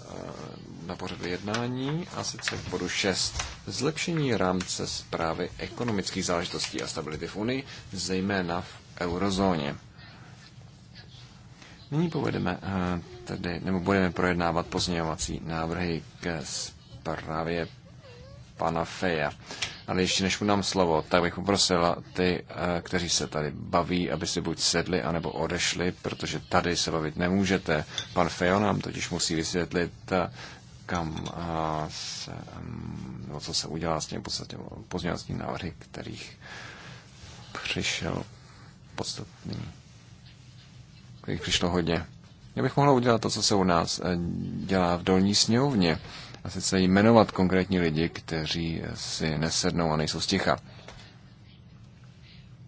na pořadu jednání, a sice k bodu 6. Zlepšení rámce zprávy ekonomických záležitostí a stability v Unii, zejména v eurozóně. Nyní povedeme tedy, nebo budeme projednávat pozměňovací návrhy k zprávě právě pana Feja. Ale ještě než mu dám slovo, tak bych poprosila ty, eh, kteří se tady baví, aby si buď sedli, anebo odešli, protože tady se bavit nemůžete. Pan Fejo nám totiž musí vysvětlit, eh, kam eh, se, mm, no, co se udělá s těmi pozměňovacími návrhy, kterých přišel podstatný, kterých přišlo hodně. Já bych mohl udělat to, co se u nás dělá v dolní sněmovně a sice jmenovat konkrétní lidi, kteří si nesednou a nejsou sticha.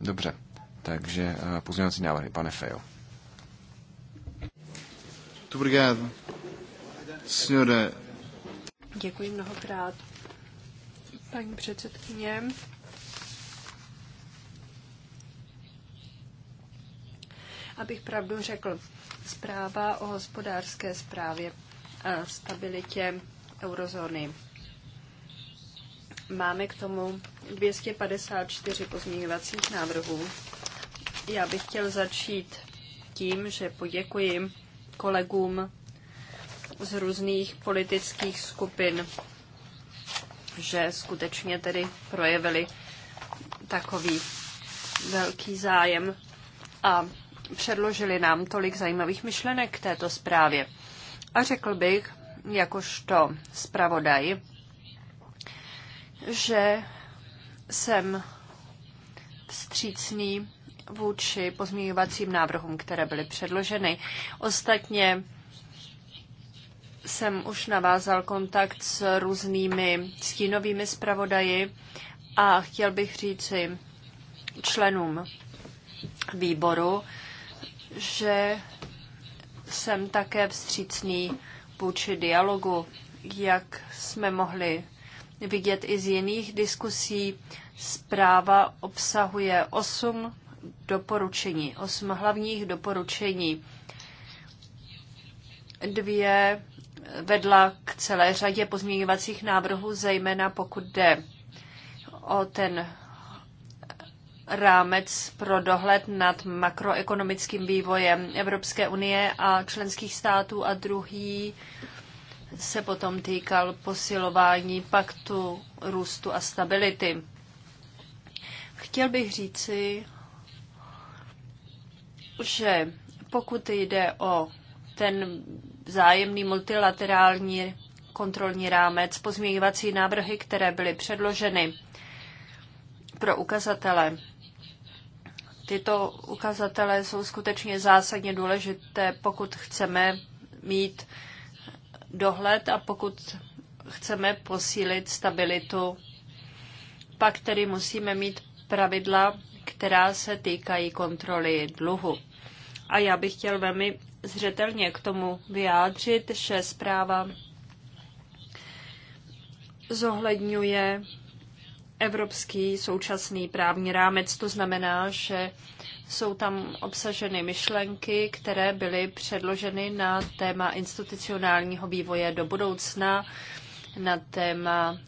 Dobře, takže eh, pozměňovací návrhy, pane Fejo. Děkuji mnohokrát, paní předsedkyně. Abych pravdu řekl, zpráva o hospodářské zprávě a stabilitě eurozóny. Máme k tomu 254 pozměňovacích návrhů. Já bych chtěl začít tím, že poděkuji kolegům z různých politických skupin, že skutečně tedy projevili takový velký zájem a předložili nám tolik zajímavých myšlenek k této zprávě. A řekl bych, jakožto zpravodaj, že jsem vstřícný vůči pozměňovacím návrhům, které byly předloženy. Ostatně jsem už navázal kontakt s různými stínovými zpravodaji a chtěl bych říci členům výboru, že jsem také vstřícný vůči dialogu. Jak jsme mohli vidět i z jiných diskusí, zpráva obsahuje osm doporučení, osm hlavních doporučení. Dvě vedla k celé řadě pozměňovacích návrhů, zejména pokud jde o ten rámec pro dohled nad makroekonomickým vývojem Evropské unie a členských států a druhý se potom týkal posilování paktu růstu a stability. Chtěl bych říci, že pokud jde o ten zájemný multilaterální kontrolní rámec, pozměňovací návrhy, které byly předloženy pro ukazatele Tyto ukazatele jsou skutečně zásadně důležité, pokud chceme mít dohled a pokud chceme posílit stabilitu, pak tedy musíme mít pravidla, která se týkají kontroly dluhu. A já bych chtěl velmi zřetelně k tomu vyjádřit, že zpráva zohledňuje evropský současný právní rámec. To znamená, že jsou tam obsaženy myšlenky, které byly předloženy na téma institucionálního vývoje do budoucna, na téma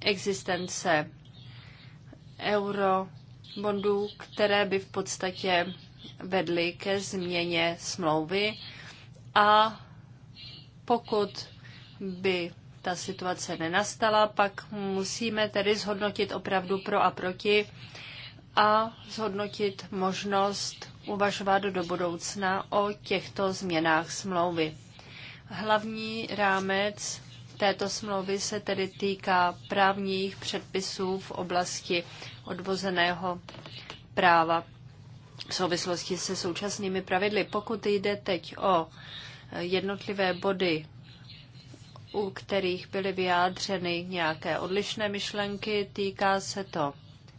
existence eurobondů, které by v podstatě vedly ke změně smlouvy a pokud by ta situace nenastala, pak musíme tedy zhodnotit opravdu pro a proti a zhodnotit možnost uvažovat do budoucna o těchto změnách smlouvy. Hlavní rámec této smlouvy se tedy týká právních předpisů v oblasti odvozeného práva v souvislosti se současnými pravidly. Pokud jde teď o jednotlivé body u kterých byly vyjádřeny nějaké odlišné myšlenky. Týká se to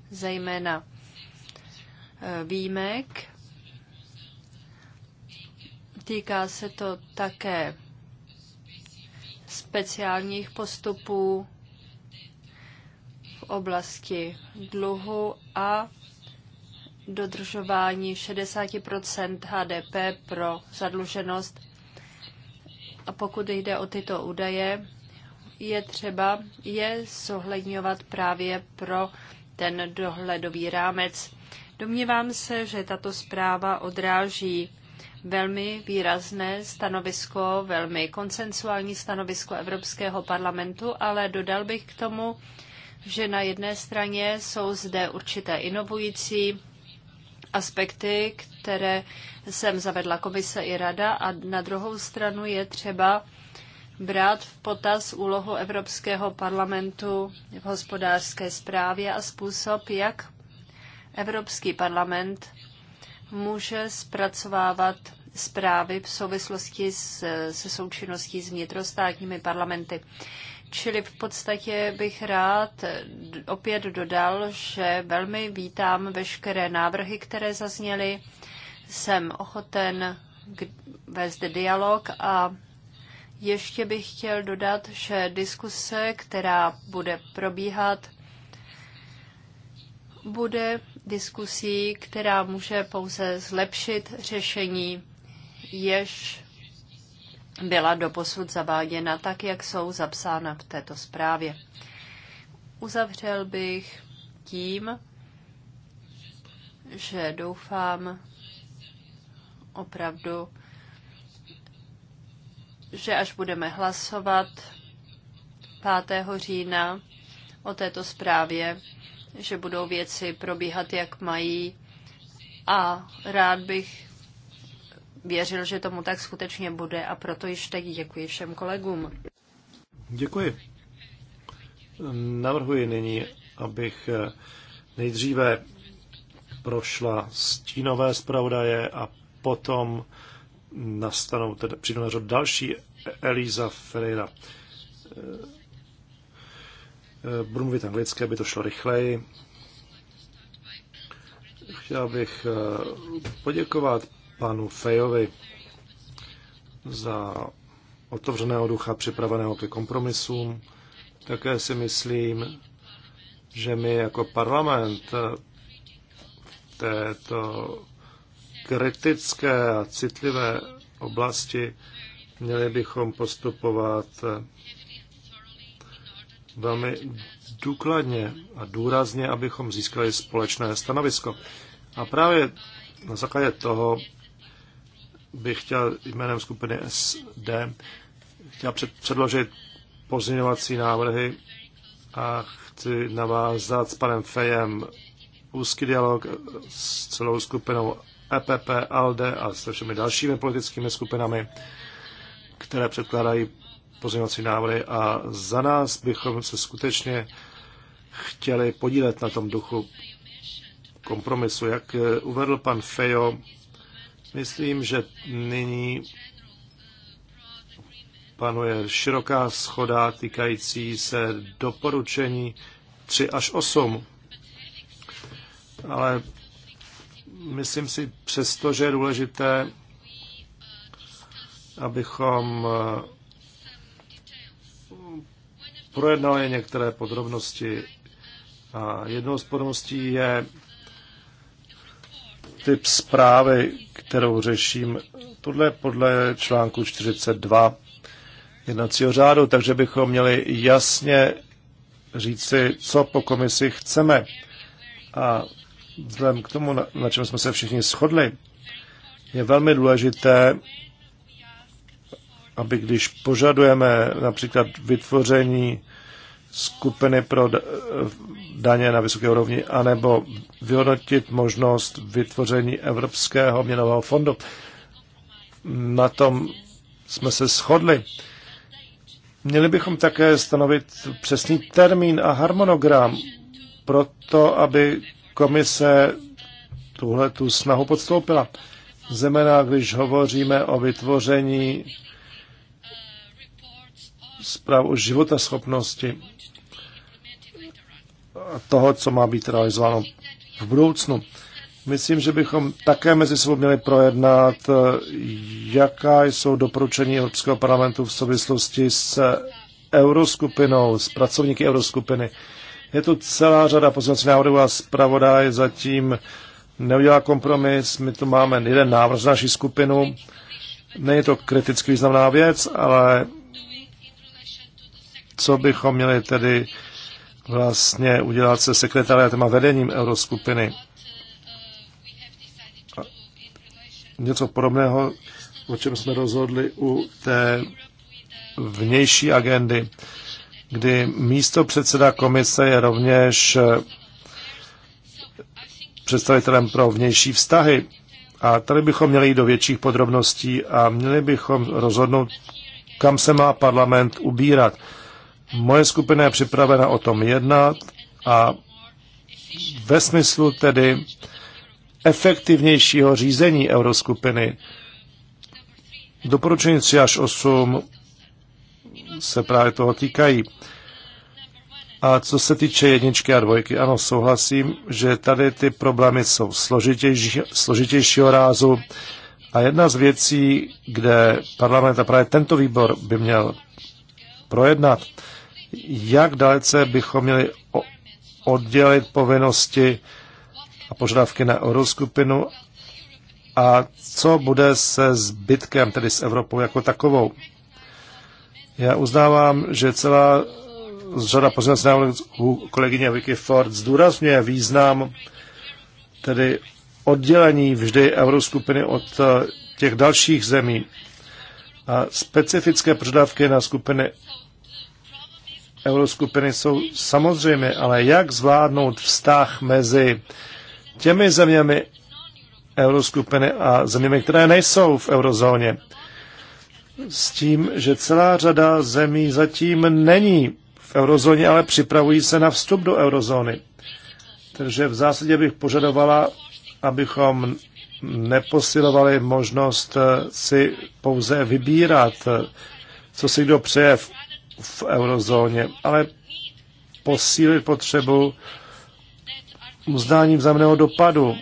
zejména e, výjimek. Týká se to také speciálních postupů v oblasti dluhu a dodržování 60 HDP pro zadluženost pokud jde o tyto údaje, je třeba je zohledňovat právě pro ten dohledový rámec. Domnívám se, že tato zpráva odráží velmi výrazné stanovisko, velmi konsensuální stanovisko Evropského parlamentu, ale dodal bych k tomu, že na jedné straně jsou zde určité inovující aspekty, které jsem zavedla komise i rada a na druhou stranu je třeba brát v potaz úlohu Evropského parlamentu v hospodářské správě a způsob, jak Evropský parlament může zpracovávat zprávy v souvislosti se součinností s vnitrostátními parlamenty. Čili v podstatě bych rád opět dodal, že velmi vítám veškeré návrhy, které zazněly. Jsem ochoten vést dialog a ještě bych chtěl dodat, že diskuse, která bude probíhat, bude diskusí, která může pouze zlepšit řešení, jež byla doposud zaváděna tak, jak jsou zapsána v této zprávě. Uzavřel bych tím, že doufám opravdu, že až budeme hlasovat 5. října o této zprávě, že budou věci probíhat, jak mají. A rád bych věřil, že tomu tak skutečně bude a proto již teď děkuji všem kolegům. Děkuji. Navrhuji nyní, abych nejdříve prošla stínové zpravodaje a potom nastanou, teda přijdu na další Eliza Ferreira. Budu mluvit anglicky, aby to šlo rychleji. Chtěl bych poděkovat panu Fejovi za otevřeného ducha připraveného ke kompromisům. Také si myslím, že my jako parlament v této kritické a citlivé oblasti měli bychom postupovat velmi důkladně a důrazně, abychom získali společné stanovisko. A právě na základě toho bych chtěl jménem skupiny SD chtěl předložit pozměňovací návrhy a chci navázat s panem Fejem úzký dialog s celou skupinou EPP, ALDE a se všemi dalšími politickými skupinami, které předkládají pozměňovací návrhy a za nás bychom se skutečně chtěli podílet na tom duchu kompromisu. Jak uvedl pan Fejo, Myslím, že nyní panuje široká schoda týkající se doporučení 3 až 8. Ale myslím si přesto, že je důležité, abychom eh, projednali některé podrobnosti. A jednou z podrobností je typ zprávy, kterou řeším, podle, podle článku 42 jednacího řádu, takže bychom měli jasně říci, co po komisi chceme. A vzhledem k tomu, na čem jsme se všichni shodli, je velmi důležité, aby když požadujeme například vytvoření skupiny pro daně na vysoké úrovni, anebo vyhodnotit možnost vytvoření Evropského měnového fondu. Na tom jsme se shodli. Měli bychom také stanovit přesný termín a harmonogram pro to, aby komise tuhle tu snahu podstoupila. Zemena, když hovoříme o vytvoření zpráv o životaschopnosti toho, co má být realizováno v budoucnu. Myslím, že bychom také mezi sebou měli projednat, jaká jsou doporučení Evropského parlamentu v souvislosti s euroskupinou, s pracovníky euroskupiny. Je tu celá řada pozměňovacích návrhů a zpravodaj zatím neudělá kompromis. My tu máme jeden návrh z naší skupinu. Není to kriticky významná věc, ale co bychom měli tedy vlastně udělat se sekretariátem a vedením euroskupiny. A něco podobného, o čem jsme rozhodli u té vnější agendy, kdy místo předseda komise je rovněž eh, představitelem pro vnější vztahy. A tady bychom měli jít do větších podrobností a měli bychom rozhodnout, kam se má parlament ubírat. Moje skupina je připravena o tom jednat a ve smyslu tedy efektivnějšího řízení euroskupiny. Doporučení 3 až 8 se právě toho týkají. A co se týče jedničky a dvojky, ano, souhlasím, že tady ty problémy jsou složitější, složitějšího rázu. A jedna z věcí, kde parlament a právě tento výbor by měl projednat, jak dalece bychom měli oddělit povinnosti a požadavky na euroskupinu a co bude se zbytkem, tedy s Evropou jako takovou. Já uznávám, že celá řada pozornosti návrhů kolegyně Vicky Ford zdůrazňuje význam tedy oddělení vždy euroskupiny od eh, těch dalších zemí a specifické požadavky na skupiny euroskupiny jsou samozřejmě, ale jak zvládnout vztah mezi těmi zeměmi euroskupiny a zeměmi, které nejsou v eurozóně. S tím, že celá řada zemí zatím není v eurozóně, ale připravují se na vstup do eurozóny. Takže v zásadě bych požadovala, abychom neposilovali možnost eh, si pouze vybírat, eh, co si kdo přeje v v eurozóně, ale posílit potřebu uznáním zájemného dopadu,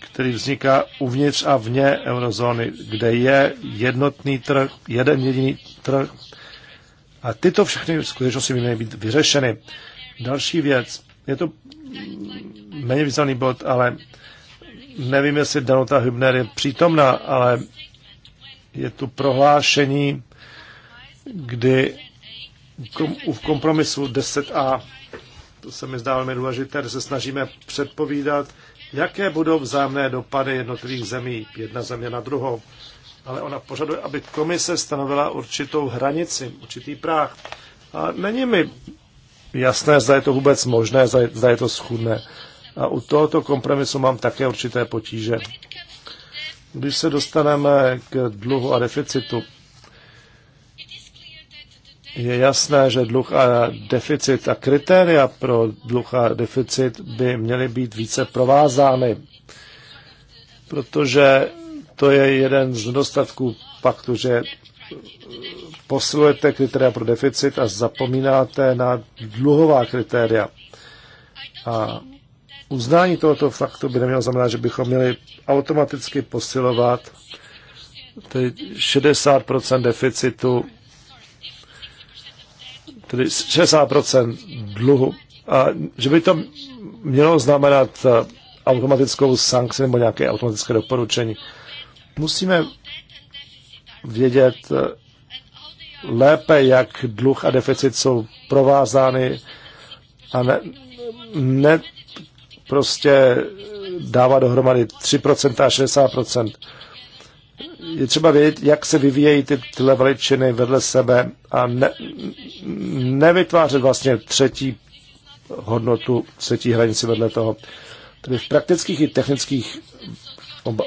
který vzniká uvnitř a vně eurozóny, kde je jednotný trh, jeden jediný trh. A tyto všechny skutečnosti by měly být vyřešeny. Další věc, je to méně významný bod, ale nevím, jestli Danuta Hübner je přítomná, ale je tu prohlášení kdy v kompromisu 10a, to se mi zdá velmi důležité, že se snažíme předpovídat, jaké budou vzájemné dopady jednotlivých zemí, jedna země na druhou. Ale ona požaduje, aby komise stanovila určitou hranici, určitý práh. A není mi jasné, zda je to vůbec možné, zda je to schudné. A u tohoto kompromisu mám také určité potíže. Když se dostaneme k dluhu a deficitu, je jasné, že dluh a deficit a kritéria pro dluh a deficit by měly být více provázány, protože to je jeden z nedostatků paktu, že posilujete kritéria pro deficit a zapomínáte na dluhová kritéria. A uznání tohoto faktu by nemělo znamenat, že bychom měli automaticky posilovat 60% deficitu tedy 60% dluhu. A že by to mělo znamenat eh, automatickou sankci nebo nějaké automatické doporučení. Musíme vědět eh, lépe, jak dluh a deficit jsou provázány a ne, ne prostě dává dohromady 3% a 60% je třeba vědět, jak se vyvíjejí ty, tyhle veličiny vedle sebe a ne, nevytvářet vlastně třetí hodnotu, třetí hranici vedle toho. Tedy v praktických i technických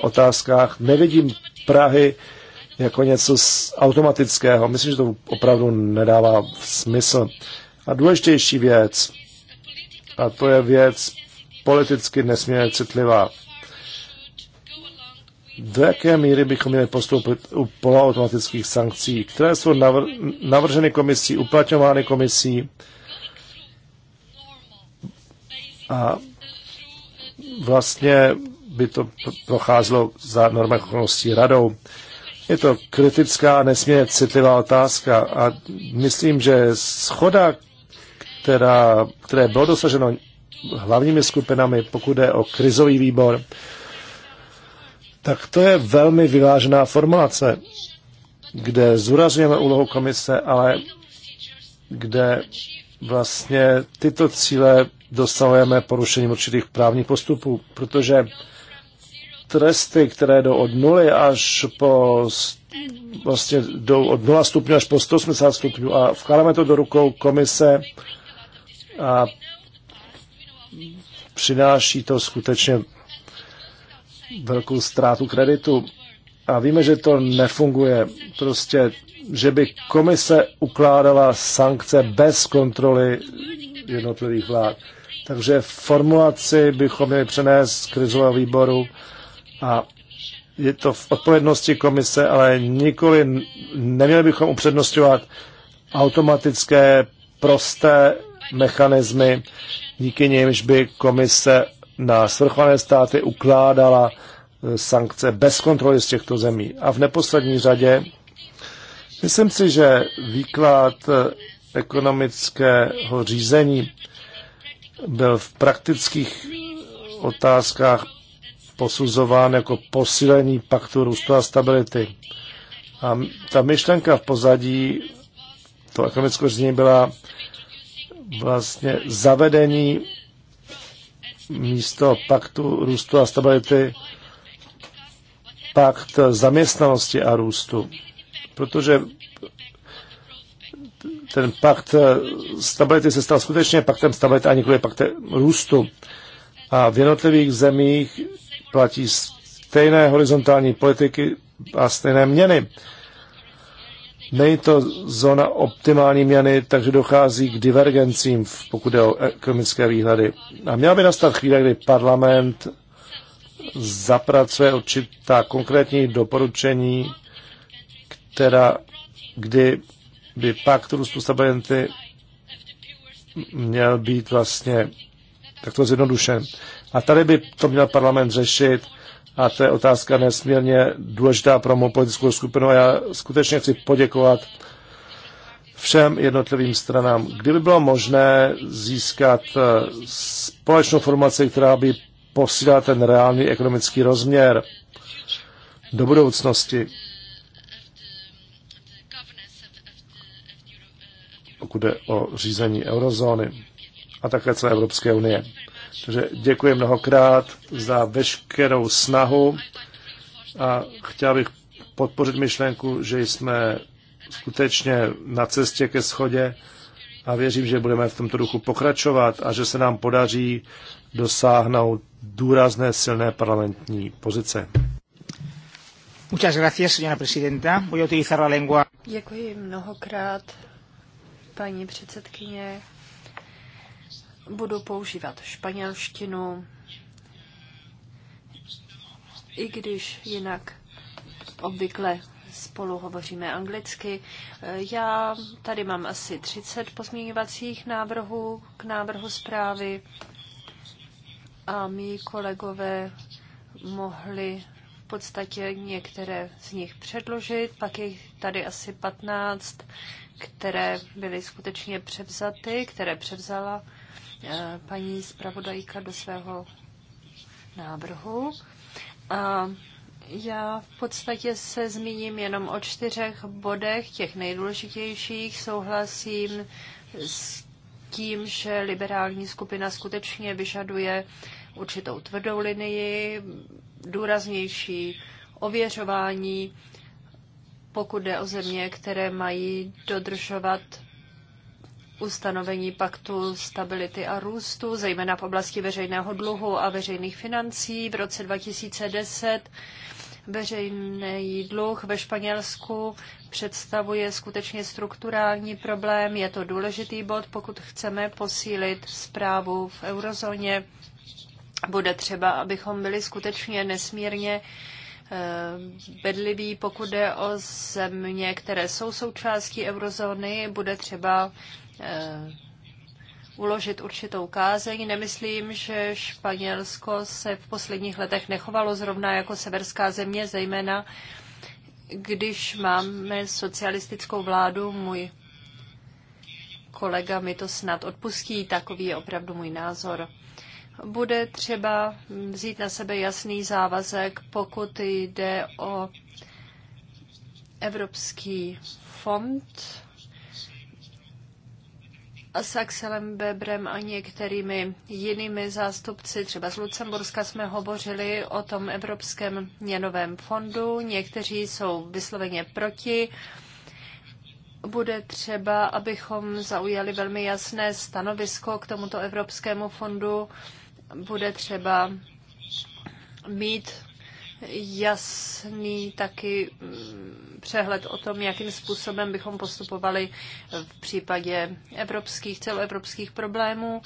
otázkách nevidím Prahy jako něco z automatického. Myslím, že to opravdu nedává smysl. A důležitější věc, a to je věc politicky nesmírně citlivá, do jaké míry bychom měli postoupit u poloautomatických sankcí, které jsou navr- navrženy komisí, uplatňovány komisí a vlastně by to procházelo za normální radou. Je to kritická a nesmírně citlivá otázka a myslím, že schoda, která, které bylo dosaženo hlavními skupinami, pokud je o krizový výbor, tak to je velmi vyvážená formulace, kde zúrazňujeme úlohu komise, ale kde vlastně tyto cíle dosahujeme porušením určitých právních postupů, protože tresty, které jdou od 0 až po vlastně jdou od 0 stupňů až po 180 stupňů a vkládáme to do rukou komise a přináší to skutečně velkou ztrátu kreditu. A víme, že to nefunguje. Prostě, že by komise ukládala sankce bez kontroly jednotlivých vlád. Takže formulaci bychom měli přenést z krizového výboru a je to v odpovědnosti komise, ale nikoli neměli bychom upřednostňovat automatické, prosté mechanismy, díky nimž by komise na svrchované státy ukládala eh, sankce bez kontroly z těchto zemí. A v neposlední řadě myslím si, že výklad eh, ekonomického řízení byl v praktických otázkách posuzován jako posílení paktu růstu a stability. A ta myšlenka v pozadí to ekonomické řízení byla vlastně zavedení místo paktu růstu a stability pakt zaměstnanosti a růstu. Protože ten pakt stability se stal skutečně paktem stability a nikoli paktem růstu. A v jednotlivých zemích platí stejné horizontální politiky a stejné měny. Není to zóna optimální měny, takže dochází k divergencím, pokud jde o ekonomické výhledy. A měla by nastat chvíle, kdy parlament zapracuje určitá konkrétní doporučení, která, kdy by pakt růstu stability měl být vlastně takto zjednodušen. A tady by to měl parlament řešit a to je otázka nesmírně důležitá pro mou politickou skupinu a já skutečně chci poděkovat všem jednotlivým stranám. Kdyby bylo možné získat eh, společnou formaci, která by posílá ten reálný ekonomický rozměr do budoucnosti, pokud jde o řízení eurozóny a také celé Evropské unie. Takže děkuji mnohokrát za veškerou snahu a chtěl bych podpořit myšlenku, že jsme skutečně na cestě ke schodě a věřím, že budeme v tomto duchu pokračovat a že se nám podaří dosáhnout důrazné silné parlamentní pozice. Muchas gracias, señora presidenta. Voy a utilizar la lengua. Děkuji mnohokrát, paní předsedkyně budu používat španělštinu, i když jinak obvykle spolu hovoříme anglicky. Já tady mám asi 30 pozměňovacích návrhů k návrhu zprávy a mý kolegové mohli v podstatě některé z nich předložit, pak je tady asi 15, které byly skutečně převzaty, které převzala Eh, paní zpravodajka do svého návrhu. A já v podstatě se zmíním jenom o čtyřech bodech, těch nejdůležitějších. Souhlasím s tím, že liberální skupina skutečně vyžaduje určitou tvrdou linii, důraznější ověřování, pokud jde o země, které mají dodržovat ustanovení paktu stability a růstu, zejména v oblasti veřejného dluhu a veřejných financí. V roce 2010 veřejný dluh ve Španělsku představuje skutečně strukturální problém. Je to důležitý bod, pokud chceme posílit zprávu v eurozóně. Bude třeba, abychom byli skutečně nesmírně eh, bedlivý, pokud jde o země, které jsou součástí eurozóny, bude třeba Eh, uložit určitou kázeň. Nemyslím, že Španělsko se v posledních letech nechovalo zrovna jako severská země, zejména když máme socialistickou vládu, můj kolega mi to snad odpustí, takový je opravdu můj názor. Bude třeba vzít na sebe jasný závazek, pokud jde o Evropský fond s Axelem Bebrem a některými jinými zástupci, třeba z Lucemburska, jsme hovořili o tom Evropském měnovém fondu. Někteří jsou vysloveně proti. Bude třeba, abychom zaujali velmi jasné stanovisko k tomuto Evropskému fondu. Bude třeba mít jasný taky mm, přehled o tom, jakým způsobem bychom postupovali v případě evropských, celoevropských problémů.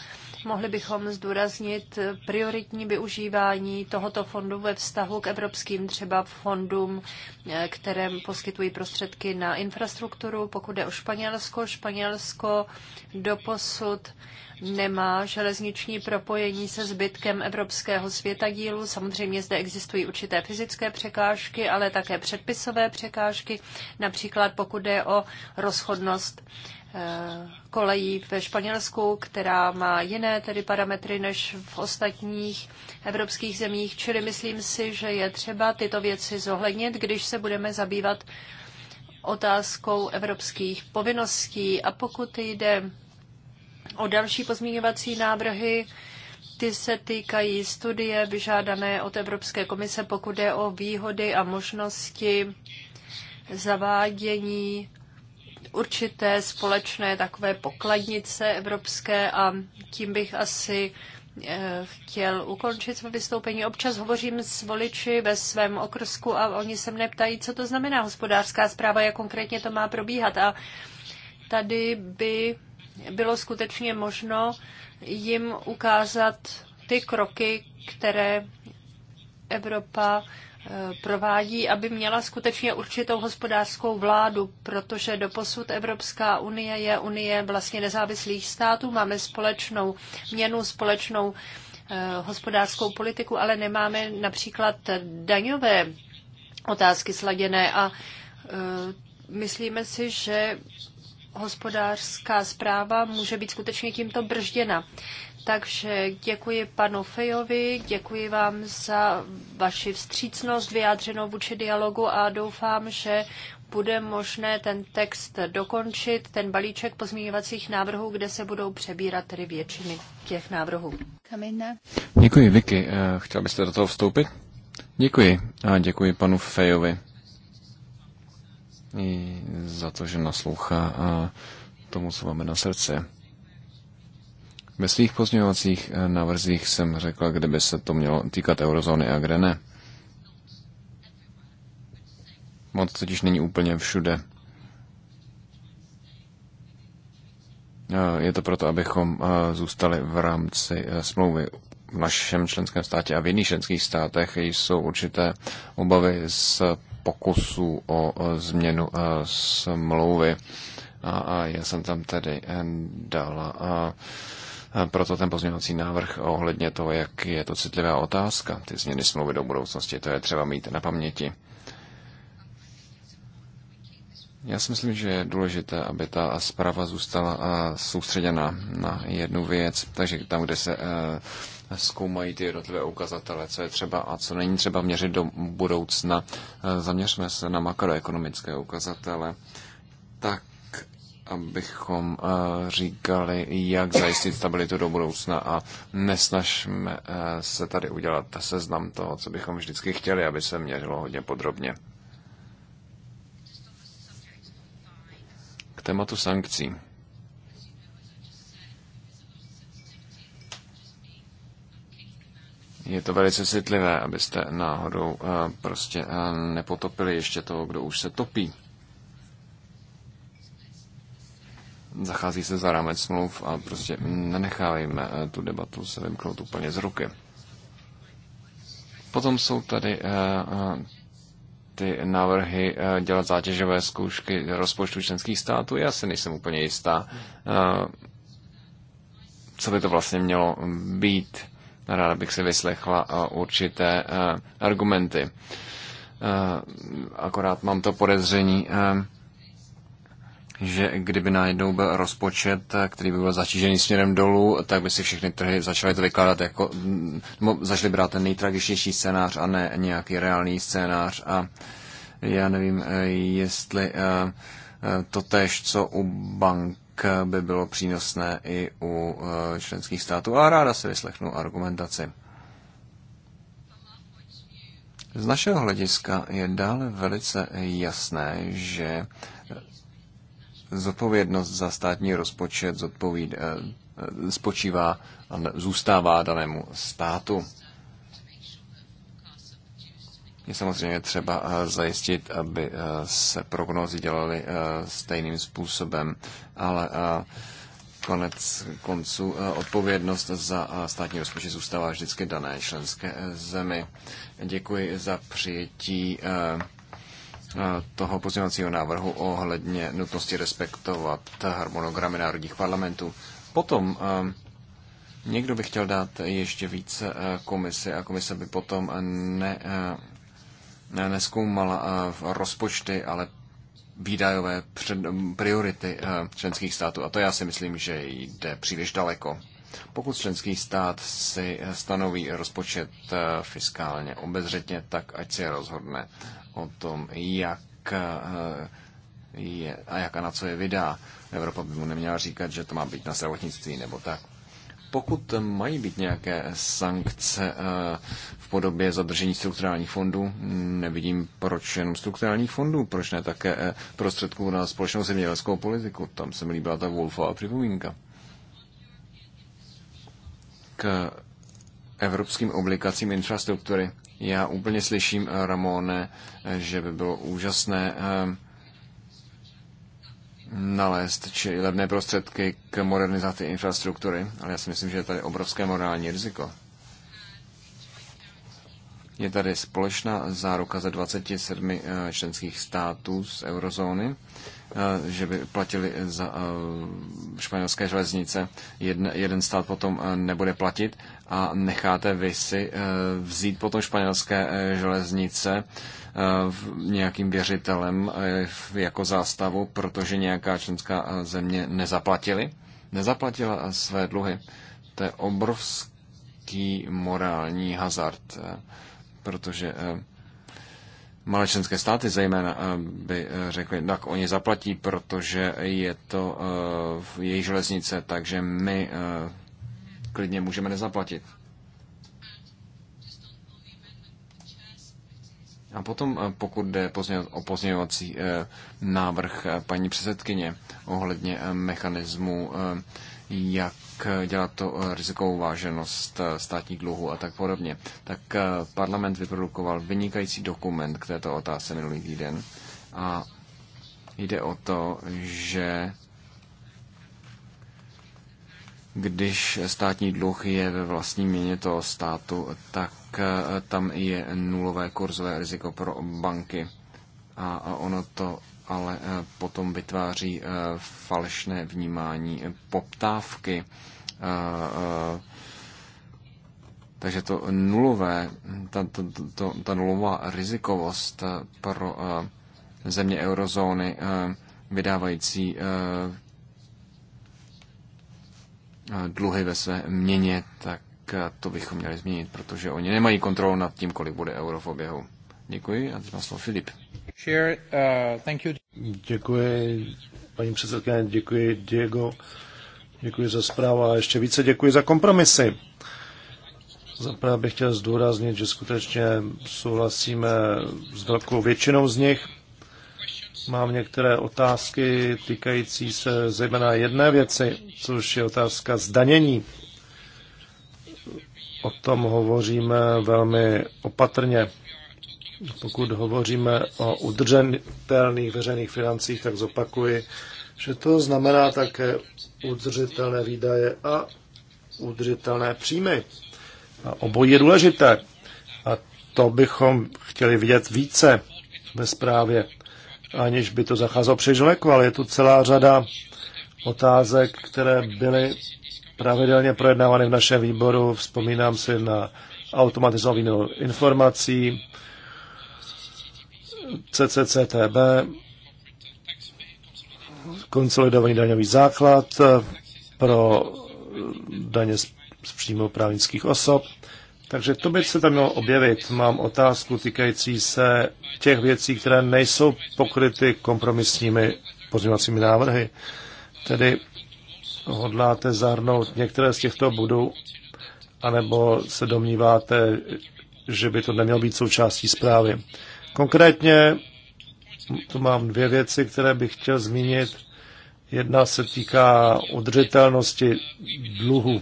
Mohli bychom zdůraznit prioritní využívání tohoto fondu ve vztahu k evropským třeba fondům, eh, které poskytují prostředky na infrastrukturu. Pokud je o Španělsko, Španělsko doposud nemá železniční propojení se zbytkem evropského světa dílu. Samozřejmě zde existují určité fyzické překážky, ale také předpisové překážky, například pokud jde o rozchodnost eh, kolejí ve Španělsku, která má jiné tedy parametry než v ostatních evropských zemích. Čili myslím si, že je třeba tyto věci zohlednit, když se budeme zabývat otázkou evropských povinností. A pokud jde o další pozměňovací návrhy. Ty se týkají studie vyžádané od Evropské komise, pokud je o výhody a možnosti zavádění určité společné takové pokladnice evropské a tím bych asi eh, chtěl ukončit své vystoupení. Občas hovořím s voliči ve svém okrsku a oni se mne ptají, co to znamená hospodářská zpráva, jak konkrétně to má probíhat. A tady by bylo skutečně možno jim ukázat ty kroky, které Evropa eh, provádí, aby měla skutečně určitou hospodářskou vládu, protože doposud Evropská unie je unie vlastně nezávislých států, máme společnou měnu, společnou eh, hospodářskou politiku, ale nemáme například daňové otázky sladěné a eh, myslíme si, že hospodářská zpráva může být skutečně tímto bržděna. Takže děkuji panu Fejovi, děkuji vám za vaši vstřícnost vyjádřenou vůči dialogu a doufám, že bude možné ten text dokončit, ten balíček pozměňovacích návrhů, kde se budou přebírat tedy většiny těch návrhů. Kamina. Děkuji, Vicky. Eh, chtěl byste do toho vstoupit? Děkuji a děkuji panu Fejovi i za to, že naslouchá a tomu, co máme na srdce. Ve svých pozměňovacích e, návrzích jsem řekla, kde by se to mělo týkat eurozóny a kde ne. Moc totiž není úplně všude. E, je to proto, abychom e, zůstali v rámci smlouvy v našem členském státě a v jiných členských státech jsou určité obavy z pokusů o změnu e, smlouvy. A já jsem tam tedy e, dala proto ten pozměňovací návrh ohledně toho, jak je to citlivá otázka, ty změny smlouvy do budoucnosti, to je třeba mít na paměti. Já si myslím, že je důležité, aby ta zpráva zůstala e, soustředěna na jednu věc, takže tam, kde se zkoumají ty jednotlivé ukazatele, co je třeba a co není třeba měřit do budoucna. Zaměřme se na makroekonomické ukazatele, tak abychom eh, říkali, jak zajistit stabilitu do budoucna a nesnažme eh, se tady udělat seznam toho, co bychom vždycky chtěli, aby se měřilo hodně podrobně. K tématu sankcí. je to velice citlivé, abyste náhodou eh, prostě eh, nepotopili ještě toho, kdo už se topí. Zachází se za rámec smluv a prostě nenechávejme eh, tu debatu se vymknout úplně z ruky. Potom jsou tady ty návrhy dělat zátěžové zkoušky rozpočtu členských států. Já si nejsem úplně jistá, co by to vlastně mělo být Ráda bych si vyslechla eh, určité eh, argumenty. Eh, akorát mám to podezření, že kdyby najednou byl rozpočet, který by byl zatížený směrem dolů, tak by si všechny trhy začaly to vykládat jako, mm, nebo začaly brát ten nejtragičnější scénář a ne nějaký reálný scénář a já nevím, jestli to tež, co u bank by bylo přínosné i u e, členských států a ráda se vyslechnu argumentaci. Z našeho hlediska je dále velice jasné, že zodpovědnost za státní rozpočet zodpovíd, e, e, spočívá a zůstává danému státu. Je samozřejmě třeba eh, zajistit, aby eh, se prognózy dělaly eh, stejným způsobem, ale konec konců odpovědnost za státní rozpočet zůstává vždycky dané členské zemi. Děkuji za přijetí toho pozměňovacího návrhu ohledně nutnosti respektovat harmonogramy národních parlamentů. Potom někdo by chtěl dát ještě více komise, a komise by potom ne neskoumala eh, rozpočty, ale výdajové před, priority eh, členských států. A to já si myslím, že jde příliš daleko. Pokud členský stát si eh, stanoví rozpočet fiskálně obezřetně, tak ať se rozhodne o tom, jak je, a jak a na co je vydá. Evropa by mu neměla říkat, že to má být na zdravotnictví nebo tak pokud mají být nějaké sankce eh, v podobě zadržení strukturálních fondů, nevidím proč jenom strukturálních fondů, proč ne také eh, prostředků na společnou zemědělskou politiku. Tam se mi líbila ta Wolfová připomínka. K evropským obligacím infrastruktury. Já úplně slyším, Ramone, že by bylo úžasné eh, nalézt či levné prostředky k modernizaci infrastruktury, ale já si myslím, že je tady obrovské morální riziko. Je tady společná záruka ze 27 eh, členských států z eurozóny, eh, že by platili za eh, španělské železnice. Jeden, jeden stát potom nebude platit a necháte vy si vzít potom španělské železnice Eh, nějakým věřitelem eh, jako zástavu, protože nějaká členská eh, země nezaplatili, nezaplatila své dluhy. To je obrovský morální hazard, protože malé členské státy zejména by řekli, tak oni zaplatí, protože je to jejich železnice, takže my klidně můžeme nezaplatit. A potom, eh, pokud jde o pozměňovací eh, návrh eh, paní předsedkyně ohledně mechanismu, jak dělat to rizikovou váženost státních dluhů a tak podobně, tak parlament vyprodukoval vynikající dokument k této otázce minulý týden a jde o to, že když státní dluh je ve vlastní měně toho státu, tak tak eh, tam je nulové kurzové riziko pro banky. A ono to ale eh, potom vytváří eh, falešné vnímání poptávky. Takže to nulové, ta, to, to, ta nulová rizikovost pro země eurozóny vydávající dluhy ve své měně, tak to bychom měli změnit, protože oni nemají kontrolu nad tím, kolik bude euro v oběhu. Děkuji a teď slovo Filip. Sure, uh, thank you. Děkuji, paní předsedkyně, děkuji Diego, děkuji za zprávu a ještě více děkuji za kompromisy. Zaprvé bych chtěl zdůraznit, že skutečně souhlasíme s velkou většinou z nich. Mám některé otázky týkající se zejména jedné věci, což je otázka zdanění o tom hovoříme velmi opatrně. Pokud hovoříme o udržitelných veřejných financích, tak zopakuji, že to znamená také udržitelné výdaje a udržitelné příjmy. A obojí je důležité. A to bychom chtěli vidět více ve zprávě, aniž by to zacházelo příliš ale je tu celá řada otázek, které byly pravidelně projednávány v našem výboru. Vzpomínám si na automatizovanou informací, CCCTB, konsolidovaný daňový základ pro daně z příjmu právnických osob. Takže to by se tam mělo objevit. Mám otázku týkající se těch věcí, které nejsou pokryty kompromisními pozměňovacími návrhy. Tedy hodláte zahrnout některé z těchto bodů, anebo se domníváte, že by to nemělo být součástí zprávy. Konkrétně tu mám dvě věci, které bych chtěl zmínit. Jedna se týká udržitelnosti dluhu.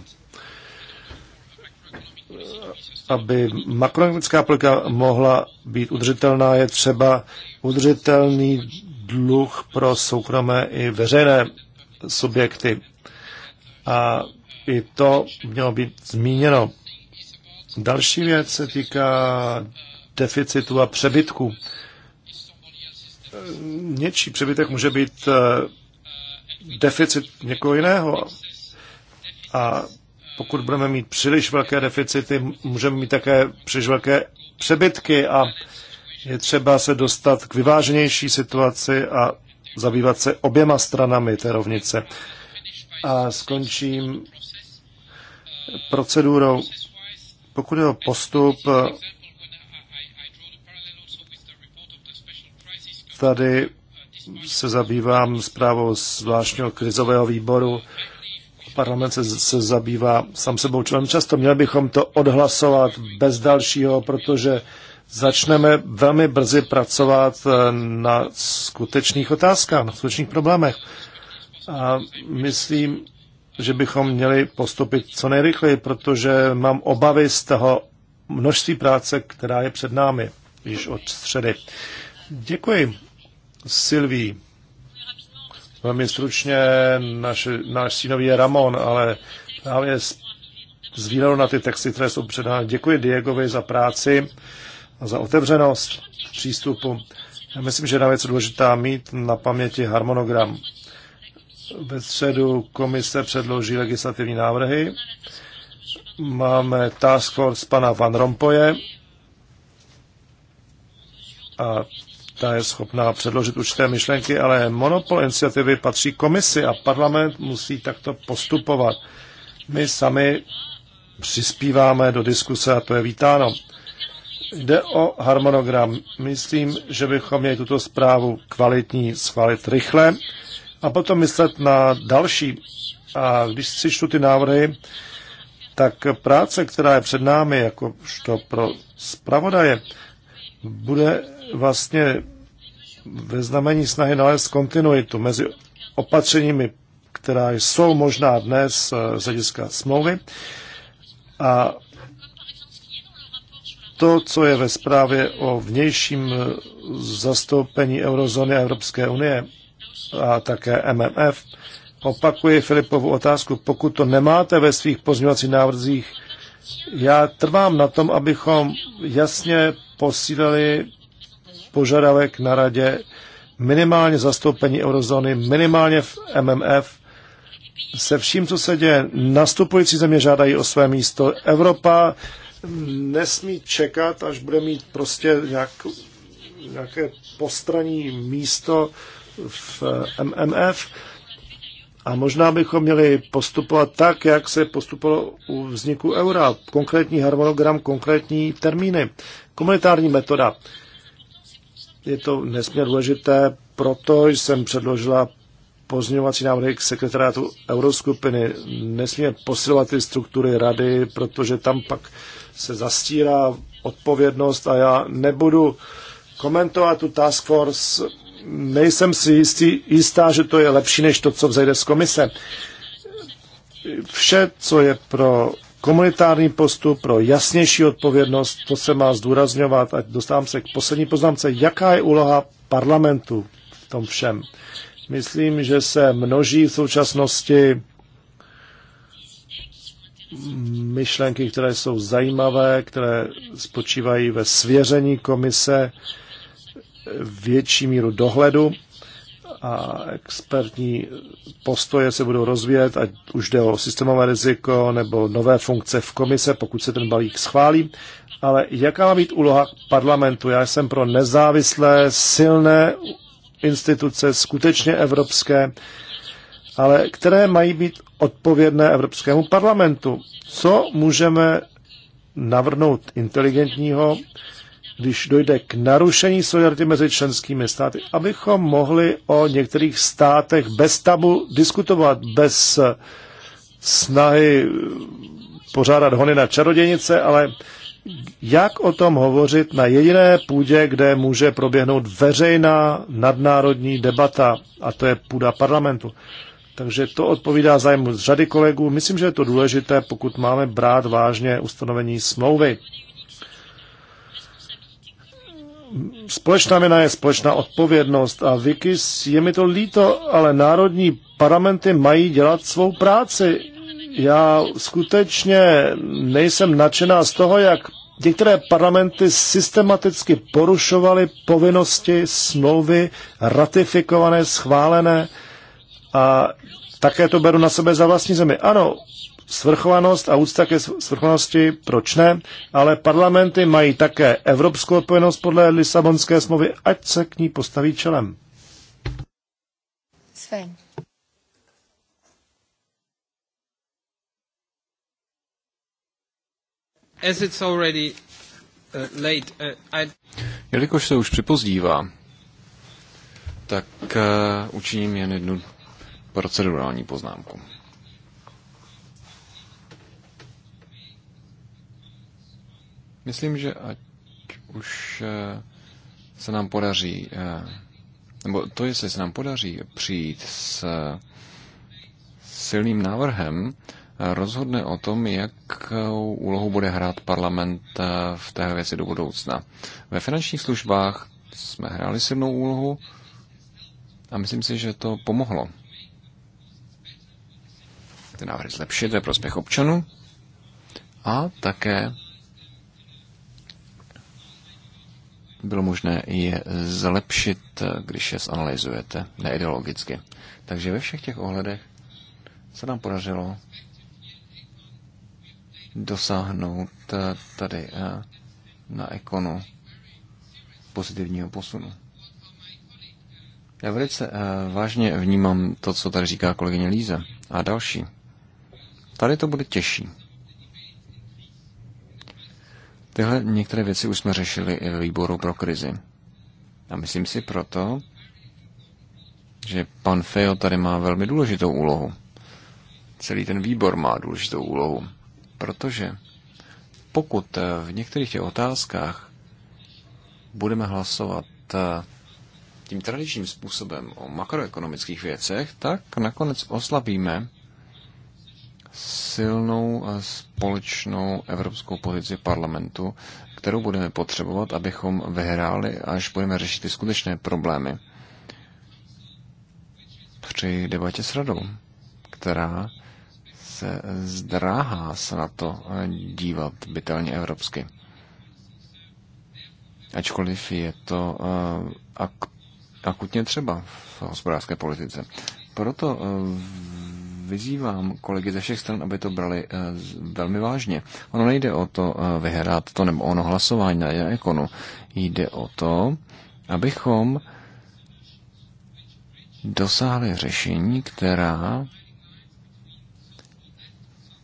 Aby makroekonomická politika mohla být udržitelná, je třeba udržitelný dluh pro soukromé i veřejné subjekty. A i to mělo být zmíněno. Další věc se týká deficitu a přebytku. Něčí přebytek může být eh, deficit někoho jiného. A pokud budeme mít příliš velké deficity, můžeme mít také příliš velké přebytky a je třeba se dostat k vyváženější situaci a zabývat se oběma stranami té rovnice a skončím procedurou. Pokud je o postup, tady se zabývám zprávou zvláštního krizového výboru. Parlament se, se zabývá sám sebou členem často. Měli bychom to odhlasovat bez dalšího, protože začneme velmi brzy pracovat eh, na skutečných otázkách, na skutečných problémech. A myslím, že bychom měli postupit co nejrychleji, protože mám obavy z toho množství práce, která je před námi již od středy. Děkuji, Silví. Velmi stručně, naš, náš synový je Ramon, ale právě z, z výhledu na ty texty, které jsou předány. Děkuji Diegovi za práci a za otevřenost přístupu. Já myslím, že je na věc důležitá mít na paměti harmonogram ve středu komise předloží legislativní návrhy. Máme task force pana Van Rompoje a ta je schopná předložit určité myšlenky, ale monopol iniciativy patří komisi a parlament musí takto postupovat. My sami přispíváme do diskuse a to je vítáno. Jde o harmonogram. Myslím, že bychom měli tuto zprávu kvalitní schválit rychle a potom myslet na další. A když si čtu ty návrhy, tak práce, která je před námi, jako to pro zpravodaje, bude vlastně ve znamení snahy nalézt kontinuitu mezi opatřeními, která jsou možná dnes eh, z hlediska smlouvy a to, co je ve zprávě o vnějším eh, zastoupení eurozóny a Evropské unie a také MMF. Opakuji Filipovu otázku, pokud to nemáte ve svých pozměňovacích návrzích, já trvám na tom, abychom jasně posílili požadavek na radě minimálně zastoupení eurozóny, minimálně v MMF. Se vším, co se děje, nastupující země žádají o své místo. Evropa nesmí čekat, až bude mít prostě nějak, nějaké postraní místo v eh, MMF. A možná bychom měli postupovat tak, jak se postupovalo u vzniku eura. Konkrétní harmonogram, konkrétní termíny. Komunitární metoda. Je to nesmírně důležité, proto jsem předložila pozměňovací návrhy k sekretariátu Euroskupiny. Nesmíme posilovat ty struktury rady, protože tam pak se zastírá odpovědnost a já nebudu komentovat tu task force nejsem si jistý, jistá, že to je lepší než to, co vzejde z komise. Vše, co je pro komunitární postup, pro jasnější odpovědnost, to se má zdůrazňovat. A dostávám se k poslední poznámce, jaká je úloha parlamentu v tom všem. Myslím, že se množí v současnosti myšlenky, které jsou zajímavé, které spočívají ve svěření komise větší míru dohledu a expertní postoje se budou rozvíjet, ať už jde o systémové riziko nebo nové funkce v komise, pokud se ten balík schválí. Ale jaká má být úloha parlamentu? Já jsem pro nezávislé, silné instituce, skutečně evropské, ale které mají být odpovědné Evropskému parlamentu. Co můžeme navrhnout inteligentního, když dojde k narušení solidarity mezi členskými státy, abychom mohli o některých státech bez tabu diskutovat, bez snahy pořádat hony na čarodějnice, ale jak o tom hovořit na jediné půdě, kde může proběhnout veřejná nadnárodní debata, a to je půda parlamentu. Takže to odpovídá zájmu z řady kolegů. Myslím, že je to důležité, pokud máme brát vážně ustanovení smlouvy společná vina je společná odpovědnost a Vikis, je mi to líto, ale národní parlamenty mají dělat svou práci. Já skutečně nejsem nadšená z toho, jak některé parlamenty systematicky porušovaly povinnosti, smlouvy, ratifikované, schválené a také to beru na sebe za vlastní zemi. Ano, svrchovanost a úcta ke svrchovanosti, proč ne, ale parlamenty mají také evropskou odpovědnost podle Lisabonské smlouvy, ať se k ní postaví čelem. Sven. As it's already uh, late, uh, I... Jelikož se už připozdívá, tak uh, učiním jen jednu procedurální poznámku. Myslím, že ať už eh, se nám podaří, eh, nebo to, jestli se nám podaří přijít s eh, silným návrhem, rozhodne o tom, jakou úlohu bude hrát parlament v té věci do budoucna. Ve finančních službách jsme hráli silnou úlohu a myslím si, že to pomohlo. Ty návrhy zlepšit ve prospěch občanů a také bylo možné je zlepšit, když je zanalizujete neideologicky. Takže ve všech těch ohledech se nám podařilo dosáhnout eh, tady eh, na ekonu pozitivního posunu. Já velice eh, vážně vnímám to, co tady říká kolegyně Líze a další. Tady to bude těžší. Tyhle některé věci už jsme řešili i ve výboru pro krizi. A myslím si proto, že pan Feo tady má velmi důležitou úlohu. Celý ten výbor má důležitou úlohu, protože pokud eh, v některých těch otázkách budeme hlasovat eh, tím tradičním způsobem o makroekonomických věcech, tak nakonec oslabíme silnou společnou evropskou pozici parlamentu, kterou budeme potřebovat, abychom vyhráli, až budeme řešit ty skutečné problémy při debatě s radou, která se zdráhá se na to dívat bytelně evropsky. Ačkoliv je to eh, ak- akutně třeba v hospodářské politice. Proto eh, vyzývám kolegy ze všech stran, aby to brali eh, velmi vážně. Ono nejde o to eh, vyhrát to nebo ono hlasování na ekonu. Jde o to, abychom dosáhli řešení, která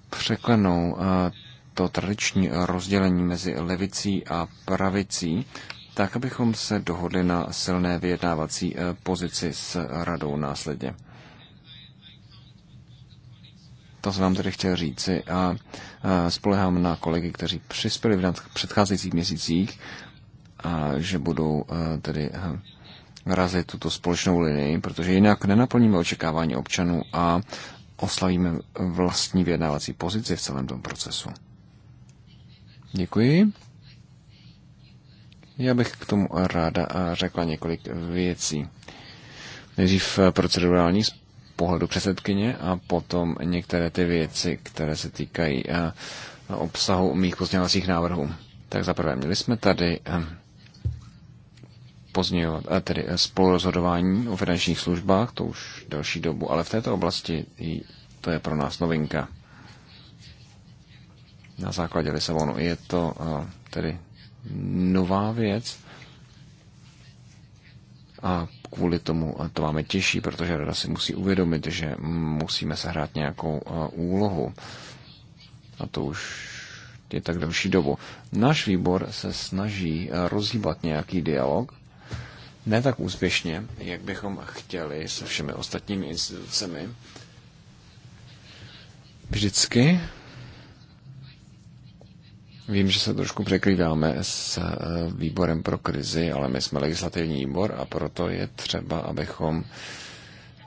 překlenou eh, to tradiční rozdělení mezi levicí a pravicí, tak abychom se dohodli na silné vyjednávací pozici s radou následně. To jsem vám tedy chtěl říci a spolehám na kolegy, kteří přispěli v předcházejících měsících, a že budou tedy razit tuto společnou linii, protože jinak nenaplníme očekávání občanů a oslavíme vlastní vyjednávací pozici v celém tom procesu. Děkuji. Já bych k tomu ráda řekla několik věcí. Nejdřív procedurální pohledu předsedkyně a potom některé ty věci, které se týkají eh, obsahu mých pozměňovacích návrhů. Tak zaprvé měli jsme tady eh, pozdějovat, eh, tedy spolurozhodování o finančních službách, to už delší dobu, ale v této oblasti to je pro nás novinka. Na základě Lisabonu je to tedy nová věc a kvůli tomu to máme těžší, protože rada si musí uvědomit, že musíme sehrát nějakou eh, úlohu. A to už je tak delší dobu. Náš výbor se snaží eh, rozhýbat nějaký dialog, ne tak úspěšně, jak bychom chtěli se všemi ostatními institucemi. Vždycky Vím, že se trošku překrýváme s eh, výborem pro krizi, ale my jsme legislativní výbor a proto je třeba, abychom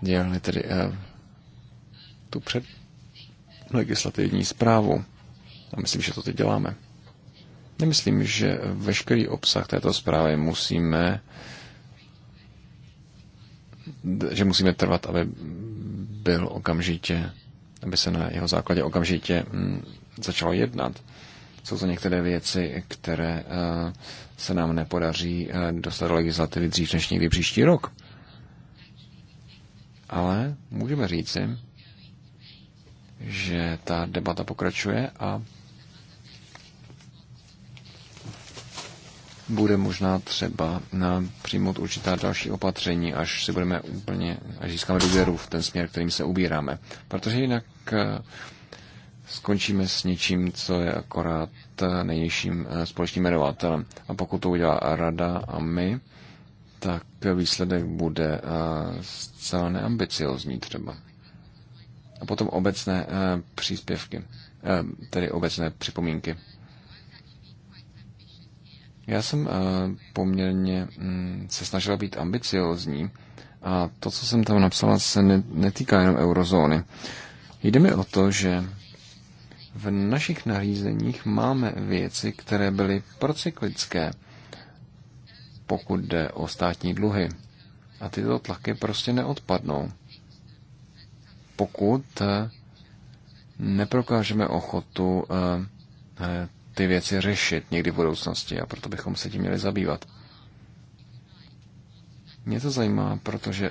dělali tedy eh, tu před legislativní zprávu. A myslím, že to teď děláme. Nemyslím, že veškerý obsah této zprávy musíme že musíme trvat, aby byl okamžitě, aby se na jeho základě okamžitě mm, začalo jednat. Jsou to některé věci, které eh, se nám nepodaří eh, dostat do legislativy dřív než někdy příští rok. Ale můžeme říci, že ta debata pokračuje a bude možná třeba na eh, přijmout určitá další opatření, až si budeme úplně, až získáme důvěru v ten směr, kterým se ubíráme. Protože jinak skončíme s něčím, co je akorát eh, nejnižším eh, společným jmenovatelem. A pokud to udělá rada a my, tak výsledek bude eh, zcela neambiciozní třeba. A potom obecné příspěvky, tedy obecné připomínky. Já jsem poměrně mm, se snažila být ambiciozní a to, co jsem tam napsala, se netýká jenom eurozóny. Jde mi o to, že v našich nařízeních máme věci, které byly procyklické, pokud jde o státní dluhy. A tyto tlaky prostě neodpadnou. Pokud eh, neprokážeme ochotu eh, eh, ty věci řešit někdy v budoucnosti a proto bychom se tím měli zabývat. Mě to zajímá, protože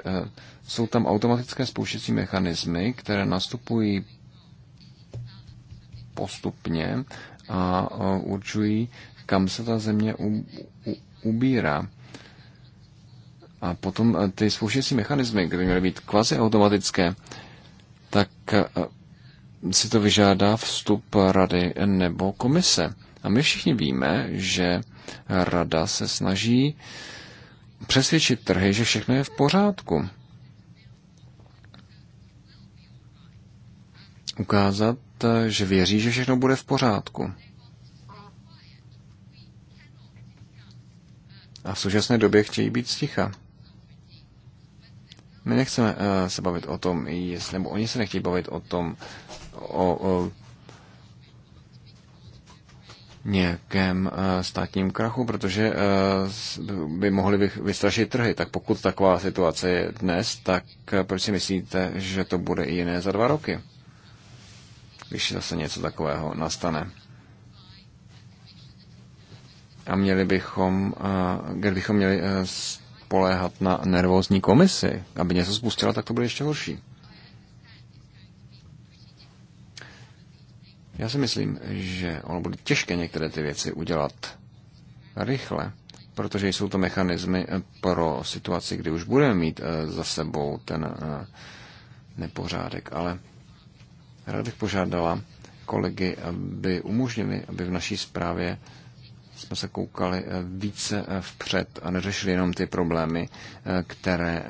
jsou tam automatické spouštěcí mechanismy, které nastupují postupně a určují, kam se ta země u, u, ubírá. A potom e, ty spouštěcí mechanismy, které měly být kvazi automatické, tak e, si to vyžádá vstup rady nebo komise. A my všichni víme, že rada se snaží přesvědčit trhy, že všechno je v pořádku. Ukázat, že věří, že všechno bude v pořádku. A v současné době chtějí být sticha. My nechceme uh, se bavit o tom, jestli, nebo oni se nechtějí bavit o tom, o, o nějakém uh, státním krachu, protože uh, by mohli vystrašit trhy. Tak pokud taková situace je dnes, tak uh, proč si myslíte, že to bude i jiné za dva roky? když zase něco takového nastane. A měli bychom, kdybychom měli e, spoléhat na nervózní komisi, aby něco spustila, tak to bude ještě horší. Já si myslím, že ono bude těžké některé ty věci udělat rychle, protože jsou to mechanismy e, pro situaci, kdy už budeme mít e, za sebou ten nepořádek, ale Rád bych požádala kolegy, aby umožnili, aby v naší zprávě jsme se koukali eh, více eh, vpřed a neřešili jenom ty problémy, eh, které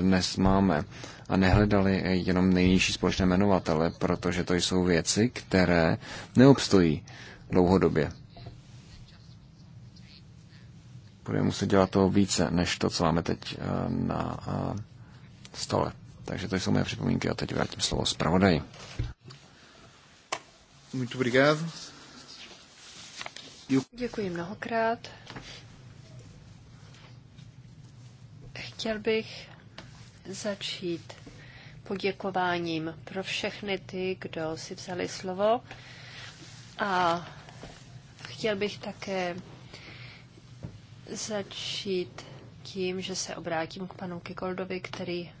dnes máme a nehledali jenom nejnižší společné jmenovatele, protože to jsou věci, které neobstojí dlouhodobě. Budeme muset dělat toho více, než to, co máme teď na stole. Takže to jsou mé připomínky a teď vrátím slovo zpravodaji. Muito obrigado. Děkuji mnohokrát. Chtěl bych začít poděkováním pro všechny ty, kdo si vzali slovo. A chtěl bych také začít tím, že se obrátím k panu Kikoldovi, který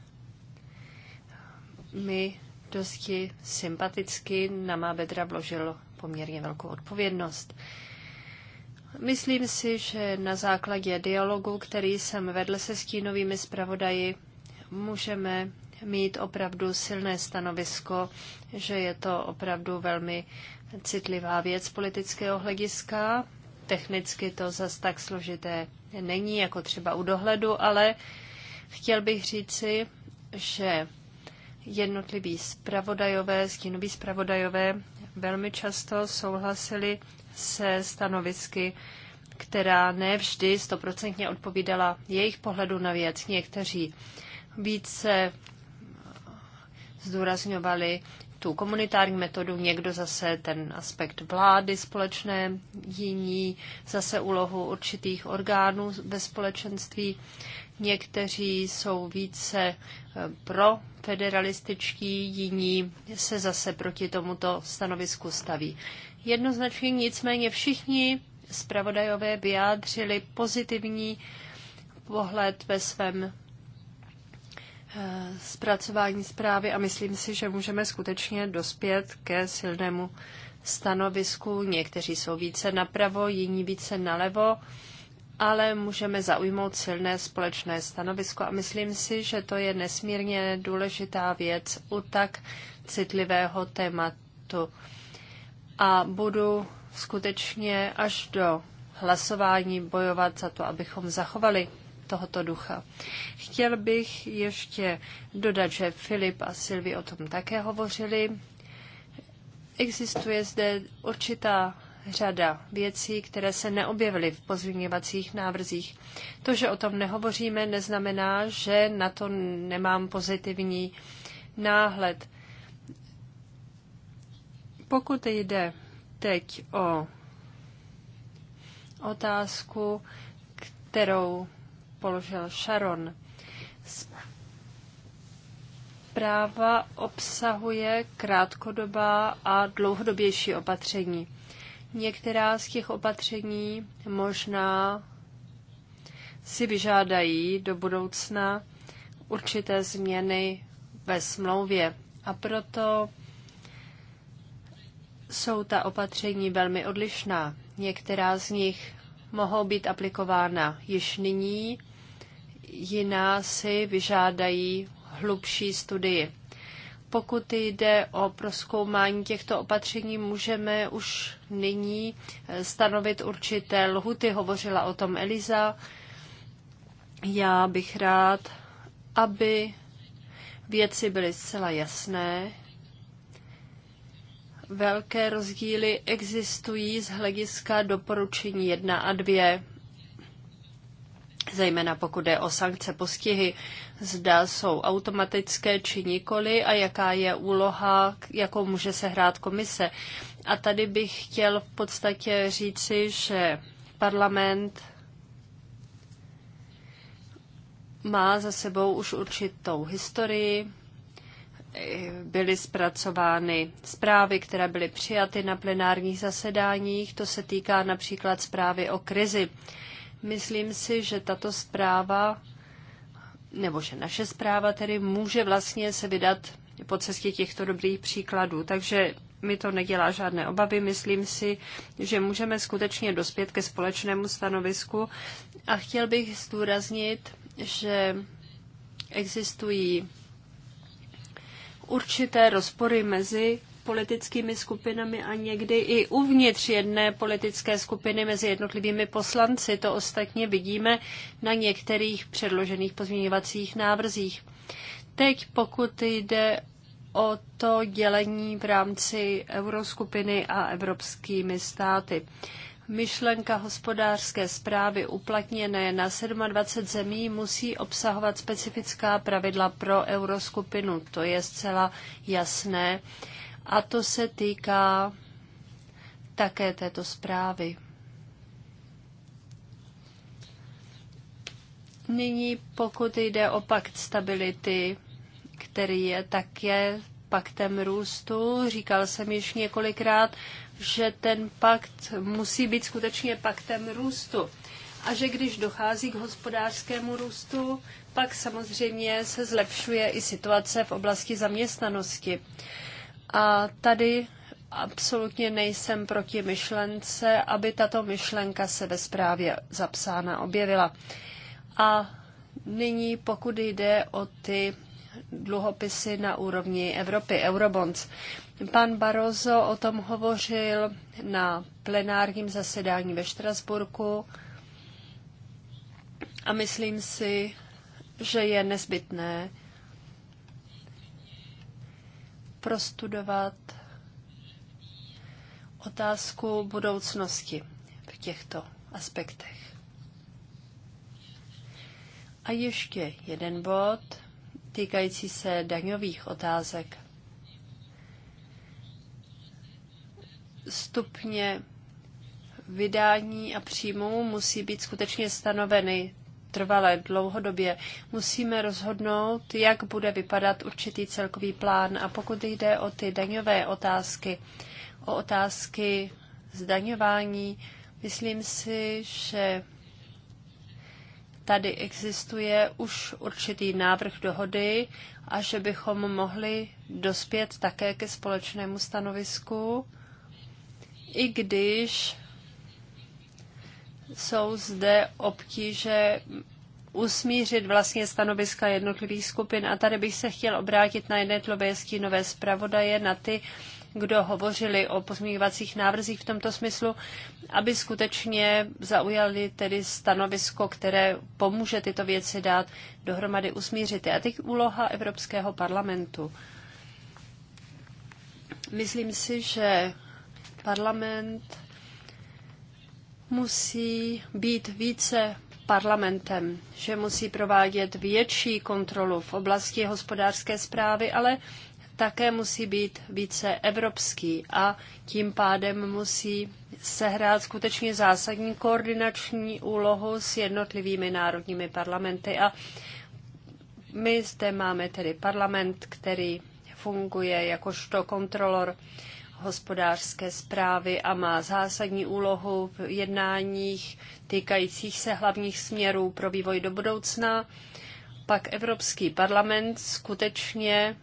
mi dosti sympaticky na má bedra vložil poměrně velkou odpovědnost. Myslím si, že na základě dialogu, který jsem vedl se stínovými zpravodaji, můžeme mít opravdu silné stanovisko, že je to opravdu velmi citlivá věc politického hlediska. Technicky to zas tak složité není, jako třeba u dohledu, ale chtěl bych říci, že jednotliví zpravodajové, stínoví zpravodajové velmi často souhlasili se stanovisky, která nevždy stoprocentně odpovídala jejich pohledu na věc. Někteří více zdůrazňovali tu komunitární metodu, někdo zase ten aspekt vlády společné, jiní zase úlohu určitých orgánů ve společenství. Někteří jsou více eh, pro federalističtí, jiní se zase proti tomuto stanovisku staví. Jednoznačně nicméně všichni zpravodajové vyjádřili pozitivní pohled ve svém eh, zpracování zprávy a myslím si, že můžeme skutečně dospět ke silnému stanovisku. Někteří jsou více napravo, jiní více nalevo ale můžeme zaujmout silné společné stanovisko a myslím si, že to je nesmírně důležitá věc u tak citlivého tématu. A budu skutečně až do hlasování bojovat za to, abychom zachovali tohoto ducha. Chtěl bych ještě dodat, že Filip a Silvi o tom také hovořili. Existuje zde určitá řada věcí, které se neobjevily v pozměňovacích návrzích. To, že o tom nehovoříme, neznamená, že na to nemám pozitivní náhled. Pokud jde teď o otázku, kterou položil Sharon, práva obsahuje krátkodobá a dlouhodobější opatření. Některá z těch opatření možná si vyžádají do budoucna určité změny ve smlouvě. A proto jsou ta opatření velmi odlišná. Některá z nich mohou být aplikována již nyní, jiná si vyžádají hlubší studii. Pokud jde o proskoumání těchto opatření, můžeme už nyní eh, stanovit určité lhuty. Hovořila o tom Eliza. Já bych rád, aby věci byly zcela jasné. Velké rozdíly existují z hlediska doporučení 1 a 2 zejména pokud je o sankce postihy, zda jsou automatické či nikoli a jaká je úloha, jakou může se hrát komise. A tady bych chtěl v podstatě říci, že parlament má za sebou už určitou historii, byly zpracovány zprávy, které byly přijaty na plenárních zasedáních. To se týká například zprávy o krizi. Myslím si, že tato zpráva, nebo že naše zpráva tedy může vlastně se vydat po cestě těchto dobrých příkladů. Takže mi to nedělá žádné obavy. Myslím si, že můžeme skutečně dospět ke společnému stanovisku. A chtěl bych zdůraznit, že existují určité rozpory mezi politickými skupinami a někdy i uvnitř jedné politické skupiny mezi jednotlivými poslanci. To ostatně vidíme na některých předložených pozměňovacích návrzích. Teď, pokud jde o to dělení v rámci euroskupiny a evropskými státy. Myšlenka hospodářské zprávy uplatněné na 27 zemí musí obsahovat specifická pravidla pro euroskupinu. To je zcela jasné. A to se týká také této zprávy. Nyní, pokud jde o pakt stability, který je také paktem růstu, říkal jsem již několikrát, že ten pakt musí být skutečně paktem růstu. A že když dochází k hospodářskému růstu, pak samozřejmě se zlepšuje i situace v oblasti zaměstnanosti. A tady absolutně nejsem proti myšlence, aby tato myšlenka se ve zprávě zapsána objevila. A nyní, pokud jde o ty dluhopisy na úrovni Evropy, Eurobonds. Pan Barroso o tom hovořil na plenárním zasedání ve Štrasburku a myslím si, že je nezbytné, prostudovat otázku budoucnosti v těchto aspektech. A ještě jeden bod týkající se daňových otázek. Stupně vydání a příjmů musí být skutečně stanoveny trvale, dlouhodobě. Musíme rozhodnout, jak bude vypadat určitý celkový plán. A pokud jde o ty daňové otázky, o otázky zdaňování, myslím si, že tady existuje už určitý návrh dohody a že bychom mohli dospět také ke společnému stanovisku, i když jsou zde obtíže usmířit vlastně stanoviska jednotlivých skupin. A tady bych se chtěl obrátit na jednotlivé nové zpravodaje, na ty, kdo hovořili o pozměňovacích návrzích v tomto smyslu, aby skutečně zaujali tedy stanovisko, které pomůže tyto věci dát dohromady usmířit. A teď úloha Evropského parlamentu. Myslím si, že parlament musí být více parlamentem, že musí provádět větší kontrolu v oblasti hospodářské zprávy, ale také musí být více evropský a tím pádem musí sehrát skutečně zásadní koordinační úlohu s jednotlivými národními parlamenty. A my zde máme tedy parlament, který funguje jakožto kontrolor hospodářské zprávy a má zásadní úlohu v jednáních týkajících se hlavních směrů pro vývoj do budoucna. Pak Evropský parlament skutečně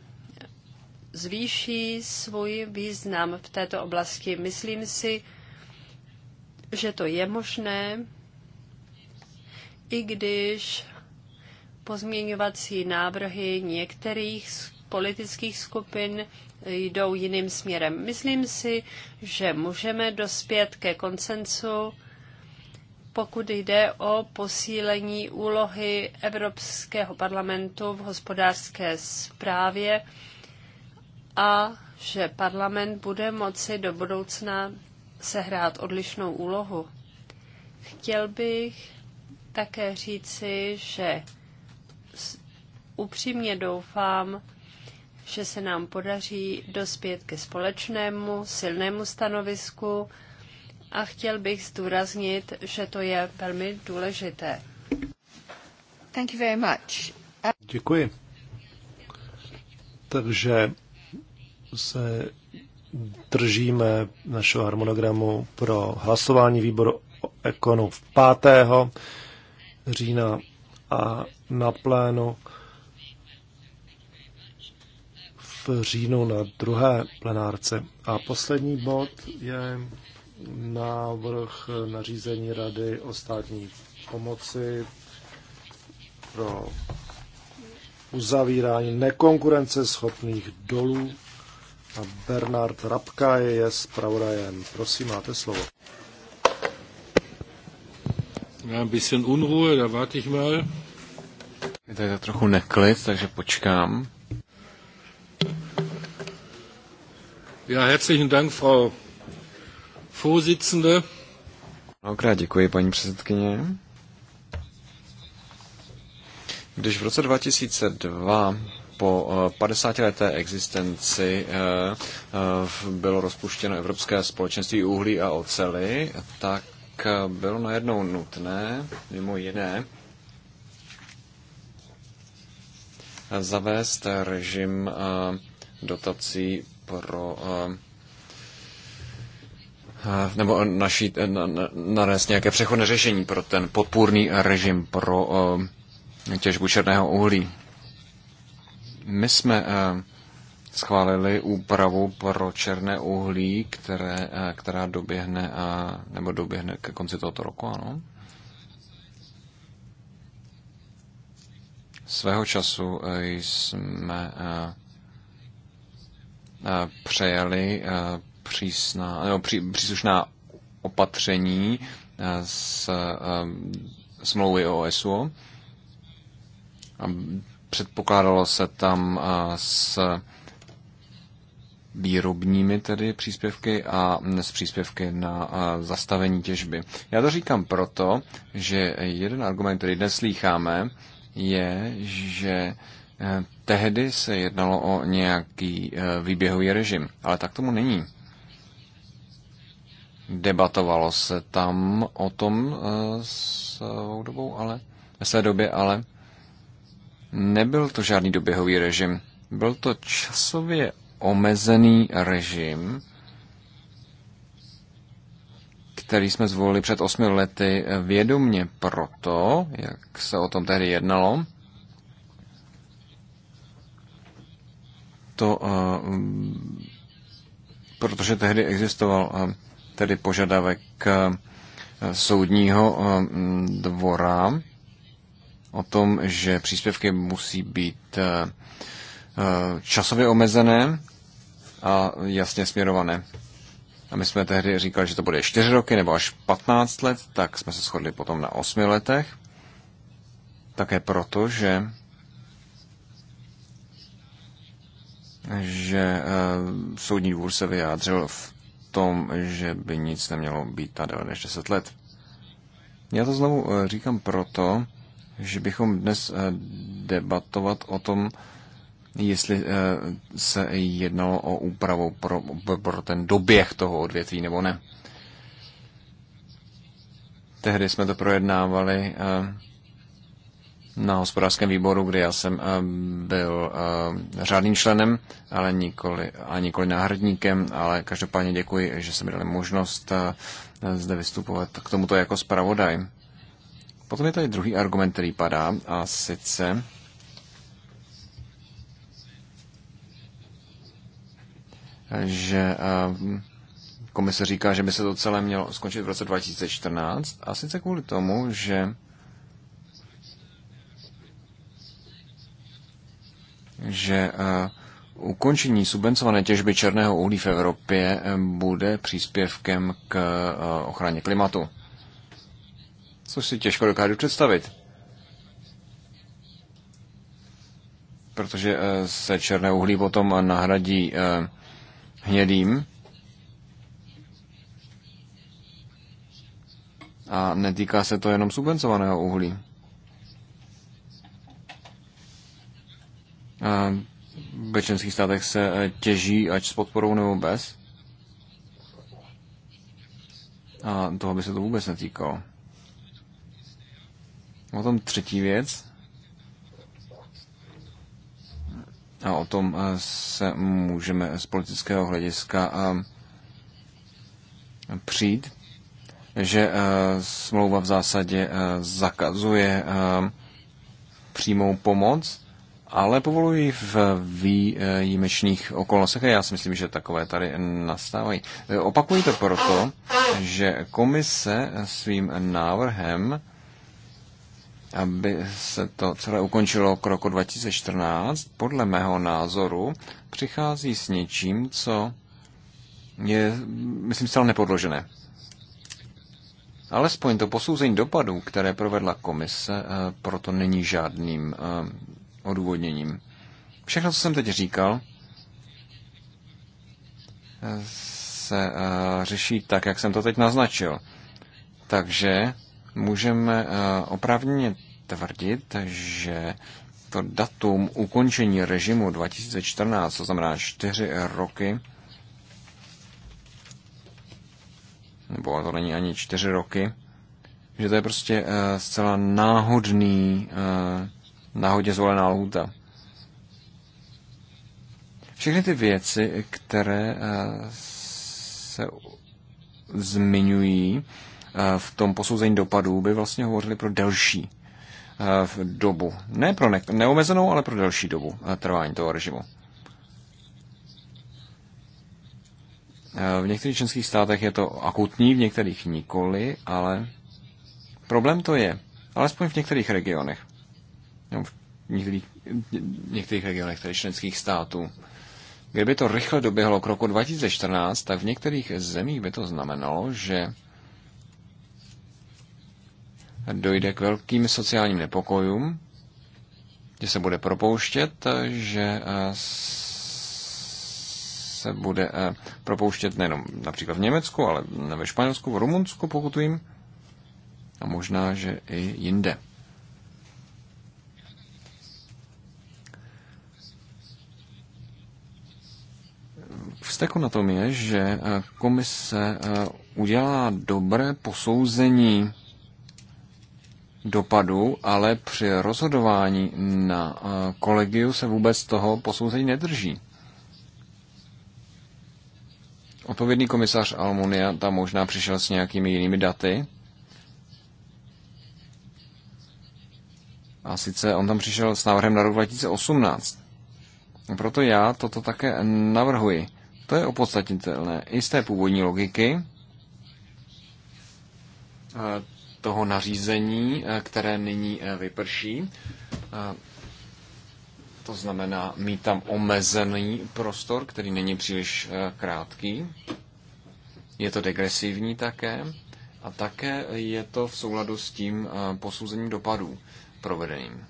zvýší svůj význam v této oblasti. Myslím si, že to je možné, i když pozměňovací návrhy některých politických skupin jdou jiným směrem. Myslím si, že můžeme dospět ke koncensu, pokud jde o posílení úlohy Evropského parlamentu v hospodářské správě a že parlament bude moci do budoucna sehrát odlišnou úlohu. Chtěl bych také říci, že upřímně doufám, že se nám podaří dospět ke společnému silnému stanovisku a chtěl bych zdůraznit, že to je velmi důležité. Thank you very much. Uh, Děkuji. Takže se držíme našeho harmonogramu pro hlasování výboru ekonu v 5. října a na plénu říjnu na druhé plenárce. A poslední bod je návrh nařízení Rady o státní pomoci pro uzavírání nekonkurenceschopných dolů. A Bernard Rabka je zpravodajem. Prosím, máte slovo. Já bych bisschen Unruhe, da warte ich mal. Je tady trochu neklid, takže počkám. Ja, herzlichen Dank, Frau Vorsitzende. Mnohokrát děkuji, paní předsedkyně. Když v roce 2002 po 50 eh, leté existenci eh, eh, bylo rozpuštěno Evropské společenství uhlí a ocely, tak bylo najednou nutné, mimo jiné, zavést režim dotací pro eh, eh, nebo naší, eh, narést nějaké přechodné řešení pro ten podpůrný režim pro těžbu černého uhlí. My jsme schválili úpravu pro černé uhlí, které, která doběhne, a, nebo doběhne ke konci tohoto roku, ano. Svého času jsme Eh, přejeli eh, přísná, nebo příslušná opatření z eh, smlouvy o ESO. Předpokládalo se tam s výrobními tedy příspěvky a s příspěvky na zastavení těžby. Já to říkám proto, že jeden argument, který dnes slýcháme, je, že Eh, tehdy se jednalo o nějaký eh, výběhový režim, ale tak tomu není. Debatovalo se tam o tom eh, svou dobou, ale ve své době, ale nebyl to žádný doběhový režim. Byl to časově omezený režim, který jsme zvolili před osmi lety vědomně proto, jak se o tom tehdy jednalo, to, eh, protože tehdy existoval eh, tedy požadavek eh, soudního dvora o tom, že příspěvky musí být časově omezené a jasně směrované. A my jsme tehdy říkali, že to bude 4 roky nebo až 15 let, tak jsme se shodli potom na 8 letech. Také proto, že že eh, soudní dvůr se vyjádřil v tom, že by nic nemělo být na déle než 10 let. Já to znovu eh, říkám proto, že bychom dnes eh, debatovat o tom, jestli se jednalo o úpravu pro, pro ten doběh toho odvětví nebo ne. Tehdy jsme to projednávali na hospodářském výboru, kde já jsem eh, byl eh, řádným členem, ale nikoli, a nikoli náhradníkem, ale každopádně děkuji, že jsem mi dali možnost eh, zde vystupovat k tomuto jako zpravodaj. Potom je tady druhý argument, který padá, a sice že komise říká, že by se to celé mělo skončit v roce 2014, a sice kvůli tomu, že že eh, ukončení subvencované těžby černého uhlí v Evropě eh, bude příspěvkem k eh, ochraně klimatu. Což si těžko dokážu představit. Protože se černé uhlí potom nahradí hnědým. A netýká se to jenom subvencovaného uhlí. v bečenských státech se e, těží, ať s podporou nebo bez. A toho by se to vůbec netýkalo. O tom třetí věc. A o tom e, se můžeme z politického hlediska e, přijít, že smlouva v zásadě zakazuje přímou pomoc ale povolují v výjimečných okolnostech a já si myslím, že takové tady nastávají. Opakují to proto, že komise svým návrhem, aby se to celé ukončilo k roku 2014, podle mého názoru přichází s něčím, co je, myslím, zcela nepodložené. Alespoň to posouzení dopadů, které provedla komise, eh, proto není žádným eh, odůvodněním. Všechno, co jsem teď říkal, se eh, řeší tak, jak jsem to teď naznačil. Takže můžeme eh, opravdně tvrdit, že to datum ukončení režimu 2014, to znamená čtyři roky, nebo to není ani čtyři roky, že to je prostě eh, zcela náhodný náhodně zvolená lhůta. Všechny ty věci, které eh, se zmiňují eh, v tom posouzení dopadů, by vlastně hovořily pro delší eh, v dobu. Ne pro ne- neomezenou, ale pro delší dobu trvání toho režimu. V některých členských státech je to akutní, v některých nikoli, ale problém to je, alespoň v některých regionech nebo v některých, některých regionech tedy členských států. Kdyby to rychle doběhlo k roku 2014, tak v některých zemích by to znamenalo, že dojde k velkým sociálním nepokojům, že se bude propouštět, že eh, se bude eh, propouštět nejenom například v Německu, ale ve Španělsku, v Rumunsku, pokud vím, a možná, že i jinde. Vsteku na tom je, že eh, komise eh, udělá dobré posouzení dopadu, ale při rozhodování na eh, kolegiu se vůbec toho posouzení nedrží. Odpovědný komisař Almunia tam možná přišel s nějakými jinými daty. A sice on tam přišel s návrhem na rok 2018. Proto já toto také navrhuji. To je opodstatnitelné. I z té původní logiky eh, toho nařízení, eh, které nyní eh, vyprší, to znamená mít tam omezený prostor, který není příliš krátký. Je to degresivní také a také je to v souladu s tím posouzením dopadů provedeným.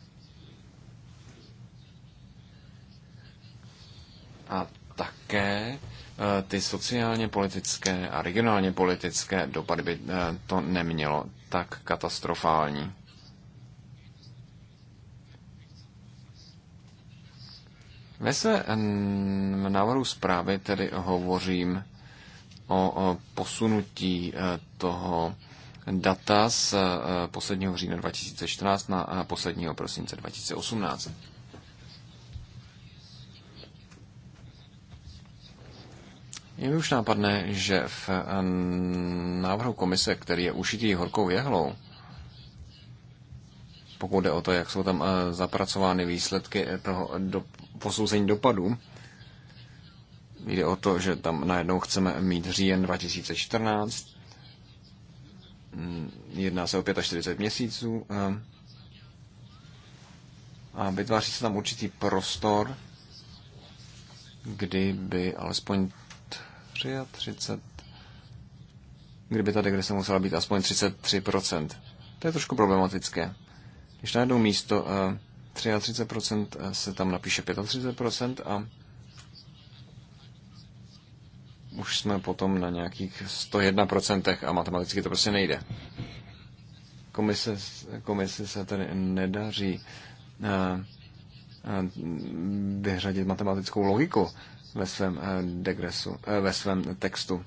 A také eh, ty sociálně politické a regionálně politické dopady by eh, to nemělo tak katastrofální. Ve své návrhu zprávy tedy hovořím o posunutí eh, toho data z posledního října 2014 na posledního prosince 2018. Mě už nápadné, že v eh, návrhu komise, který je ušitý horkou jehlou, pokud jde o to, jak jsou tam eh, zapracovány výsledky eh, toho do, posouzení dopadů, jde o to, že tam najednou chceme mít říjen 2014, mm, jedná se o 45 měsíců a vytváří se tam určitý prostor, kdyby alespoň přijat, 30. Kdyby ta degrese musela být aspoň 33%. To je trošku problematické. Když najednou místo uh, eh, 33% eh, se tam napíše 35% a už jsme potom na nějakých 101% a matematicky to prostě nejde. Komise, komise se tedy nedaří eh, vyhradit matematickou logiku ve svém, eh, degresu, eh, ve svém textu.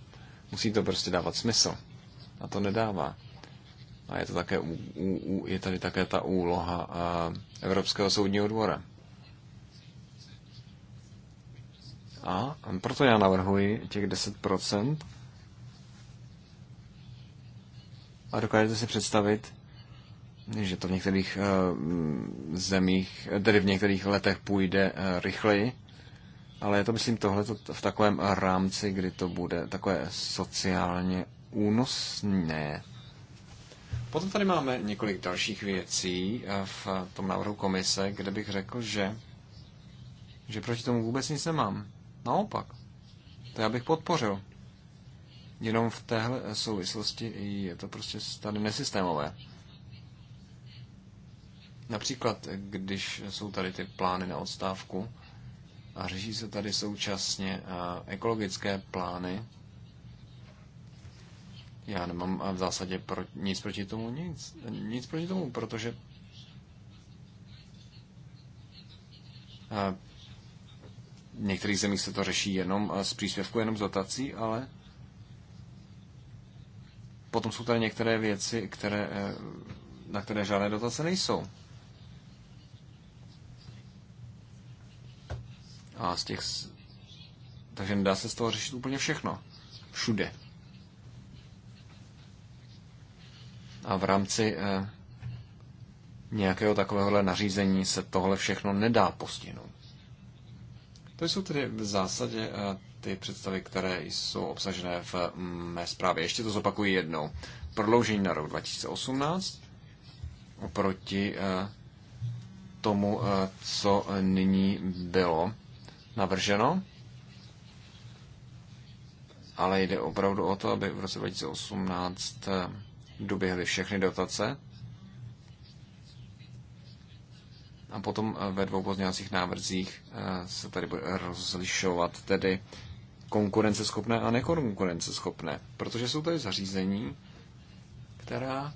Musí to prostě dávat smysl. A to nedává. A je, to také, je tady také ta úloha eh, Evropského soudního dvora. A proto já navrhuji těch 10%. A dokážete si představit, že to v některých zemích, tedy v některých letech půjde rychleji, ale je to, myslím, tohle v takovém rámci, kdy to bude takové sociálně únosné. Potom tady máme několik dalších věcí eh, v tom návrhu komise, kde bych řekl, že, že proti tomu vůbec nic nemám. Naopak, to já bych podpořil. Jenom v téhle souvislosti je to prostě tady nesystémové. Například, když jsou tady ty plány na odstávku, a řeší se tady současně eh, ekologické plány. Já nemám eh, v zásadě pro, nic proti tomu, nic, nic proti tomu, protože eh, v některých zemích se to řeší jenom z příspěvku, jenom z dotací, ale potom jsou tady některé věci, které, na které žádné dotace nejsou. A z těch... Takže nedá se z toho řešit úplně všechno. Všude. A v rámci eh, nějakého takovéhohle nařízení se tohle všechno nedá postihnout. To jsou tedy v zásadě eh, ty představy, které jsou obsažené v mm, mé zprávě. Ještě to zopakuji jednou. Prodloužení na rok 2018 oproti eh, tomu, eh, co nyní bylo navrženo, ale jde opravdu o to, aby v roce 2018 eh, doběhly všechny dotace a potom eh, ve dvou pozměňovacích návrzích eh, se tady bude rozlišovat tedy konkurenceschopné a nekonkurenceschopné, protože jsou tady zařízení, která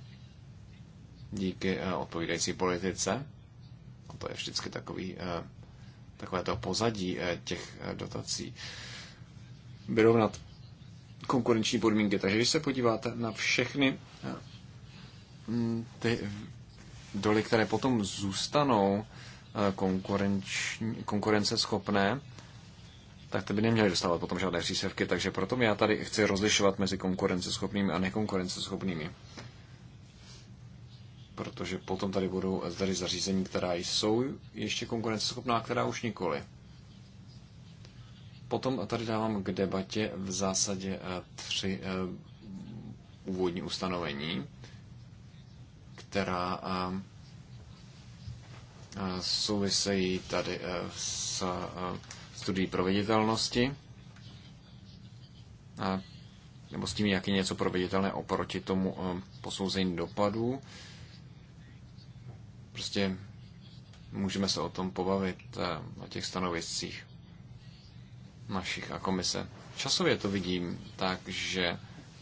díky odpovídající politice, to je vždycky takový takové to pozadí eh, těch eh, dotací vyrovnat konkurenční podmínky. Takže když se podíváte na všechny eh, mm, ty doly, které potom zůstanou konkurenceschopné, tak ty by neměly dostávat potom žádné přísevky, takže proto já tady chci rozlišovat mezi konkurenceschopnými a nekonkurenceschopnými protože potom tady budou tady zařízení, která jsou ještě konkurenceschopná, která už nikoli. Potom tady dávám k debatě v zásadě eh, tři eh, úvodní ustanovení, která eh, souvisejí tady s studií proveditelnosti, nebo s tím, jak je něco proveditelné oproti tomu posouzení dopadů. Prostě můžeme se o tom pobavit, eh, o těch stanoviscích našich a komise. Časově to vidím tak, že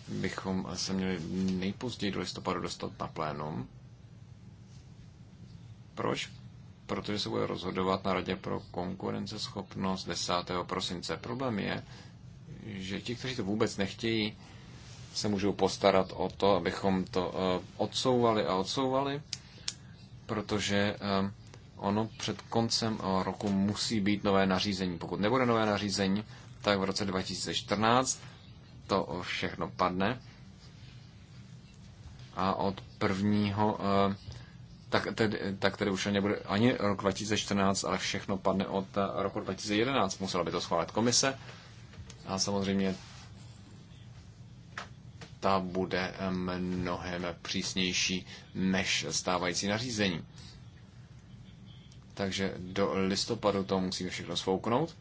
bychom se měli nejpozději do listopadu dostat na plénum. Proč? Protože se bude rozhodovat na Radě pro konkurenceschopnost 10. prosince. Problém je, že ti, kteří to vůbec nechtějí, se můžou postarat o to, abychom to eh, odsouvali a odsouvali protože ehm, ono před koncem roku musí být nové nařízení. Pokud nebude nové nařízení, tak v roce 2014 to všechno padne a od prvního, ehm, tak tedy, tak tedy už nebude ani rok 2014, ale všechno padne od eh, roku 2011. Musela by to schválit komise a samozřejmě ta bude mnohem přísnější než stávající nařízení. Takže do listopadu to musíme všechno svouknout.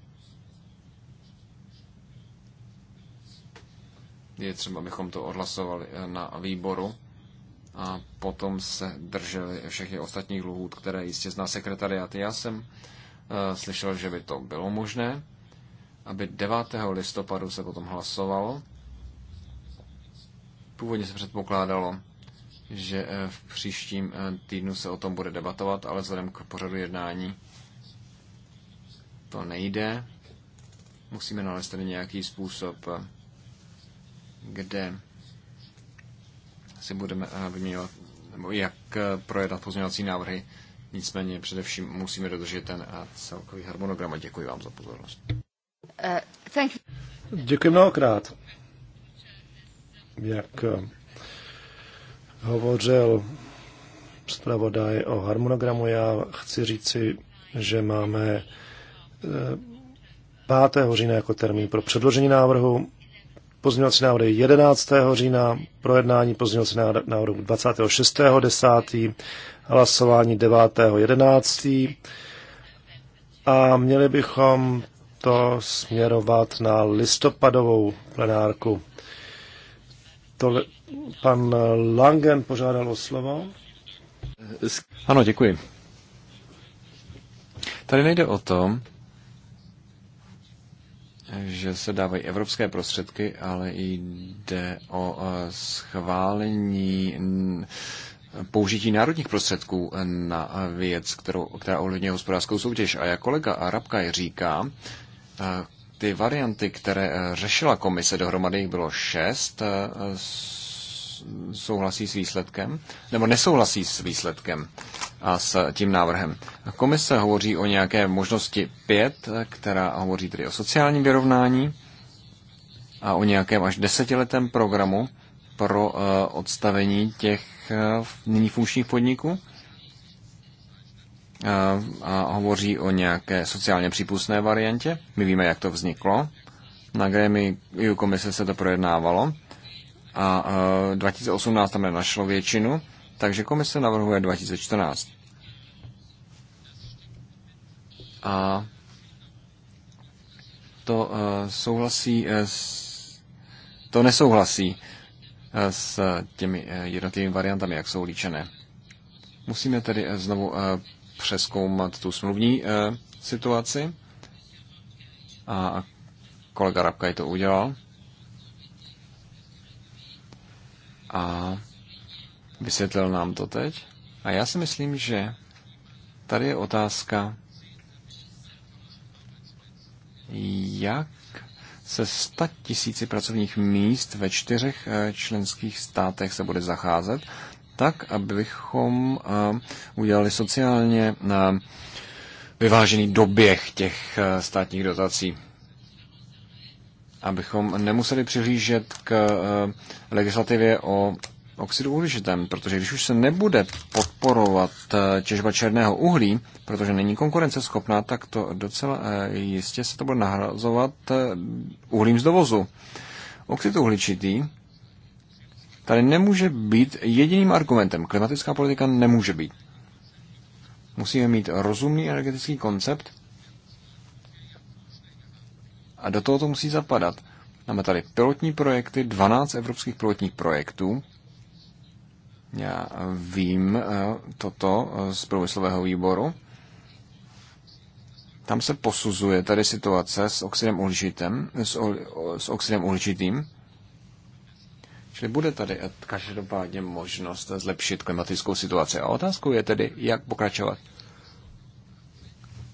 Je třeba, abychom to odhlasovali eh, na výboru a potom se drželi všech ostatních lhůt, které jistě zná sekretariát. Já jsem eh, slyšel, že by to bylo možné, aby 9. listopadu se potom hlasovalo Původně se předpokládalo, že eh, v příštím eh, týdnu se o tom bude debatovat, ale vzhledem k pořadu jednání to nejde. Musíme nalézt tedy nějaký způsob, eh, kde si budeme vyměňovat, nebo jak projednat pozměňovací návrhy. Nicméně především musíme dodržet ten celkový harmonogram a děkuji vám za pozornost. Uh, Děkuji mnohokrát jak eh, hovořil zpravodaj o harmonogramu, já chci říci, že máme 5. Eh, října jako termín pro předložení návrhu, pozměňovací návrhy 11. října, projednání pozměňovací návrhu 26. 10. hlasování 9. 11. A měli bychom to směrovat na listopadovou plenárku. Tole, pan Langen požádal o slovo. Ano, děkuji. Tady nejde o to, že se dávají evropské prostředky, ale jde o eh, schválení použití národních prostředků na eh, věc, kterou, která ovlivňuje hospodářskou soutěž. A jak kolega Arabka říká, eh, ty varianty, které eh, řešila komise, dohromady jich bylo šest, eh, souhlasí s výsledkem, nebo nesouhlasí s výsledkem a s tím návrhem. Komise hovoří o nějaké možnosti pět, eh, která hovoří tedy o sociálním vyrovnání a o nějakém až desetiletém programu pro odstavení těch nyní funkčních podniků a hovoří o nějaké sociálně přípustné variantě. My víme, jak to vzniklo. Na grémiu komise se to projednávalo a 2018 tam nenašlo většinu, takže komise navrhuje 2014. A to e, souhlasí e, s, to nesouhlasí e, s těmi jednotlivými variantami, jak jsou líčené. Musíme tedy znovu přeskoumat tu smluvní eh, situaci. A kolega je to udělal. A vysvětlil nám to teď. A já si myslím, že tady je otázka, jak se 100 tisíci pracovních míst ve čtyřech eh, členských státech se bude zacházet tak, abychom eh, udělali sociálně eh, vyvážený doběh těch eh, státních dotací. Abychom nemuseli přihlížet k legislativě o oxidu uhličitém, protože když už se nebude podporovat těžba černého uhlí, protože není konkurenceschopná, tak to docela jistě se to bude nahrazovat uhlím z dovozu. Oxid uhličitý Tady nemůže být jediným argumentem. Klimatická politika nemůže být. Musíme mít rozumný energetický koncept a do toho to musí zapadat. Máme tady pilotní projekty, 12 evropských pilotních projektů. Já vím eh, toto eh, z průmyslového výboru. Tam se posuzuje tady situace s oxidem uhličitem, s, s oxidem uhličitým Čili bude tady každopádně možnost zlepšit klimatickou situaci. A otázkou je tedy, jak pokračovat.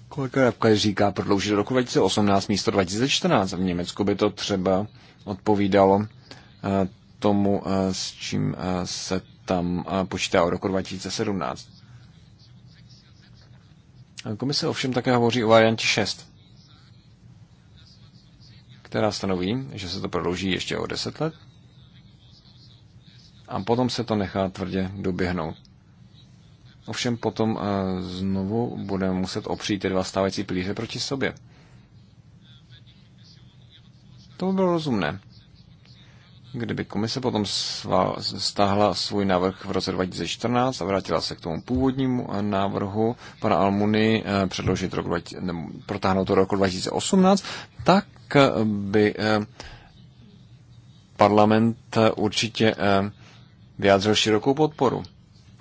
Kolega Rabka říká prodloužit roku 2018 místo 2014. V Německu by to třeba odpovídalo eh, tomu, eh, s čím eh, se tam počítá o roku 2017. Komise ovšem také hovoří o variantě 6, která stanoví, že se to prodlouží ještě o 10 let a potom se to nechá tvrdě doběhnout. Ovšem potom eh, znovu budeme muset opřít ty dva stávající pilíře proti sobě. To by bylo rozumné. Kdyby komise potom stáhla svůj návrh v roce 2014 a vrátila se k tomu původnímu eh, návrhu pana Almuny eh, předložit roku, nebo protáhnout to roku 2018, tak by parlament určitě vyjádřil širokou podporu.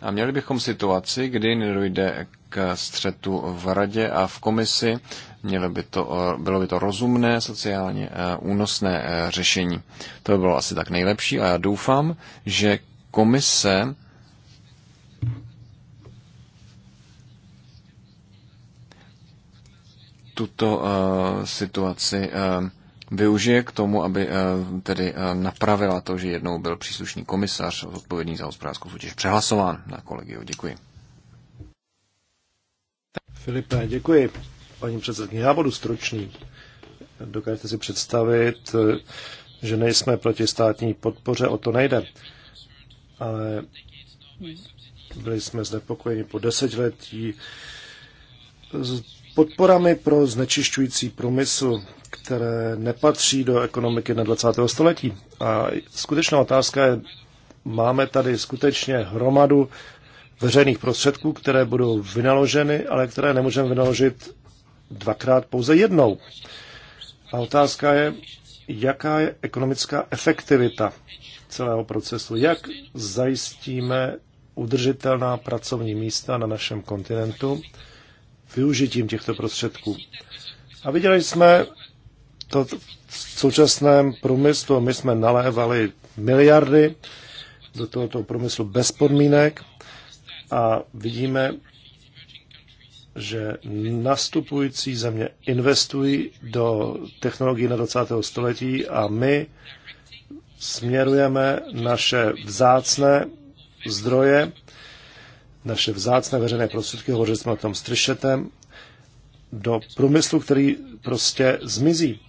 A měli bychom situaci, kdy nedojde k střetu v radě a v komisi, mělo by to, bylo by to rozumné, sociálně eh, únosné eh, řešení. To by bylo asi tak nejlepší a já doufám, že komise tuto eh, situaci využije k tomu, aby eh, tedy eh, napravila to, že jednou byl příslušný komisař odpovědný za hospodářskou soutěž přehlasován na kolegiu. Děkuji. Filipe, děkuji. Paní předsedkyně, já budu stručný. Dokážete si představit, že nejsme proti státní podpoře, o to nejde. Ale byli jsme znepokojeni po desetiletí s podporami pro znečišťující průmysl které nepatří do ekonomiky na 20. století. A skutečná otázka je, máme tady skutečně hromadu veřejných prostředků, které budou vynaloženy, ale které nemůžeme vynaložit dvakrát pouze jednou. A otázka je, jaká je ekonomická efektivita celého procesu, jak zajistíme udržitelná pracovní místa na našem kontinentu využitím těchto prostředků. A viděli jsme, to v současném průmyslu, my jsme nalévali miliardy do tohoto průmyslu bez podmínek a vidíme, že nastupující země investují do technologií na 20. století a my směrujeme naše vzácné zdroje, naše vzácné veřejné prostředky, hovořili jsme o tom s Trišetem, do průmyslu, který prostě zmizí.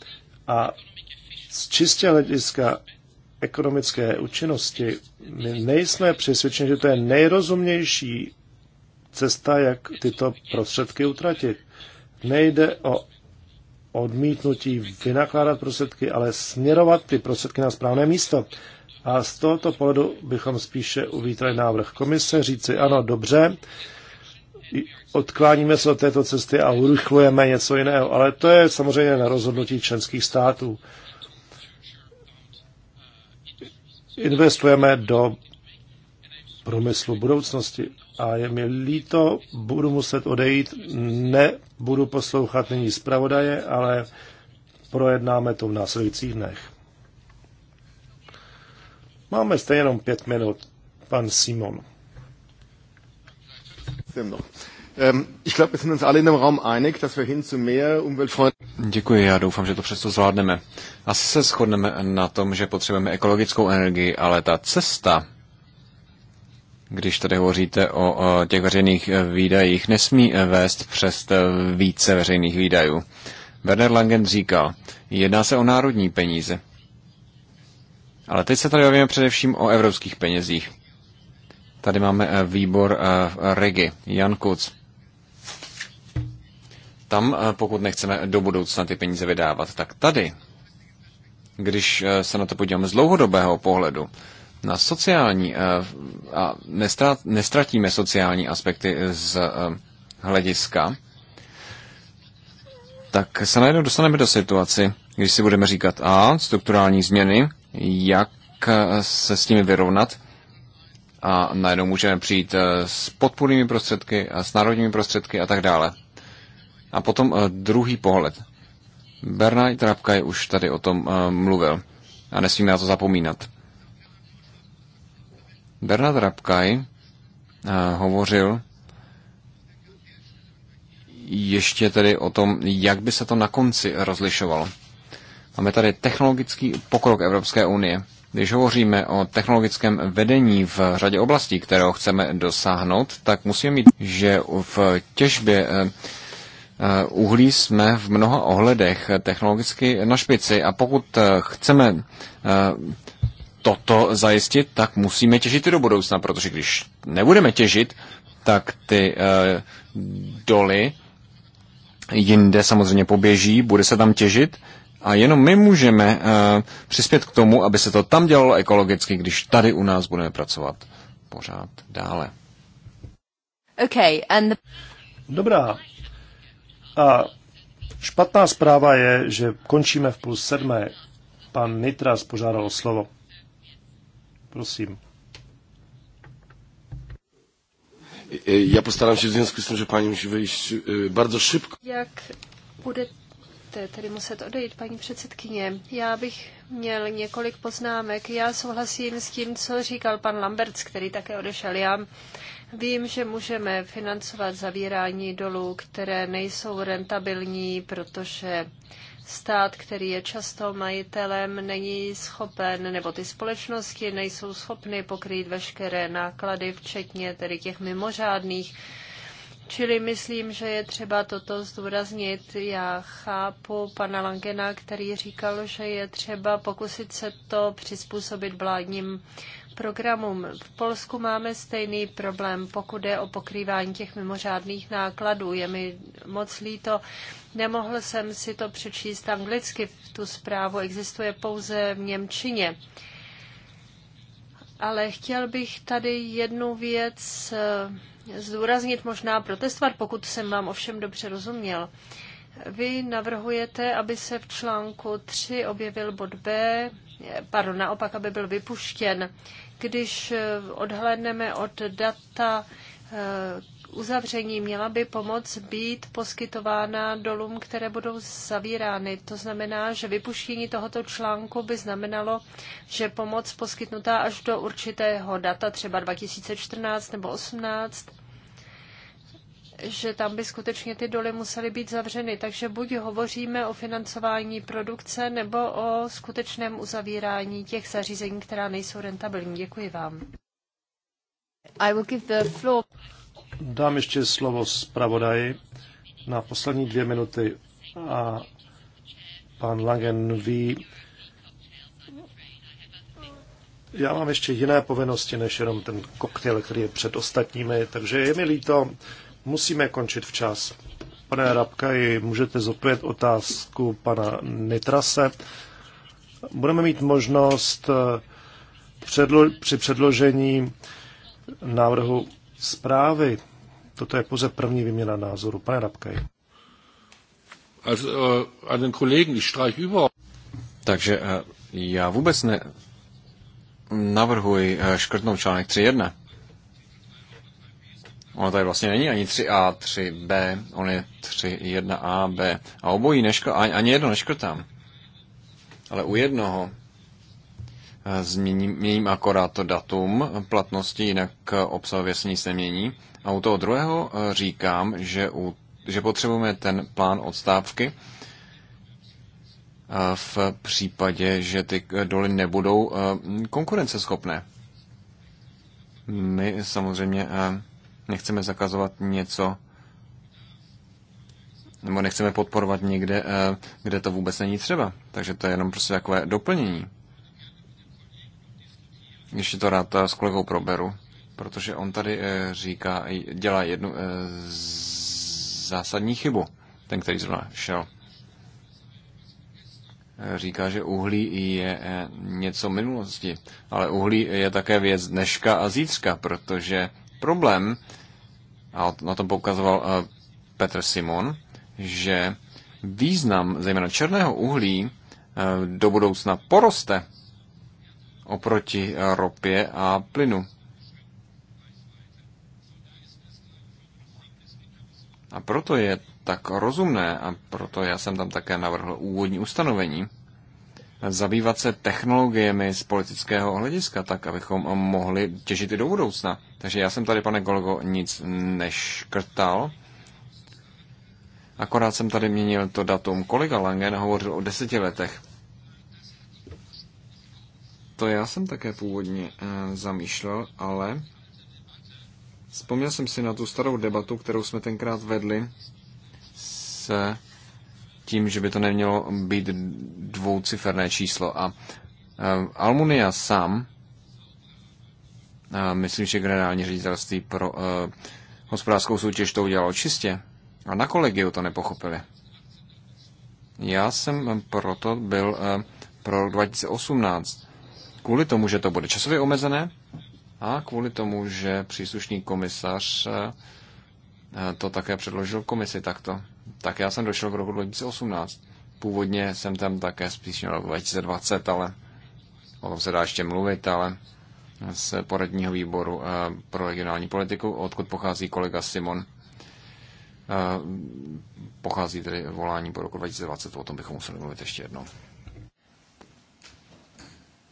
A z čistě hlediska ekonomické účinnosti my nejsme přesvědčeni, že to je nejrozumnější cesta, jak tyto prostředky utratit. Nejde o odmítnutí vynakládat prostředky, ale směrovat ty prostředky na správné místo. A z tohoto pohledu bychom spíše uvítali návrh komise, říci ano, dobře, odkláníme se od této cesty a urychlujeme něco jiného. Ale to je samozřejmě na rozhodnutí členských států. Investujeme do průmyslu budoucnosti a je mi líto, budu muset odejít, nebudu poslouchat nyní zpravodaje, ale projednáme to v následujících dnech. Máme stejně jenom pět minut. Pan Simon. Děkuji, já doufám, že to přesto zvládneme. Asi se shodneme na tom, že potřebujeme ekologickou energii, ale ta cesta, když tady hovoříte o, těch veřejných eh, výdajích, nesmí eh, vést přes eh, více veřejných výdajů. Werner Langen říkal, jedná se o národní peníze. Ale teď se tady bavíme především o evropských penězích. Tady máme eh, výbor eh, Regi, Jan Kuc. Tam, eh, pokud nechceme do budoucna ty peníze vydávat, tak tady, když se na to podíváme z dlouhodobého pohledu, na sociální a nestratíme sociální aspekty z hlediska, tak se najednou dostaneme do situaci, když si budeme říkat a strukturální změny, jak se s nimi vyrovnat, a najednou můžeme přijít eh, s podpůrnými prostředky a s národními prostředky a tak dále. A potom eh, druhý pohled. Bernard je už tady o tom eh, mluvil a nesmíme na to zapomínat. Bernard Rapkaj hovořil ještě tedy o tom, jak by se to na konci rozlišovalo. Máme tady technologický pokrok Evropské unie když hovoříme o technologickém vedení v řadě oblastí, kterého chceme dosáhnout, tak musíme mít, že v těžbě eh, eh, uhlí jsme v mnoha ohledech technologicky na špici a pokud eh, chceme toto zajistit, tak musíme těžit i do budoucna, protože když nebudeme těžit, tak ty doly jinde samozřejmě poběží, bude se tam těžit a jenom my můžeme eh, přispět k tomu, aby se to tam dělalo ekologicky, když tady u nás budeme pracovat pořád dále. Okay, and the... Dobrá. A špatná zpráva je, že končíme v půl sedmé. Pan Nitras požádal o slovo. Prosím. Já postaram se, v związku s tím, že paní musí vyjít bardzo szybko. Jak bude budete tedy muset odejít, paní předsedkyně. Já bych měl několik poznámek. Já souhlasím s tím, co říkal pan Lamberts, který také odešel. Já Vím, že můžeme financovat zavírání dolů, které nejsou rentabilní, protože stát, který je často majitelem, není schopen, nebo ty společnosti nejsou schopny pokrýt veškeré náklady, včetně tedy těch mimořádných Čili myslím, že je třeba toto zdůraznit. Já chápu pana Langena, který říkal, že je třeba pokusit se to přizpůsobit vládním programům. V Polsku máme stejný problém, pokud je o pokrývání těch mimořádných nákladů. Je mi moc líto, nemohl jsem si to přečíst anglicky, tu zprávu existuje pouze v Němčině ale chtěl bych tady jednu věc eh, zdůraznit, možná protestovat, pokud jsem vám ovšem dobře rozuměl. Vy navrhujete, aby se v článku 3 objevil bod B, eh, pardon, naopak, aby byl vypuštěn. Když eh, odhlédneme od data uzavření měla by pomoc být poskytována dolům, které budou zavírány. To znamená, že vypuštění tohoto článku by znamenalo, že pomoc poskytnutá až do určitého data, třeba 2014 nebo 2018, že tam by skutečně ty doly musely být zavřeny. Takže buď hovoříme o financování produkce nebo o skutečném uzavírání těch zařízení, která nejsou rentabilní. Děkuji vám. I will give the floor dám ještě slovo zpravodaji na poslední dvě minuty a pan Langen ví, já mám ještě jiné povinnosti, než jenom ten koktejl, který je před ostatními, takže je mi líto, musíme končit včas. Pane Rabkaji, můžete zopět otázku pana Nitrase. Budeme mít možnost eh, předlo- při předložení návrhu zprávy Toto je pouze první výměna názoru. Pane Rabkaj. Äh, Takže äh, já vůbec ne navrhuji äh, škrtnout článek 3.1. Ono tady vlastně není ani 3A, 3B, on je 3.1A, B. A obojí neškr, ani, ani jedno neškrtám. Ale u jednoho změním, měním akorát to datum platnosti, jinak obsahově se nic nemění. A u toho druhého eh, říkám, že, u, že potřebujeme ten plán odstávky eh, v případě, že ty doly nebudou eh, konkurenceschopné. My samozřejmě nechceme zakazovat něco, nebo nechceme podporovat někde, kde to vůbec není třeba. Takže to je jenom prostě takové doplnění. Ještě to rád s kolegou proberu protože on tady eh, říká, dělá jednu eh, zásadní chybu, ten, který zrovna šel. Eh, říká, že uhlí je něco minulosti, ale uhlí je také věc dneška a zítřka, protože problém, a na tom poukazoval Petr Simon, že význam zejména černého uhlí do budoucna poroste oproti ropě a plynu. A proto je tak rozumné, a proto já jsem tam také navrhl úvodní ustanovení, zabývat se technologiemi z politického hlediska, tak abychom mohli těžit i do budoucna. Takže já jsem tady, pane kolego, nic neškrtal. Akorát jsem tady měnil to datum. Kolega Langen hovořil o deseti letech. To já jsem také původně e, zamýšlel, ale Vzpomněl jsem si na tu starou debatu, kterou jsme tenkrát vedli s tím, že by to nemělo být dvouciferné číslo. A eh, Almunia sám, eh, myslím, že generální ředitelství pro eh, hospodářskou soutěž to udělalo čistě. A na kolegiu to nepochopili. Já jsem proto byl pro 2018. Kvůli tomu, že to bude časově omezené, a kvůli tomu, že příslušný komisař eh, to také předložil komisi takto. Tak já jsem došel k roku 2018. Původně jsem tam také spíš měl 2020, ale o tom se dá ještě mluvit, ale z poradního výboru eh, pro regionální politiku, odkud pochází kolega Simon. Eh, pochází tedy volání po roku 2020, o tom bychom museli mluvit ještě jednou.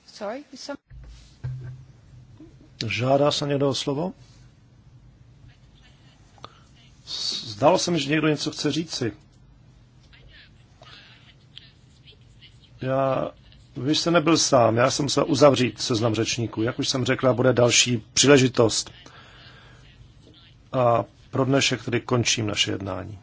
Sorry, jsem... Žádá se někdo o slovo? Zdálo se mi, že někdo něco chce říci. Já, vy jste nebyl sám, já jsem musel uzavřít seznam řečníků. Jak už jsem řekla, bude další příležitost. A pro dnešek tedy končím naše jednání.